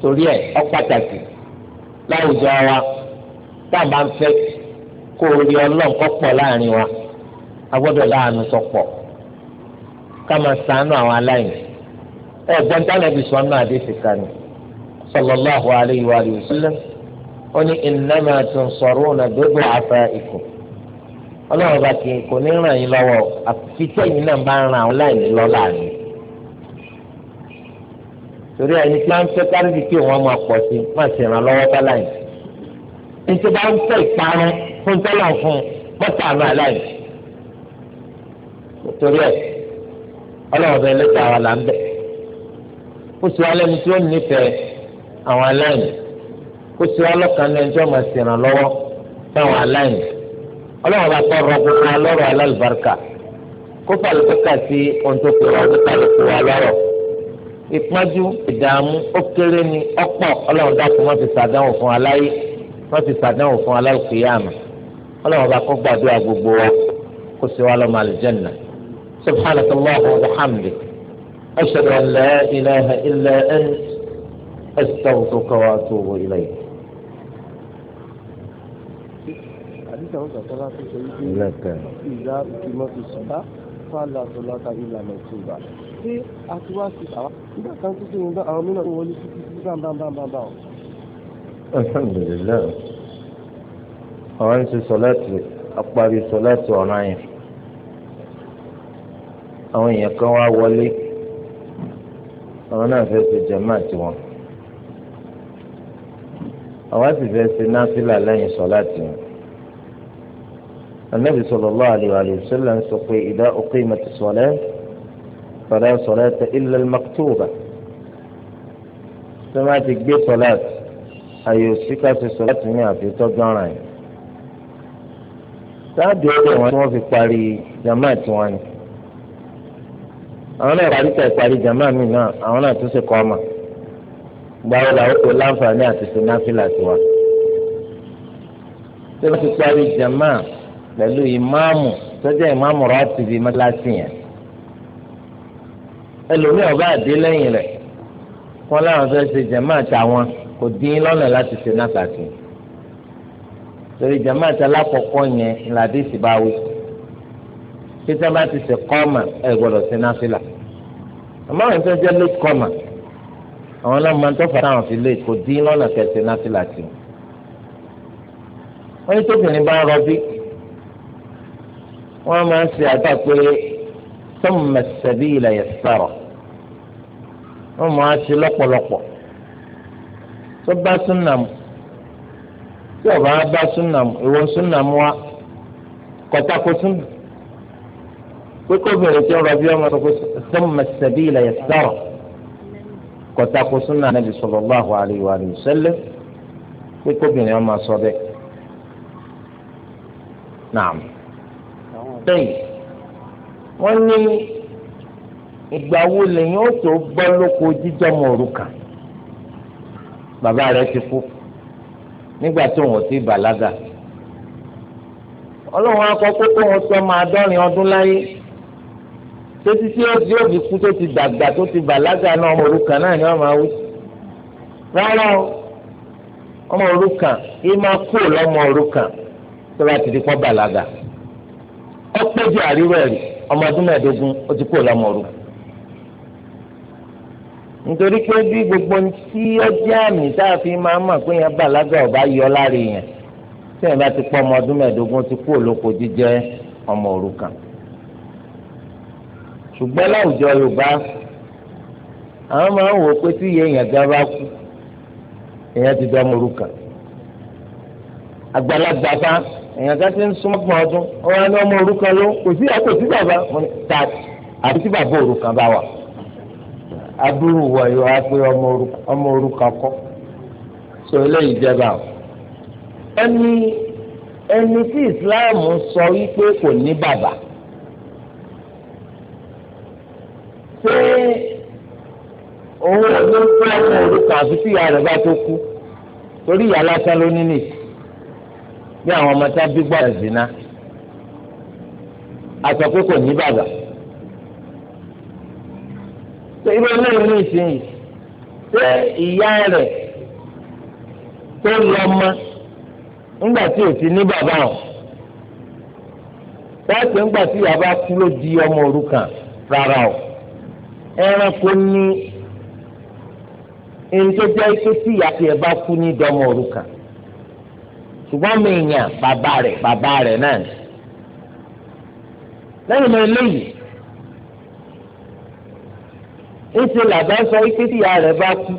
torí ẹ̀ ọ́ pàtàkì láwùjọ wa tá a máa ń fẹ́ kó o ọlọ́run kọ́ pọ̀ láàrin wa a gbọ́dọ̀ láàánú tó pọ̀ ká máa ṣàánú àwọn aláìní ẹ gbọ́n tá sọ ó ní ọlọ́run ọba kì í kò ní ràn yín lọ́wọ́ àfi tẹ́yìn náà bá ń ran àwọn láìní lọ láàrin torí ẹni tí wọ́n ń fẹ́ kárìbì kí wọ́n máa pọ̀ sí má sì ràn lọ́wọ́ káláyìn ní tí bá ń fẹ́ ìparun fún tọ́lá fún mọ́tà àánú aláìní torí ẹ ọlọ́run ọba ẹlẹ́ta wa là ń bẹ̀ kó sì tí ó nífẹ̀ẹ́ àwọn aláìní kó sì wá lọ́kàn náà ẹjọ́ máa sì ràn lọ́wọ́ fáwọn aláìní ọlọ́run bá tọrọ gbogbo wa lọ́rọ̀ alálùbáríkà kó fàlùbáríkà sí ohun tó pè wá nípa lóko wa lọ́rọ̀ ìpọ́njú ìdààmú ó kéré ni ọ̀pọ̀ ọlọ́run dákun wọ́n ti sàdánwò fún aláyé wọ́n ti sàdánwò fún alálùkìyàmù ọlọ́run bá kó gbàdúrà gbogbo wa kó sì wá lọ́mọ àlùjẹ́nà subhanaka wa hamdik ashhadu an la ilaha illa ant astaghfiruka wa atubu ilayk. òjíṣẹ́ àwọn sọ̀tọ́lá tó sọ wípé ìdá ìkìmọ̀ ti sọ̀tá fàlà sọ̀lá ta ìlànà ìtura ṣé a ti wá sí àwọn nígbà kan tó sẹ́yìn bá àwọn mìíràn wọlé títí sí bámbámbámbá o. alhamdulilayi àwọn ń ṣe sọláàtì apárí sọláàtì ọ̀ràn yẹn àwọn èèyàn kan wá wọlé àwọn náà fẹ́ ṣe jàmáà tiwọn àwọn sì fẹ́ ṣe náfìlà lẹ́yìn sọláàtì wọn. النبي صلى الله عليه وآله وسلم سقي إذا أقيمت الصلاة فلا صلاة إلا المكتوبة ثم تجي صلاة أي سكة صلاة مئة في تجارين sáájú ọdún wọn tí wọn fi parí jamaa tiwọn ni àwọn náà parí tẹ̀ parí jamaa mi náà àwọn náà tún ṣe kọ́ ọmọ gbàwé làwọn kò láǹfààní àti ṣe náfìlà tiwa tí wọn fi parí jamaa pẹ̀lú ìmáàmù tọ́jú ìmáàmù rọ́ọ̀tìbì mọ́tíláṣí yẹn ẹlòmíì ọba àdé lẹ́yìn rẹ̀ wọn láwọn fẹ́ ṣe jẹ̀mọ́ àtàwọn kò dín lọ́nà láti ṣe náà kàtì torí jẹ̀mọ́ àtàlákọ̀ọ́kọ́ yẹn làdí ìsìbáwí pété bá ti ṣe kọ́ọ̀mà ẹ̀ gbọ́dọ̀ ṣe náà fìlà àmọ́ àwọn fẹ́ jẹ́ late kọ́ọ̀mà àwọn ọlọ́mọ tó fà táwọn fi late kò dín lọ́nà kẹsẹ̀ náà fìlà tì wọ́n ní tóbìnrin bá rọbí wọ́n máa ń ṣe àgbà pé sọ́mùmẹ̀ sẹ́bí ilẹ̀ yẹn sọ̀rọ̀ wọ́n máa ṣe lọ́pọ̀lọpọ̀ tó bá súnàmù tí ọba bá súnàmù ìwọ súnàmù wa kọ̀tàkó súnà pé kóbìnrin tí ó rọbí ọmọ tó kó sọ́mùmẹ̀ sẹ́bí ilẹ̀ yẹn sọ̀rọ̀ kọ̀tàkó súnà nàbì sallallahu alaihi wa sallam pé kóbìnrin ọmọ sọ bẹ́ẹ̀. Naam. tẹ́yì wọ́n ní ìgbà wo lèyìn ó tó gbọ́ lóko jíjọ́ mọ̀ òrùka bàbá rẹ̀ ti kú nígbà tó wọn ti bàlágà ọlọ́run akọ kókó wọn sọ máa dọ́rin ọdún láyé títí tí ó di òbí kú tó ti dàgbà tó ti bàlágà náà ọmọ òrukàn náà ni wọ́n máa wí rárá o ọmọ ó péjú àríwá ẹ̀rí ọmọ ọdún mẹ́ẹ̀ẹ́dógún ó ti kúrò lọ́mọ òru. nítorí pé bí gbogbo tí ó àmì tá a fi máa pé ọba yọ tí yẹn bá ọmọ ọdún mẹ́ẹ̀ẹ́dógún ó ti kúrò ọmọ òrukàn. ṣùgbọ́n láwùjọ Yorùbá àwọn máa ń wò pé tí gan bá ọmọ èèyàn ká ti ń súnmọ́ fún ọdún ọ̀rọ̀ ni ọmọ òrukàn ló kò sí àpò sí bàbá tààtì àbí tí bàbá òrukàn bá wà adúrú wọ yóò wá pé ọmọ òrukàn kọ́ so eléyìí jẹba o ẹni ẹni tí ìsìláàmù sọ wípé kò ní bàbá ṣé òun ló ń pẹ́ ọmọ òrukàn àfi tí ìyá rẹ̀ bá tó kú torí ìyá lásán ló ní nìyí bí àwọn ọmọ tá bí gbọ́dọ̀ zina aṣọ pé kò ní bàbá ṣé irú ẹlẹ́rìí ní ìsinyìí ṣé ìyá rẹ̀ tó lọ mọ́ ńgbà tí ò ti ní bàbá ọ̀ láti ńgbà tí ìyá bá kú ló di ọmọ òrukàn rárá o ẹranko ní ẹni tó jẹ́ pé tí ìyá tiẹ̀ bá kú ní ìdọ́mọ òrukàn ṣùgbọ́n mi yàn bàbá rẹ̀ bàbá rẹ̀ náà ni lẹ́yìn náà eléyìí ńṣe làbá sọ ike tí ìyá rẹ̀ bá kú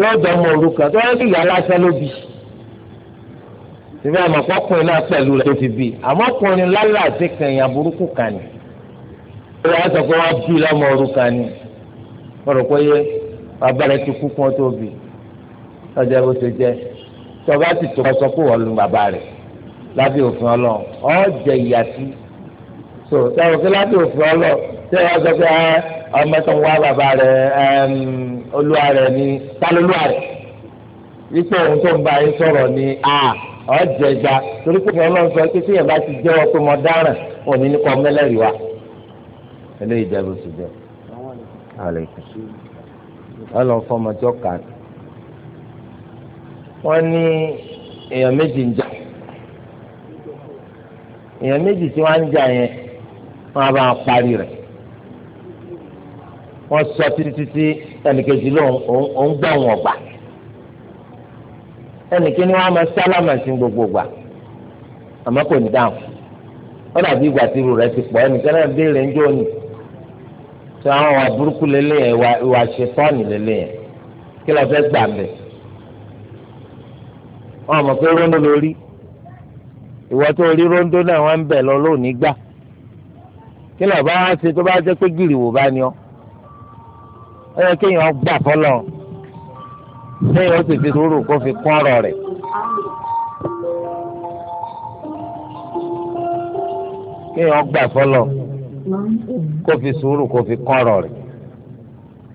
yóò dọ̀mọ òrùka tó yẹ kí ìyá lásán ló bí síbẹ̀ àmọ́ ọkùnrin náà pẹ̀lú rẹ̀ tó fi bí àmọ́ ọkùnrin lálẹ́ àti kẹ̀yìn burúkú kan ni ìyá sọ pé wọ́n bí lọ́mọ òrùka ni wọ́n rò pé bàbá rẹ̀ ti kú kún ọ́ tó bí ọjọ́ bó ṣe jẹ́ tọba ti tó kọsọ kó wọlé bàbá rẹ lábẹ́ òfin Ọlọ́run ọ jẹ ìyá sí so táwọn kí lábẹ́ òfin Ọlọ́run tẹ wọn sọ pé ah, ọmọ tó ń wá bàbá rẹ olúwa rẹ ní tálólúwa rẹ wípé òun tó ń bá yín sọ̀rọ̀ ní a ọ jẹ ìgbà torí pé Ọlọ́run sọ pé tíyẹn bá ti jẹ́wọ́ pé mo dáràn òní ní kọ mẹlẹrìí wa eléyìí jẹ bó ti jẹ Ọlọ́run fọmọ tí ó kà á wọ́n ní èèyàn méjì ń jà èèyàn méjì tí wọ́n ń jà yẹn wọ́n á bá wọn parí rẹ̀ wọ́n sọ títí títí ẹnìkejì ló ń gbọ́ wọn gbà ẹnìkejì wọn á máa sálámà sí gbogbo gbà àmọ́ kò ní dáhùn wọ́n dàbí ìgbà tí irú rẹ̀ ti pọ̀ ẹnìkan náà béèrè ń jóni tí àwọn ọ̀wà burúkú lélẹ̀ ìwà ṣetán lélẹ̀ kí lọ́ọ́ fẹ́ gbà bẹ́ẹ̀ wọn mọ̀ pé róńdó lórí ìwọ tó rí róńdó náà wọn ń bẹ̀ lọ lónìí gbà kí ló bá wá ṣe tó bá jẹ́ pé gìrìwò bá ní ọ ó yẹ kéèyàn gbà fọlọ kéèyàn ó sì fi sùúrù kó fi kún ọ̀rọ̀ rẹ̀. kéèyàn gbà fọlọ kó fi sùúrù kó fi kún ọ̀rọ̀ rẹ̀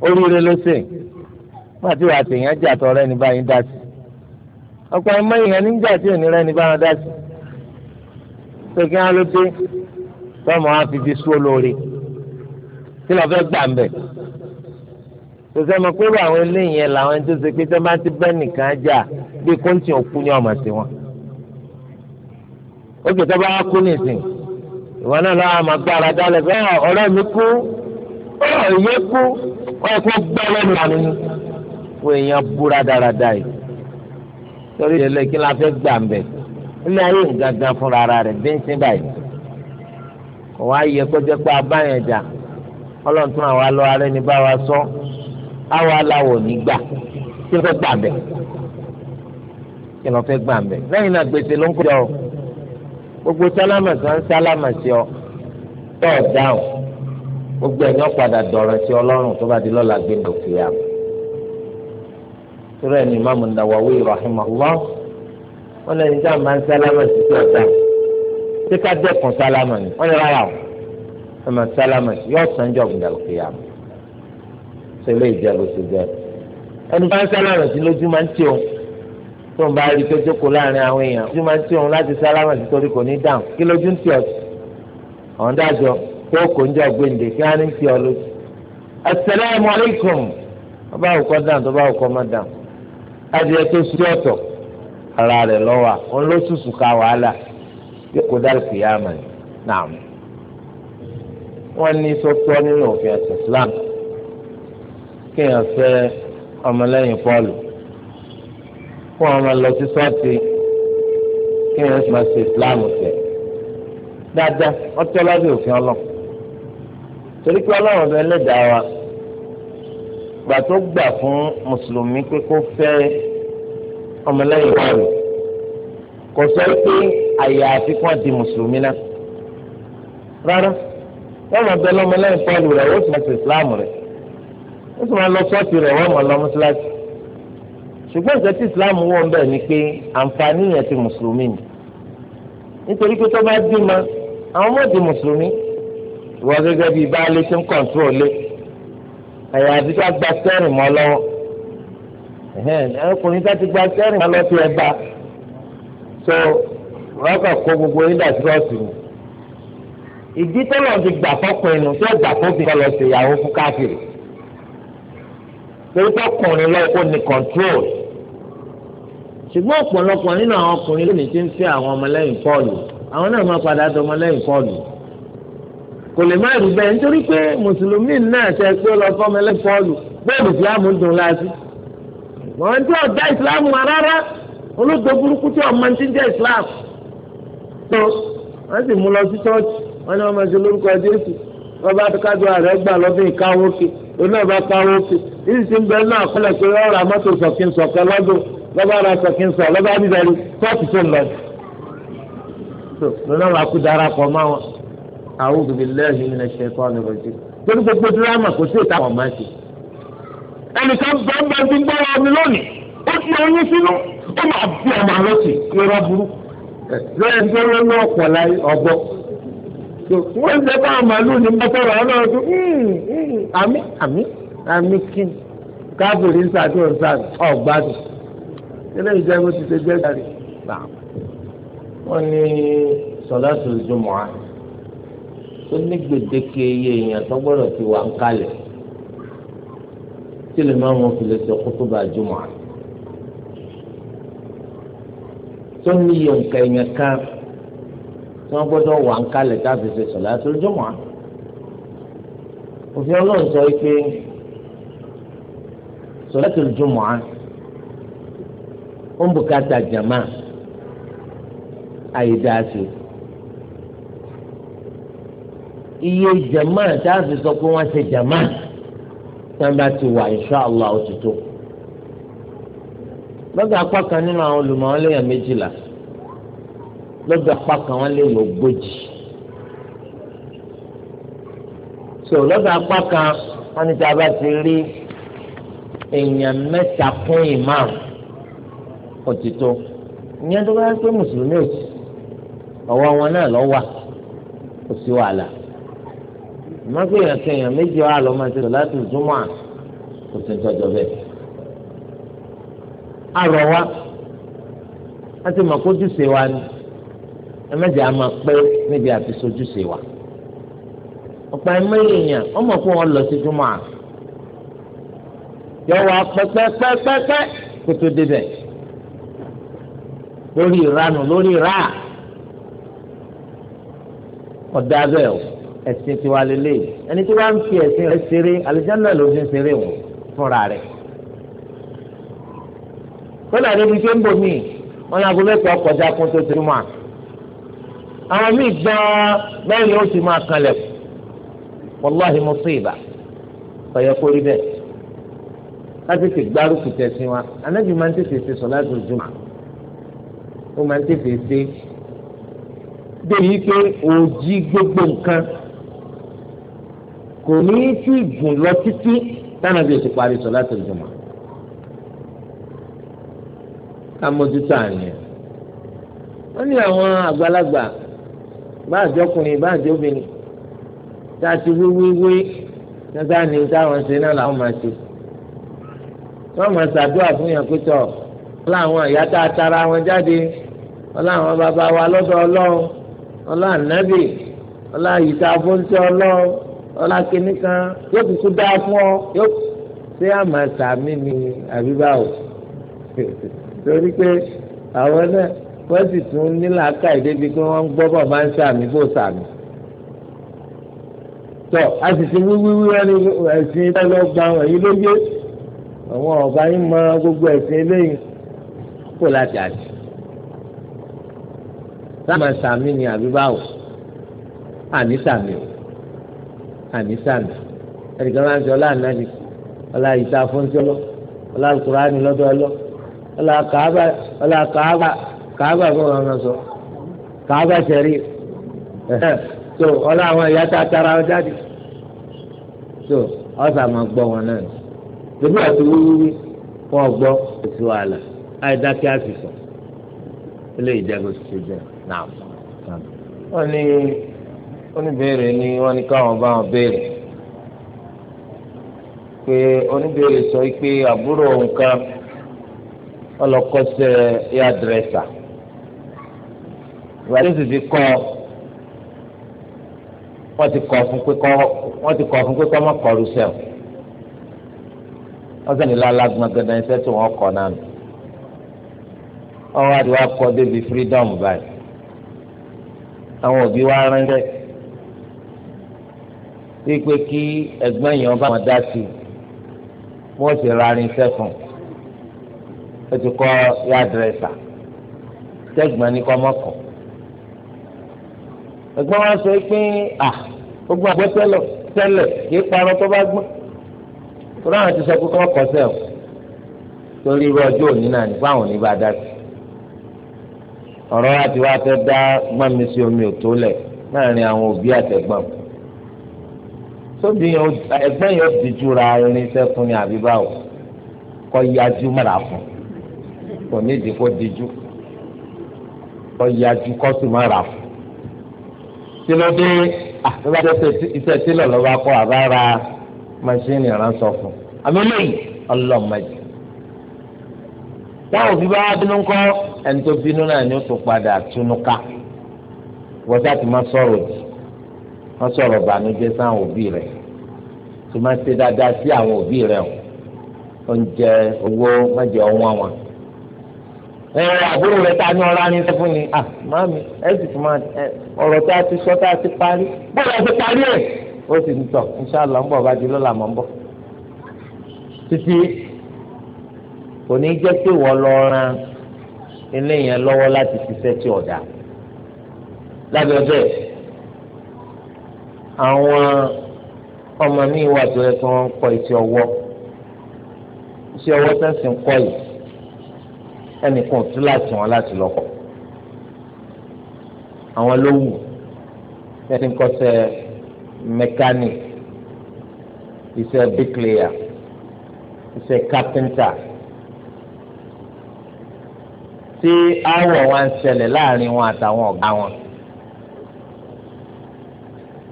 oríire ló sè nígbà tí wàá tèèyàn jà tọrẹ ní báyìí dá sí ọ̀pọ̀ ẹ̀mọ́ yìí hàn nígbà tí òní rẹ̀ ní báwọn dá sí pèkí hàn ló dé tọ́mọ fi fi sú olóore tí lọ́ọ́ fẹ́ gbà ń bẹ̀ kò pé àwọn eléyìí yẹn làwọn ẹni tó ṣe pé tọ́mọ ti bẹ́ nìkan jà bí kóńtì òkú ni ọmọ sí wọn ó kì í tọ́ba kú nìsín ìwọ náà lọ́wọ́ àmọ́ gbára dálẹ̀ fẹ́ ọ̀rẹ́ mi kú ọ̀rẹ́ mi kú wọ́n kó gbẹ́ lẹ́nu àná ni wọ́n èèyàn búra dáradára yìí torí ìṣẹ̀lẹ̀ kí la fẹ́ gbà ń bẹ ilé ayé gangan fúnra ara rẹ̀ bíntín báyìí kò wá yẹ kó jẹ́ pé abáyàn jà ọlọ́ntún àwa lọ ara ẹni bá wa sọ àwa làwọn ò ní gbà kí ló fẹ́ gbà ń bẹ kí ló fẹ́ gbà ń bẹ lẹ́yìn náà gbèsè ló ń kó jọ gbogbo sálámà sí wọn sálámà sí ọ dáhùn gbogbo ẹ̀yàn padà dọ̀rọ̀ sí ọlọ́run tó bá di lọ́la gbé ní òkè àmọ́ sọ̀rọ̀ ẹni imaamu nawawi rahimahullah wọn lẹni tí a máa ń sálámà sí sí ọ̀dà tí ká dẹ́kun sálámà ni wọn ni rárá o ẹ máa sálámà sí yóò sàn jọ gbìyànjú kìyà ṣe lè jẹ ló ṣe jẹ ẹni bá ń sálámà sí lójú máa ń tí o tó ń bá rí pé jókòó láàrin àwọn èèyàn lójú máa ń tí o láti sálámà sí torí kò ní dáhùn kí lójú ń tì ọ ọ̀hún dájọ tó ń jọ gbèǹde kí wọ́n ní tì ọ lójú asalaamualeykum ọba àwòkọ́ adìyẹ tó sùn ọ̀tọ̀ ara rẹ̀ lọ́wọ́ òun ló sùsù ká wàhálà yóò kó dárò kìyàmà ni naam wọ́n ní sọ́tọ́ nínú òfin ẹ̀sìn Islam kéèyàn fẹ́ ọmọlẹ́yìn Pọ́ọ̀lù fún ọmọ lọ sí sọ́ọ̀tì kéèyàn sì máa ṣe Islam tẹ̀ dáadáa ọtí ọlọ́dún òfin ọlọ́ torí pé ọlọ́run ọ̀dọ́ ẹlẹ́dàá wa gbà tó gbà fún mùsùlùmí pé kó fẹ́ ọmọlẹ́yìn kan rẹ̀ kò sọ pé àyà àfikún àti mùsùlùmí náà rárá wọ́n máa bẹ lọ́mọlẹ́yìn pọ́ọ̀lù rẹ̀ wọ́n sì máa ṣe islam rẹ̀ wọ́n sì máa lọ sọ́ọ̀tì rẹ̀ wọ́n máa lọ mọ́ṣáláṣí ṣùgbọ́n ìṣẹ́ tí islam wọ̀ ń bẹ̀ ni pé àǹfààní yẹn ti mùsùlùmí ni nítorí pé tó bá bímọ àwọn ọmọ ti mùsùlùmí ìwọ gẹ́gẹ́ bíi baálé ṣe ń kọ̀ǹtúrò lé ẹ̀yà àti ká gba sẹ́rìn mọ́ lọ́wọ́ ọkùnrin ká ti gba sẹ́rìn mọ́ lọ́wọ́ tí ẹ bá so wọ́n kàn kó gbogbo yín dà sí ọ̀sìn mi. ìdí tọ́lọ̀ ti gbà fọ́kùnrin nù tí ó gbà fóbi kọ́ lọ sí ìyàwó fún káfíìrì torí tọkùnrin lọ́kọ́ ní control ṣùgbọ́n ọ̀pọ̀lọpọ̀ nínú àwọn ọkùnrin lónìí ti ń fẹ́ àwọn ọmọlẹ́yìn Pọ́ọ̀lù àwọn náà máa padà dọmọlẹ́yìn Pọ́ọ̀lù kò lè má rí bẹ́ẹ̀ nítorí pé mùsùlùmí náà ṣe pé ó lọ fọ́mọ ẹlẹ́fọ́ọ̀lù bẹ́ẹ̀ ìsìlámù ń dùn láti. wọ́n ti ọ̀dá ìsìlámù wa rárá olóògbé burúkú tí ọmọ ti ń jẹ́ ìsìlámù. tó wọ́n sì mú lọ sí ṣọ́ọ̀ṣì wọ́n ní wọ́n máa ṣe lórúkọ jésù wọ́n bá kájọ ààrẹ gbà lọ́dún ìkáwó ke oní ọba káwó ke yìí sì ń bẹ náà kọ́lẹ̀ pé ọ̀rọ̀ a'udhu billahi minash shaitani rajim torí gbogbo dírámà kò sí ìta ọ̀mà sí. ẹnìkan bá ń bá ti ń gbọ́ra omi lónìí ó ti oyún sínú ó máa bí ọmọ àlọ́sì irọ́ burúkú. lọ́yẹ̀ tí wọ́n lọ́ ọ̀pọ̀ láyé ọ̀gbọ́. wọ́n ń jẹ́ káwọn màálù ní mọ́tọ́rọ̀ ọlọ́run hmm, hmm, àmì àmì àmì kí káàbùrì ń sàdúrà ń sàdúrà ọ̀gbádùn. eléyìí jẹ́ bó ti ṣe ó ní gbèdéke iye èèyàn tó gbọ́dọ̀ ti wà ń kalẹ̀ tí lè máa wọn fi lè sọ kótó bá jùmọ̀ à. tó ní iye nǹkan èèyàn kan tí wọ́n gbọ́dọ̀ wà ń kalẹ̀ táfi ṣe sọ̀lá tó jùmọ̀ à. òfin ọlọ́run sọ pé sọ̀lá tó jùmọ̀ à ó ń bùkátà jàmá àyè dáa sí i iye jama tá a fi sọ pé wọ́n ṣe jama sábà ti wà inṣàlá òtútù lọ́gbà apá kan nínú àwọn olùmọ̀ wọn léèyàn méjìlá lọ́gbà apá kan wọn léèyàn ogójì so lọ́gbà apá kan wọn ní tí a bá ti rí èèyàn mẹ́ta kún imam òtítọ́ ìyẹn tó bá yẹ pé mùsùlùmí òsì ọwọ́ wọn náà lọ kò sí wàhálà ìmọ̀gbé yẹn kẹyàn méjì wà lọ́ máa ṣe sọ̀láàtù júmọ̀ kò sí tọ́jọ́ bẹ́ẹ̀. àrọ̀ wa a ti mọ̀ kójúṣe wa ni ẹ méjì á máa pẹ́ níbi àti sojúṣe wa. ọ̀pọ̀ ẹ̀mọ́ èèyàn wọ́n mọ̀ pé wọ́n lọ sí júmọ̀ à. yọ wa pẹ́pẹ́pẹ́pẹ́ kó tó débẹ̀ lórí ìranù lórí ìra ọ̀dà bẹ́ẹ̀ o ẹ̀sìn tiwa lélẹ̀ ẹni tí wọ́n á ń fi ẹ̀sìn rẹ̀ ṣeré àlùjánnà ló fi ń ṣeré wọn fúnra rẹ̀ kọ́lá níbi tí ó ń bò mí wọn ní agolo ẹ̀kọ́ kọjá kún tó ti mọ́ a àwọn míì gbọ́n mẹ́rin ó sì máa kanlẹ̀ wàláhi musiba ọ̀yẹ́ kórí bẹ́ẹ̀ láti gbárùkù tẹ̀sí wa anábì máa ń tètè ṣe sọ̀láàtù jùmọ̀ ó máa ń tètè ṣe déyìí pé òjì gbogbo nǹkan kò ní í tí gùn lọ títí táwọn àbí oṣù parí sọ láti ìjùmọ̀ ká mójútó àyẹn wọ́n ní àwọn àgbàlagbà bá àjọkùnrin bá àjọbìnrin tá a ti wíwíwí nígbà ní táwọn ṣe náà làwọn máa ṣe wọ́n máa ṣàdúrà fún yàn pétọ́ láwọn àyà tá a tara wọn jáde ọláwọn bàbá wa lọ́dọ̀ ọlọ́run ọlá ànábì ọlá ìta bóńtẹ́ ọlọ́run ọlá kìíní kan yóò fi kú dáa fún ọ yóò ṣé àmà sàmì ni àbí báwo [LAUGHS] torí pé àwọn náà wọ́n sì tún nílà ká ìdébi pé wọ́n ń gbọ́ bọ̀ máa ń sàmì bó sàmì tọ́ a sì ti wí wíwí ẹni ẹ̀sìn lọ gba àwọn èyí lóye àwọn ọ̀gá yín mọ gbogbo ẹ̀sìn eléyìí kó láti àjẹ́ sáàmà sàmì ni àbí báwo àní sàmì o ànísàmì ẹnìkan máa ń sọ ọlá ànábì ọlá ìta fúnṣọlọ ọlá alukurani lọ́dọ̀ ọlọ ọlá kàába ọlá kàába kàába fún wọn náà sọ kàába sẹrí so ọlá àwọn ìyá tá a tara ọ jáde so ọsà máa gbọ́ wọn náà tòbí àti wíwíwí wọn gbọ́ ètò àlà àìdákẹ́ àti ilé ìjẹgùn ti ṣe jẹ náà wọn ni. oníbèrè ni wọ́n ní káwọn bá wọn béèrè pé oníbèrè sọ pé àbúrò nǹkan ọlọ́kọ́sẹ́ yá dírẹ́sà ìgbà sì fi kọ́ wọ́n ti kọ́ fún pé kọ́ wọ́n ti kọ fún pé kọ́ má kọ́ru tí náà wá freedom báyìí àwọn òbí wípé kí ẹgbẹ́ yẹn bá wọn dá sí i wọ́n sì ra irinṣẹ́ fún un ó ti kọ́ yá dírẹ́sà tẹ́gbọ́n ní kọ́ mọ́kọ̀ ẹgbẹ́ wọn sọ pé à gbogbo àgbẹ̀ tẹ́lẹ̀ tẹ́lẹ̀ kì í parọ́ tó bá gbọ́n tó náà ti sọ pé kọ́ ọkọ̀ sẹ́ẹ̀ o torí irú ọjọ́ òní náà nípa àwọn oníbà dá sí ọ̀rọ̀ láti wá fẹ́ dá gbọ́n mi sí omi ò tó lẹ̀ láàrin àwọn òbí àtẹ̀gbọ́n mi tóbi ẹgbẹ́ yẹn dìjú ra irinṣẹ́ fún ni àbí báwo kọ́ yájú mọ́ra fún kò ní ìdí kó dìjú kọ́ yájú kọ́ sì mọ́ra fún. kí ló dé àbúrò àti iṣẹ́ tílọ̀ lọ́ba kọ́ àbára máṣíìnì ránṣọ fún àmì lẹ́yìn ọlọ́mọdé. táwọn òbí bá bínú kọ́ ẹni tó bínú náà ni ó tún padà túnú ká wọ́n sá ti máa sọ̀rọ̀ jù wọ́n sọ̀rọ̀ bànújẹ́ sáwọn òbí rẹ̀ tó máa ṣe dáadáa sí àwọn òbí rẹ̀ o oúnjẹ owó mẹ́jẹ ọ̀wọ́n wọn. ẹ àbúrò rẹ ta ni ọlá ní fún ni à máa mi ẹ sì fún máa ẹ ọ̀rọ̀ tá a ti sọ tá a ti parí bọ́ọ̀lù ẹ ti parí ẹ̀ ó sì ń tọ̀ inṣàlá ń bọ̀ bá di lọ́la mọ́ ń bọ̀. títí kò ní jẹ́ pé wọ́n lọ ran ilé yẹn lọ́wọ́ láti ṣiṣẹ́ tí ọ̀dà lábẹ́ bẹ́ẹ̀ àwọn ọmọ mi wà tó yẹ kí wọ́n kọ́ iṣẹ́ ọwọ́ iṣẹ́ ọwọ́ tẹ̀sí ń kọ́ yìí ẹnìkan ò tún láti wọn láti lọ kọ́ àwọn ló wù ẹni kọ́ṣẹ́ mẹkáník iṣẹ́ bíkìlìyà iṣẹ́ kápẹ́ńtà tí àwọn wa ń ṣẹlẹ̀ láàrin wọn àtàwọn ọ̀gá wọn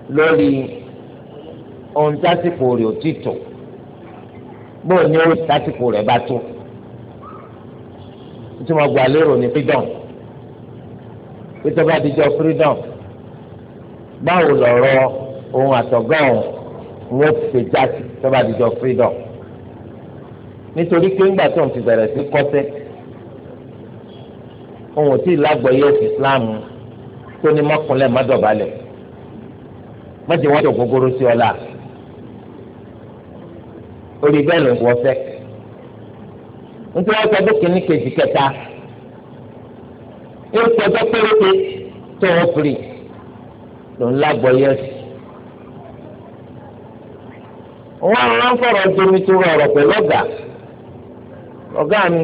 lórí ohun tásìkò rẹ̀ ò ti tó bóun ní ohun tásìkò rẹ̀ bá tó tí mo gbà lérò ní freedom pété bá dijọ́ freedom báwo lọ̀rọ̀ ohun àtọ̀gán òun wọ́n fi jáde tó bá dijọ́ freedom nítorí pé ńgbà tó ń ti bẹ̀rẹ̀ sí kọ́sẹ́ ohun tí ìlágbọ̀ọ́yé Islam tó ní mọ́kànlẹ̀ mọ́dọ̀bálẹ̀ mọ̀tí wọ́n tó gbogbo sí ọ la orí bẹ́ẹ̀ ló ń wọ́ fẹ́ nítorí wọ́n tọ́jú kìíní kejì kẹta yóò tọ́jú péréte tó wọ́n firi ló ń lágbọ́ yẹ́sì. wọ́n á ń fọ̀rọ̀ domi tó rọrọ̀ pẹ̀lú ọ̀gá ọ̀gá mi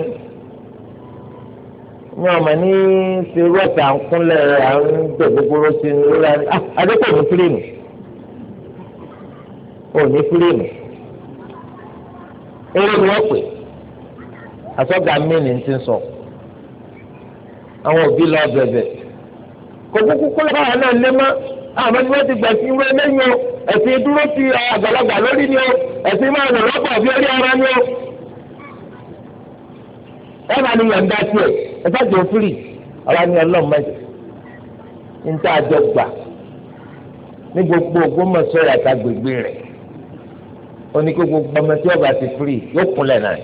mi ọmọ ní ṣe rọ́ọ̀tà ń kúnlẹ̀ à ń gbẹ̀ gbogbo sí i lórí ah, adékòwò fírìmù òní fílíìmù eré ni wọ́n pè àsọ̀gà mìíní ti ń sọ àwọn òbí lọ bẹ̀bẹ̀ kò kúkú kó lọ́wọ́ náà lé mọ́ àwọn tí wọ́n ti gbà sí ìwé lẹ́yìn o ẹ̀sìn dúró ti àgbàlagbà lórí ni o ẹ̀sìn máa lọ lọ́pọ̀ bí orí ara ni o. ẹ máa ní yọ̀ǹda tiẹ̀ ẹ bá jọ fúrì ọ̀la ni ọlọ́run mẹ́jọ ní tá a jọ gbà ní gbogbo Ògbómọ̀ṣọ́ àtàgbègbè rẹ̀ ó ní kí gbogbo ọmọ tí ọba ti firi yóò kúnlẹ̀ náà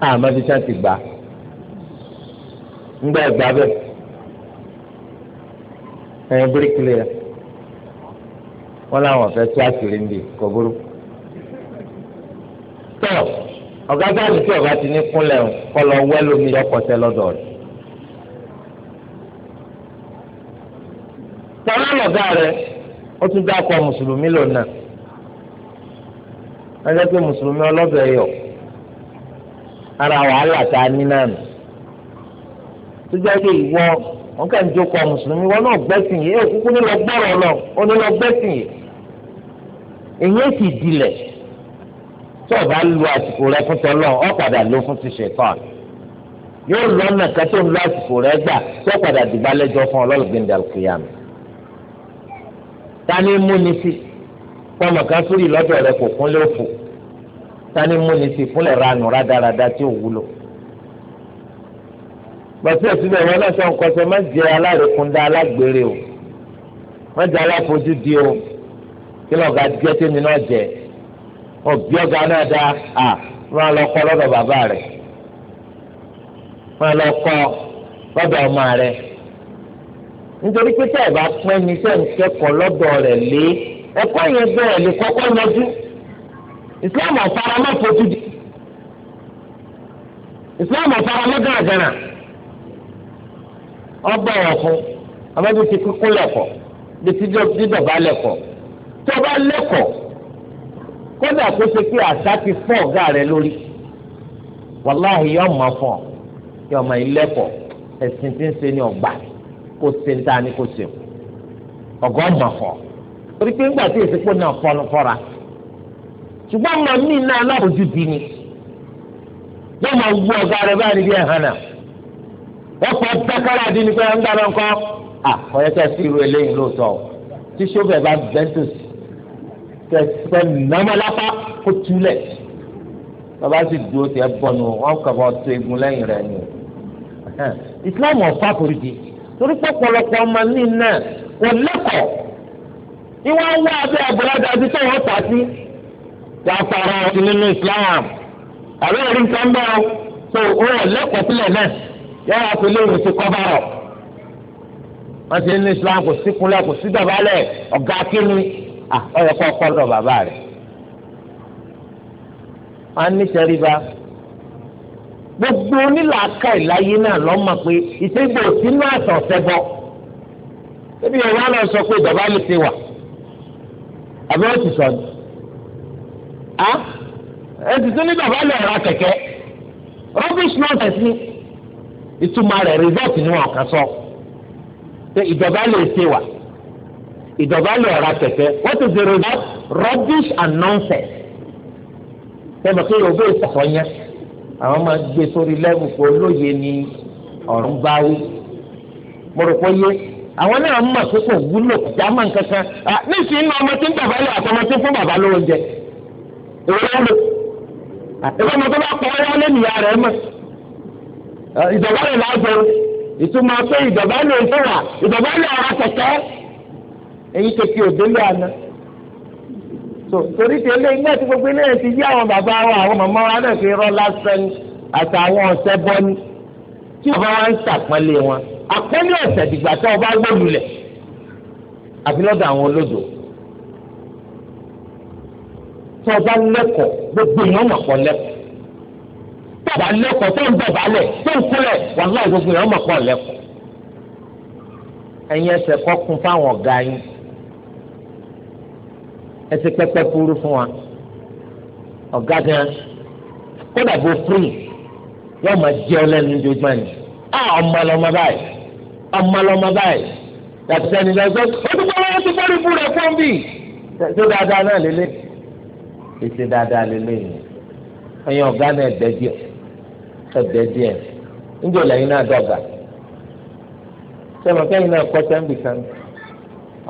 ah, àmọ́ bí sáà ti gbà ńgbà ẹ̀gbà bẹ́ẹ̀ ẹ̀yìn bíríkìlì rẹ̀ wọ́n láwọn fẹ́ tí àṣírí ń bì kò burú. tọ́ ọ̀gá báyìí tí ọ̀gá ti ní kúnlẹ̀ kọ́ lọ wẹ́ lómi ọkọ̀tẹ́ lọ́dọ̀ rẹ̀. tọ́lá lọ̀gá rẹ̀ ó tún dákọ mùsùlùmí lọ́nà wọ́n pé mùsùlùmí ọlọ́bẹ̀ yọ ara wàhálà tá a ní náà nù tó jẹ́ pé ìwọ wọn kàn jókòó mùsùlùmí wọn náà gbẹ́sìn yìí òkúkú ní lọ gbọ́rọ̀ lọ ó ní lọ gbẹ́sìn yìí èyí èsì dilẹ̀ tó o bá lu àsìkò rẹ fún tọ́lọ́ ọ padà ló fún ti ṣètọ́n yóò lọ́nà kẹ́tọ́ ń lo àsìkò rẹ gbà tó padà dìgbà lẹ́jọ́ fún ọlọ́ọ̀gbìn dàlùkìyàmù tani múni sí pọmọ kan sórí lọ́dọ̀ rẹ kò kún lé òfò tani múni sí fúnlẹ̀ ranù rádaràda tí ò wúlò bàtí ẹ̀sìnbẹ̀ wọn náà sọ nǹkan sọ má jẹ alárèkúndá alágbèrè o má jẹ aláfojúdi o kí lọ́ọ̀gá jẹ́ tèmi náà jẹ òbí ọ̀gá náà dá a máa lọ kọ́ lọ́dọ̀ bàbá rẹ̀ máa lọ kọ́ lọ́dọ̀ ọmọ rẹ̀ nítorí pé tẹ́ ẹ̀ bá pẹ́ ní tẹ́ ń kẹ́kọ̀ọ́ lọ́dọ̀ rẹ̀ lé ẹ̀kọ́ yẹn bẹ́ẹ̀ lè kọ́kọ́ yanjú Islam ọ̀faramọ́ fojú di Islam ọ̀faramọ́ gàràgàrà ọgbà ẹ̀wọ̀n fún amadu ti kúkú lẹ̀kọ̀ létí dídọ̀bá lẹ̀kọ̀ tó bá lẹ̀kọ̀ kódà kó ṣe pé àṣà ti fọ́ ọ̀gá rẹ̀ lórí wàláhì yọ̀ọ́ mọ̀ fún ọ yọ̀ọ́ mọ̀ ilẹ̀kọ̀ ẹ̀sìn tí ń ṣe ní ọgbà kó se ń ta ni kó se ọgọ́ ọmọ fọ torí pé ńgbà tí èsìkò náà fọnù fọra ṣùgbọ́n ọmọ mi náà lọ́kùnjú bí ni yóò máa wú ọ̀gá rẹ̀ báyìí bí ẹ̀hán náà wọ́n kọ́ dákàrà dín ní pé ń dáná ńkọ́ à ọ̀yẹ́ kẹ́ sí irú eléyìí lóòótọ́ tí sóbẹ̀ bá bẹ́ńtòsì kẹ́ pẹ́ nàmọ́lápá kó túlẹ̀ bàbá sì dúró tẹ́ bọ́nu wọn kà bọ́ tó egun lẹ́yìn rẹ̀ ni Islam ọ̀fà kò rí di torí pé ọ̀pọ̀lọpọ̀ ọmọ ní náà kò lẹ́kọ̀ọ́ ni wọ́n wá abẹ́ àbúradà àti tó wọ́n tà sí. wà á fara ọtí nínú Islam àbí orí nǹkan bá ọ tó o rẹ̀ lẹ́kọ̀ọ́ sílẹ̀ náà yàrá àfẹlẹ́ òun ti kọ́ bá ọ. wọ́n ti nínú Islam kò sí kúnlẹ̀ kò sí dọ̀bálẹ̀ ọ̀gá kínní ọ̀yọ̀kọ̀ kọ́ dọ̀ bàbá rẹ̀. wọ́n á ní tẹríba gbogbo onílàákà ìláyé náà lọ mọ̀ pé ìtẹ́gbẹ́ òsínú àtọ̀ ṣẹbọ ebi ìwà náà sọ pé bàbá mi ti wà àbí wọ́n ti sọ ni a ẹ ti tún ní bàbá mi ọ̀rọ̀ kẹ̀kẹ́ rubbish nonsense ni ìtumọ̀ rẹ̀ result ni wọn kà sọ pé ìjọba lè ṣe wà ìjọba lè ọ̀rọ̀ kẹ̀kẹ́ what is the result rubbish and nonsense ṣe mọ̀ pé yorùbá ìsọ̀kọ̀ yẹn àwọn máa gbé sórí lẹ́bù pé olóye ni ọ̀rùn bá wí mo rò pé yé àwọn náà mọ̀ pé kò wúlò kìjà mọ̀ nǹkankan nísìnyí ní ọmọ tí ń bàbá lọ àtọmọ tí ń fún bàbá lówó jẹ èwe ló ìwé ọmọ tó bá pọ̀ ọ́ lé nìyá rẹ̀ mọ̀ ìjọba rẹ̀ láàbọ̀ ìtumọ̀ pé ìjọba lè ń fún wa ìjọba lè ọ̀rọ̀ kẹ̀kẹ́ èyí kékeré òdélé àná so torí tẹ́lẹ̀ ilé tí gbogbo ilé ti yí àwọn bàbá wa àwọn màmá wa náà fi rọ́ lásán àtàwọn ọ̀sẹ̀ bọ́ ni tí bàbá wa ń sàpọ́nlé wọn àpọ́nlé ọ̀sẹ̀ dìgbà tó ọba gbòòlù lẹ̀ àfi lọ́dọ̀ àwọn olódò tó ọba lẹ́kọ̀ọ́ gbogbo èèyàn mọ̀ pọ̀ lẹ́kọ̀ọ́ tó ọba lẹ́kọ̀ọ́ tó ń bẹ̀bà lẹ̀ tó ń kúlẹ̀ wàhálà gbogbo èèyàn mọ̀ pọ̀ lẹ́kọ̀ọ́ ẹ̀yin ẹsẹ̀ ẹsẹ pẹpẹ fúru fún wa ọgá gan kódà bó firi yóò máa jẹ ọ lẹ́nu ojoojúmọ́ ni a ọmọ lọmọ báyìí ọmọ lọmọ báyìí yàtọ̀ sẹ́ni lọ sọ ó ti gbọ́dọ̀ ó ti fọ́ọ̀rì fún rẹ̀ fún bí. ṣé dáadáa náà lélẹ̀ ṣe dáadáa lélẹ̀ yìí ẹ̀yin ọ̀gá náà ẹ̀dẹ́ díẹ̀ ẹ̀dẹ́ díẹ̀ níjọ́ lẹ́yìn náà dọ̀gà sẹ́wọ̀n kẹ́yìn náà kọ́ sẹ́ńbì kan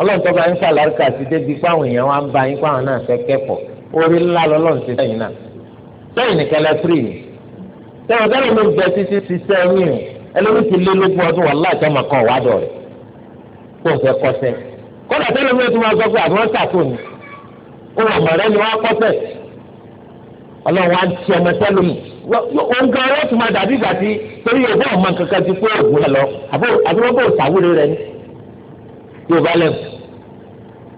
ọlọ́run tó bá ń ṣàlárìkà sí débi pé àwọn èèyàn wa ń ba yín pé àwọn náà fẹ́ kẹ́kọ̀ọ́ orí ńlá lọ́lọ́run ti sẹ́yìn náà sẹ́yìn nìkan lẹ́ fírì ni sẹ́yìn ọ̀gáyìn ló gbẹ títí ti sẹ́yìn ẹlẹ́rìí ti lé lógún ọdún wà láì sọ́mọ kan wà dọ̀ rẹ̀ kó fẹ́ kọ́sẹ́ kọ́dà tẹ́lẹ̀ mi tún máa sọ pé àbúrò sàkó ni ó wà ni wọ́n kọ́sẹ́ ọlọ́run wa ń ti ọmọ sẹ́lẹ̀ mi òǹkà ọ̀rọ̀ tún máa dàbí ìgbà tí torí ẹ̀gbọ́n ọmọ kankan ti kó òògùn ẹ̀ lọ yóò bá lẹ̀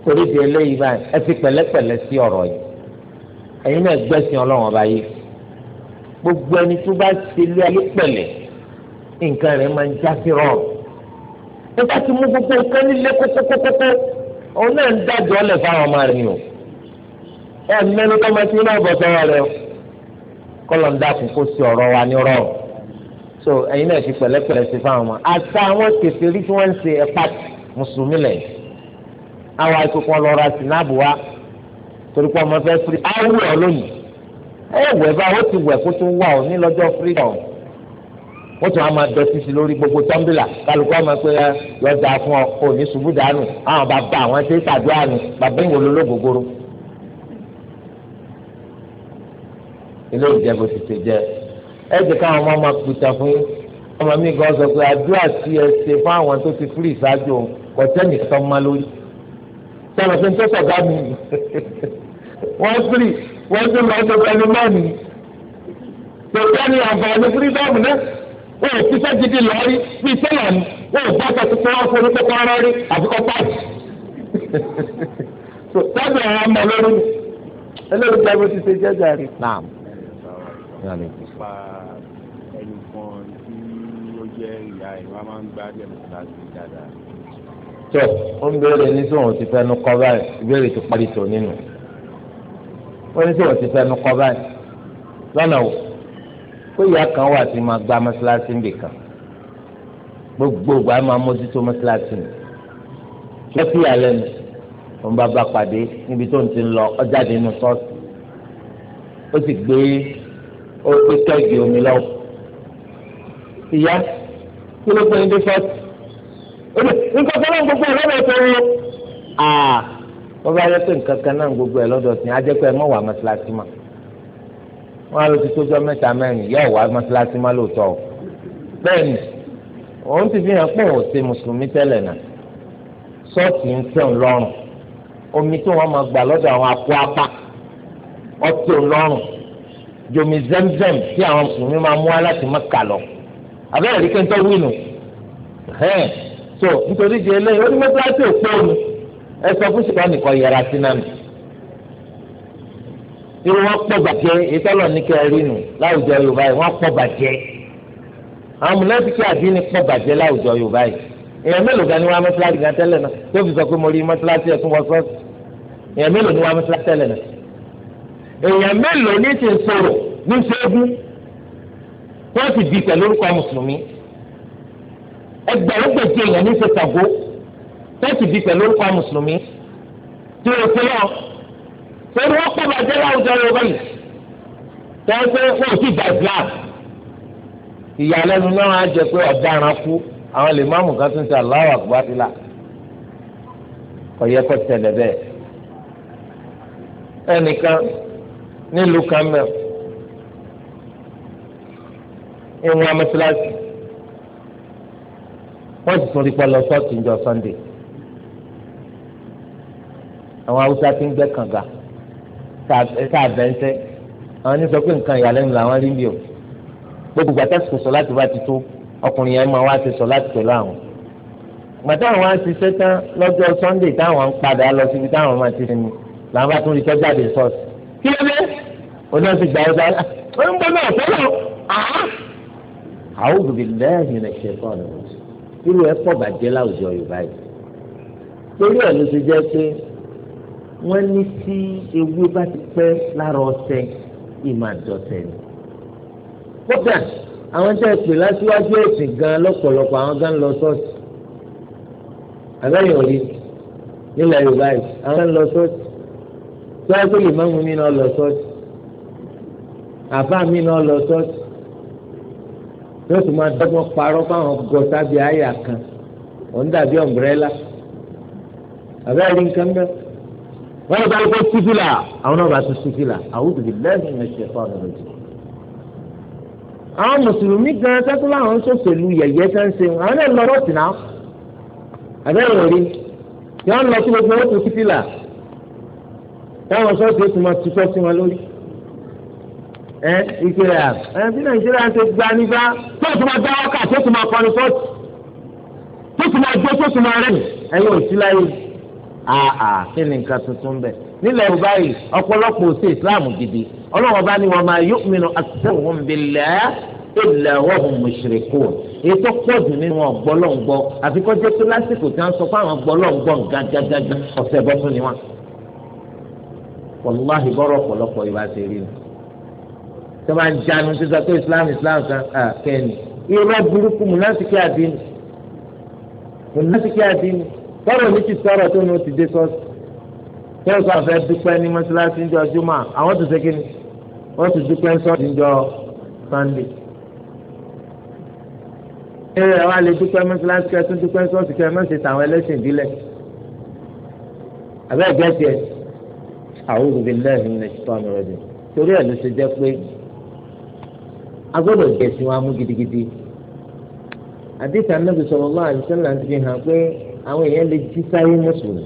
torí di eléyìí báyìí ẹ fi pẹ̀lẹ́pẹ̀lẹ́ sí ọ̀rọ̀ yìí ẹ̀yin náà gbẹ́sìn ọlọ́run ọba yìí gbogbo ẹni tó bá ṣe lé ayé pẹ̀lẹ́ nǹkan rẹ̀ máa ń já sí rọrùn nígbà tí mo gbogbo nǹkan nílé kókókókókó òun náà ń dájọ́ ọ̀lẹ̀ fáwọn ọmọ rẹ̀ nù ẹ mẹ́nu tó máa ti ní ọ̀bọ̀ sọ̀rọ̀ rẹ̀ kọ́lọ̀ ń dákun kó sí ọ̀rọ̀ wa ní rọrùn so ẹ̀yin náà fi pẹ̀lẹ́pẹ̀lẹ́ sí fáwọn ọmọ àtàwọn kèfèrí tí wọ́n ń ṣe ẹ̀ pàtì mùsùlùmí lẹ̀ àwọn àìkókò ọlọ́ra sinabu wa torí pé ọmọ fẹ́ firi awú ọ lónìí ẹ wẹ̀ bá ó ti wẹ̀ kó tó wà ó ní lọ́jọ́ freedom ó tún á máa dọ̀tí sí lórí gbogbo tọ́ḿbìlà kálukú á máa pé ẹ yọ da fún ọ kò ní ṣubú dànù àwọn bàbá àwọn ṣe é ṣàdúrà nù bàbá ìwòlò lógógóró. ilé ìjẹ́bù ti ti jẹ́ ẹ jẹ́ káwọn ọmọ máa pìtà fún yín ọmọ mi gan sọ pé àdúrà tí ẹ ṣe fún àwọn tó ti fúrì ṣáájú òun ọ̀tẹ́ni sọ́mọ́ lórí sọ̀rọ̀ pé tó sọ̀gá mi wọ́n firi wọ́n tún lọ́ọ́ tó pẹ̀lú mọ́ọ̀nì tó tẹ́ni àǹfààní fírídọ́ọ̀mù náà wọ́n ò fífẹ́ gidi lọ́ọ́rí bíi sẹ́yà ni wọ́n ò gbọ́dọ̀ tó kọ́ fún un kókó ọ̀rọ̀ rí àfikọ́ pàṣẹ. tábìlì àwọn ọmọ lórí mi ẹlẹ́rìí jábọ̀ ti ṣe jẹ́jà rí. naam nípa ẹnì kan tí ó jẹ́ ìyá ẹ̀ wá máa ń gbá dẹ̀mọ́tà sí dáadáa tó o ń béèrè ní sóhun ti fẹnu kọ báyìí ìbéèrè ti parí tó nínú ó ní sóhun ti fẹnu kọ báyìí lọ́nà o ó ìyá kan wà tí máa gba mọ́ṣáláṣí nìkan gbogbo ìgbà máa mójútó mọ́ṣáláṣí ni lọ́sí ìyàlẹ́ nu òun bá bá pàdé níbi tó ń ti lọ ọjáde nínú sọ́ọ̀sì ó sì gbé ó gbé kẹ́ẹ̀gì omi lọ́wọ́ ìyá kí ló gbé ní dé sọ́ọ̀sì nǹkan kan náà gbogbo ẹ̀ lọ́dọ̀ tó ń wọ́n bá yẹ pé nǹkan kan náà gbogbo ẹ̀ lọ́dọ̀ tó ń ajẹ́ pé ẹ mọ̀ wà mọ́sálásí mà wọ́n á lọ ti tójọ́ mẹ́ta mẹ́rin yẹ́ wà mọ́sálásí mà lóòótọ́ o bẹ́ẹ̀ ni òun ti fi hàn pé òun ṣe mùsùlùmí tẹ́lẹ̀ náà ṣọ́ọ̀tì ń tẹ̀ ń lọ́rùn omi tí wọ́n máa gbà lọ́dọ̀ àwọn akó apá ọtí ń lọ́rùn jomi zemzem tí àwọn mùsùlùmí máa mú aláti mọ́kà lọ àbẹ́rẹ́ rí kẹ́ńtọ́ wínú so nítorí di eléyìí ó ní mẹ́tíláṣí òpó mi ẹ sọ fún ṣìkà nìkan yẹra sí náà irú wọn pọ̀ bàjẹ́ ìtọ́lọ̀ ní kẹrin nù láwùjọ yorùbá yìí wọn pọ̀ bàjẹ́ àwọn mùnàfíkì àdínní pọ̀ bàjẹ́ láwùjọ yorùbá yìí èèyàn mélòó gan ni wọn mẹ́tíláṣí gan tẹ́lẹ̀ náà tó fi sọ pé mo rí mẹ́tíláṣí ẹ̀kún wọ sọ́ọ̀sì èèyàn mélòó ni wọn mẹ́tíláṣí tẹ́lẹ̀ náà èèyàn mélòó ní ti sọ̀rọ̀ ní sẹ́gun wọ́n ti di pẹ̀lú orúkọ mùsùlùmí ẹgbẹ̀rún gbèjì èèyàn ní sèkàgó tẹ́tì bí pẹ̀lú orúkọ mùsùlùmí tí o ti lọ torí wọ́n pọ̀ bàjẹ́ láwùjọ yorùbá yìí tẹ́wọ́n pé wọ́n ò sì gba islam ìyàlẹ́nu náà á jẹ pé ọ̀daràn kú àwọn lè máàmù kan tún ti aláwọ̀ àgbàdìlà ọ̀yẹ́ kọ́ tẹ̀lẹ̀ bẹ́ẹ̀ ẹnìkan nílùú kan mẹ́rin ìwọ̀n amẹ́tíláṣí wọ́n sì sọ nípa lọ ńjọ sunday àwọn haúsá ti ń gbẹ́ kànga tá a bẹ́ ń sẹ́ àwọn ní sọ pé nǹkan ìyàlẹ́nu làwọn rí bí o gbogbo gbàtà sọ sọ láti bá ti tó ọkùnrin yẹn máa wá ti sọ láti pẹ̀lú àwọn gbàtà àwọn á tán lọ́jọ́ sunday táwọn ń padà lọ síbi táwọn máa ti sinmi làwọn bá tún rí tọ́jú àdé sọ́ọ̀sì kí ló dé oná ti gbà ọ́dá ó bọ́ náà fẹ́ràn áá. àwọn òbí irú ẹ̀ pọ̀ bàjẹ́ láwùjọ yorùbá yìí torí ẹ̀ ló ti jẹ́ pé wọ́n ní tí ewé bá ti pẹ́ lára ọṣẹ ìmọ̀ àdọ̀tẹ̀ ni kódà àwọn tẹ́ ẹ pè lásìwájú ẹ̀sìn gan lọ́pọ̀lọpọ̀ àwọn gan lọ sọ́ọ̀sì àbẹ́yìn òní nílẹ̀ yorùbá yìí àwọn ń lọ sọ́ọ̀sì tí wọ́n gbé lè má mú mi náà lọ sọ́ọ̀sì àbá mi náà lọ sọ́ọ̀sì yóò tún máa dọ́gbọ́n parọ́ fáwọn gọ́tà bíi àyà kan òun dàbí ọ̀mbrẹ́là àbẹ́rẹ́ ní nǹkan bẹ́ẹ̀ wọ́n yóò bá yẹ kó sífìlà àwọn náà bá tún sífìlà àwùjọ bíi lẹ́yìn ẹ̀ṣẹ̀ fáwọn ọ̀rọ̀ jù. àwọn mùsùlùmí gan sẹ́kù láwọn sọ̀sẹ̀lú yẹ̀yẹ́ sẹ́ńsẹ̀ àwọn náà lọ́rọ̀ tì náà àbẹ́rẹ́ rí yọ̀ọ́ lọ sí gbogbo ó tún sífìlà táwọn sọ́ọ̀tì sí wọn lórí ẹ ike rẹ ẹ bí nàìjíríà ṣe gba nígbà tó tún máa dá ọkà tó tún máa kọrin tó tó tún máa jó tó tún máa rẹ ẹ yóò sí láyé àà kí ni nǹkan tuntun bẹ nílẹ̀ yorùbá yìí ọ̀pọ̀lọpọ̀ ṣe islam gidi ọlọ́wọ́n bá ní wọn máa yu'minu aktharuhum billahi illa wahum mushrikun ètò pọ̀jù nínú ọ̀gbọ́lọ́ngbọ́ àfi kọjá tó lásìkò tí wọ́n sọ fún àwọn ọ̀gbọ́lọ́ngbọ́ gágágágá ọ̀sẹ̀ bọ́tún ni wọn. wàláhì bọ́rọ̀ ọ̀pọ̀lọpọ̀ ìbá ṣe rí ni tó máa ń jánu sísọ pé islam islam kan kẹ́ni irọ́ burúkú múnásìkí àdínì múnásìkí àdínì tọrọ ní ti sọ̀rọ̀ tó ní o ti dé sọ́ọ̀sì tó ń sọ àfẹ́ dúpẹ́ ní mọ́ṣáláṣí ńjọ júmọ́ àwọn tó ṣe kí ni wọ́n ti dúpẹ́ sọ́ọ̀sì ńjọ sànńdé ẹ ẹ wá lè dúpẹ́ mọ́ṣáláṣí kẹ́ tún dúpẹ́ sọ́ọ̀sì kẹ́ mọ́ṣẹ́ tàwọn ẹlẹ́sìn ìbílẹ̀ àbẹ́ ẹ̀gẹ́ tiẹ̀ àwọn òbí lẹ́yìn ní ṣùtọ́ àmì rẹ̀ dùn torí ẹ̀ ló ṣe jẹ́ pé agbọ́dọ̀ jẹ̀sìn wa mú gidigidi àdìsá nàbì sallallahu alaihi wasallam ti fi hàn pé àwọn èèyàn lè jí sáyé mùsùlùmí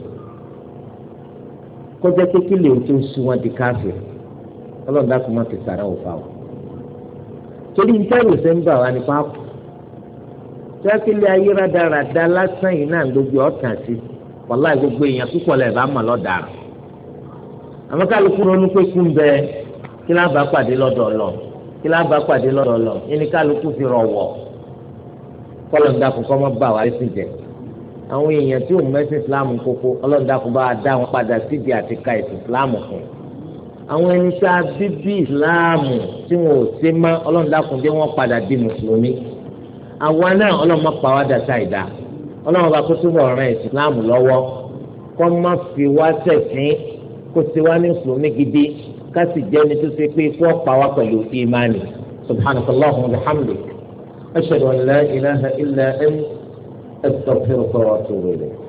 kọjá pé o tó sun wọn di káfíìn ọlọ́run dákun má fi sàrà òfa o torí ìtẹ́rù ṣe ń bà wá ní pápá tẹ́kílẹ̀ ayéradàradà lásán yìí náà gbogbo ọ̀tàn sí wàlá gbogbo èèyàn púpọ̀ lẹ̀ bá mọ̀ lọ́dàrà àmọ́ kálukú ronú pé kú ń bẹ kí lábàá pàdé lọ́dọ̀ ọlọ́run kí lá bá pàdé lọ́dọọlọ ẹni kálukú fi rọ̀wọ̀ kọ́lọ́ndàkùn kọ́ mọ́ bá wa lẹ́sìn jẹ àwọn èèyàn tí òun mẹ́sìn islam kókó ọlọ́dàkùn bá dá wọn padà síbi àti ka ẹ̀sìn islam fún àwọn ẹni tí a bí bí islam tí wọn ò ṣe mọ́ ọlọ́dàkùn bí wọ́n padà di mùsùlùmí àwa náà ọlọ́mọ pàwádà ṣàìdá ọlọ́mọ bá kó túbọ̀ ràn ẹ̀sìn islam lọ́wọ́ kọ́ má fi wá sẹ̀sìn kó ti wá ní mùsùlùmí gidi kasi jẹni tó ṣe pé fún ọ̀pá wa pẹ̀lú ìmánì subhanaka allahumma wa bihamdik ashhadu an la ilaha illa anta astaghfiruka wa atubu ilayk.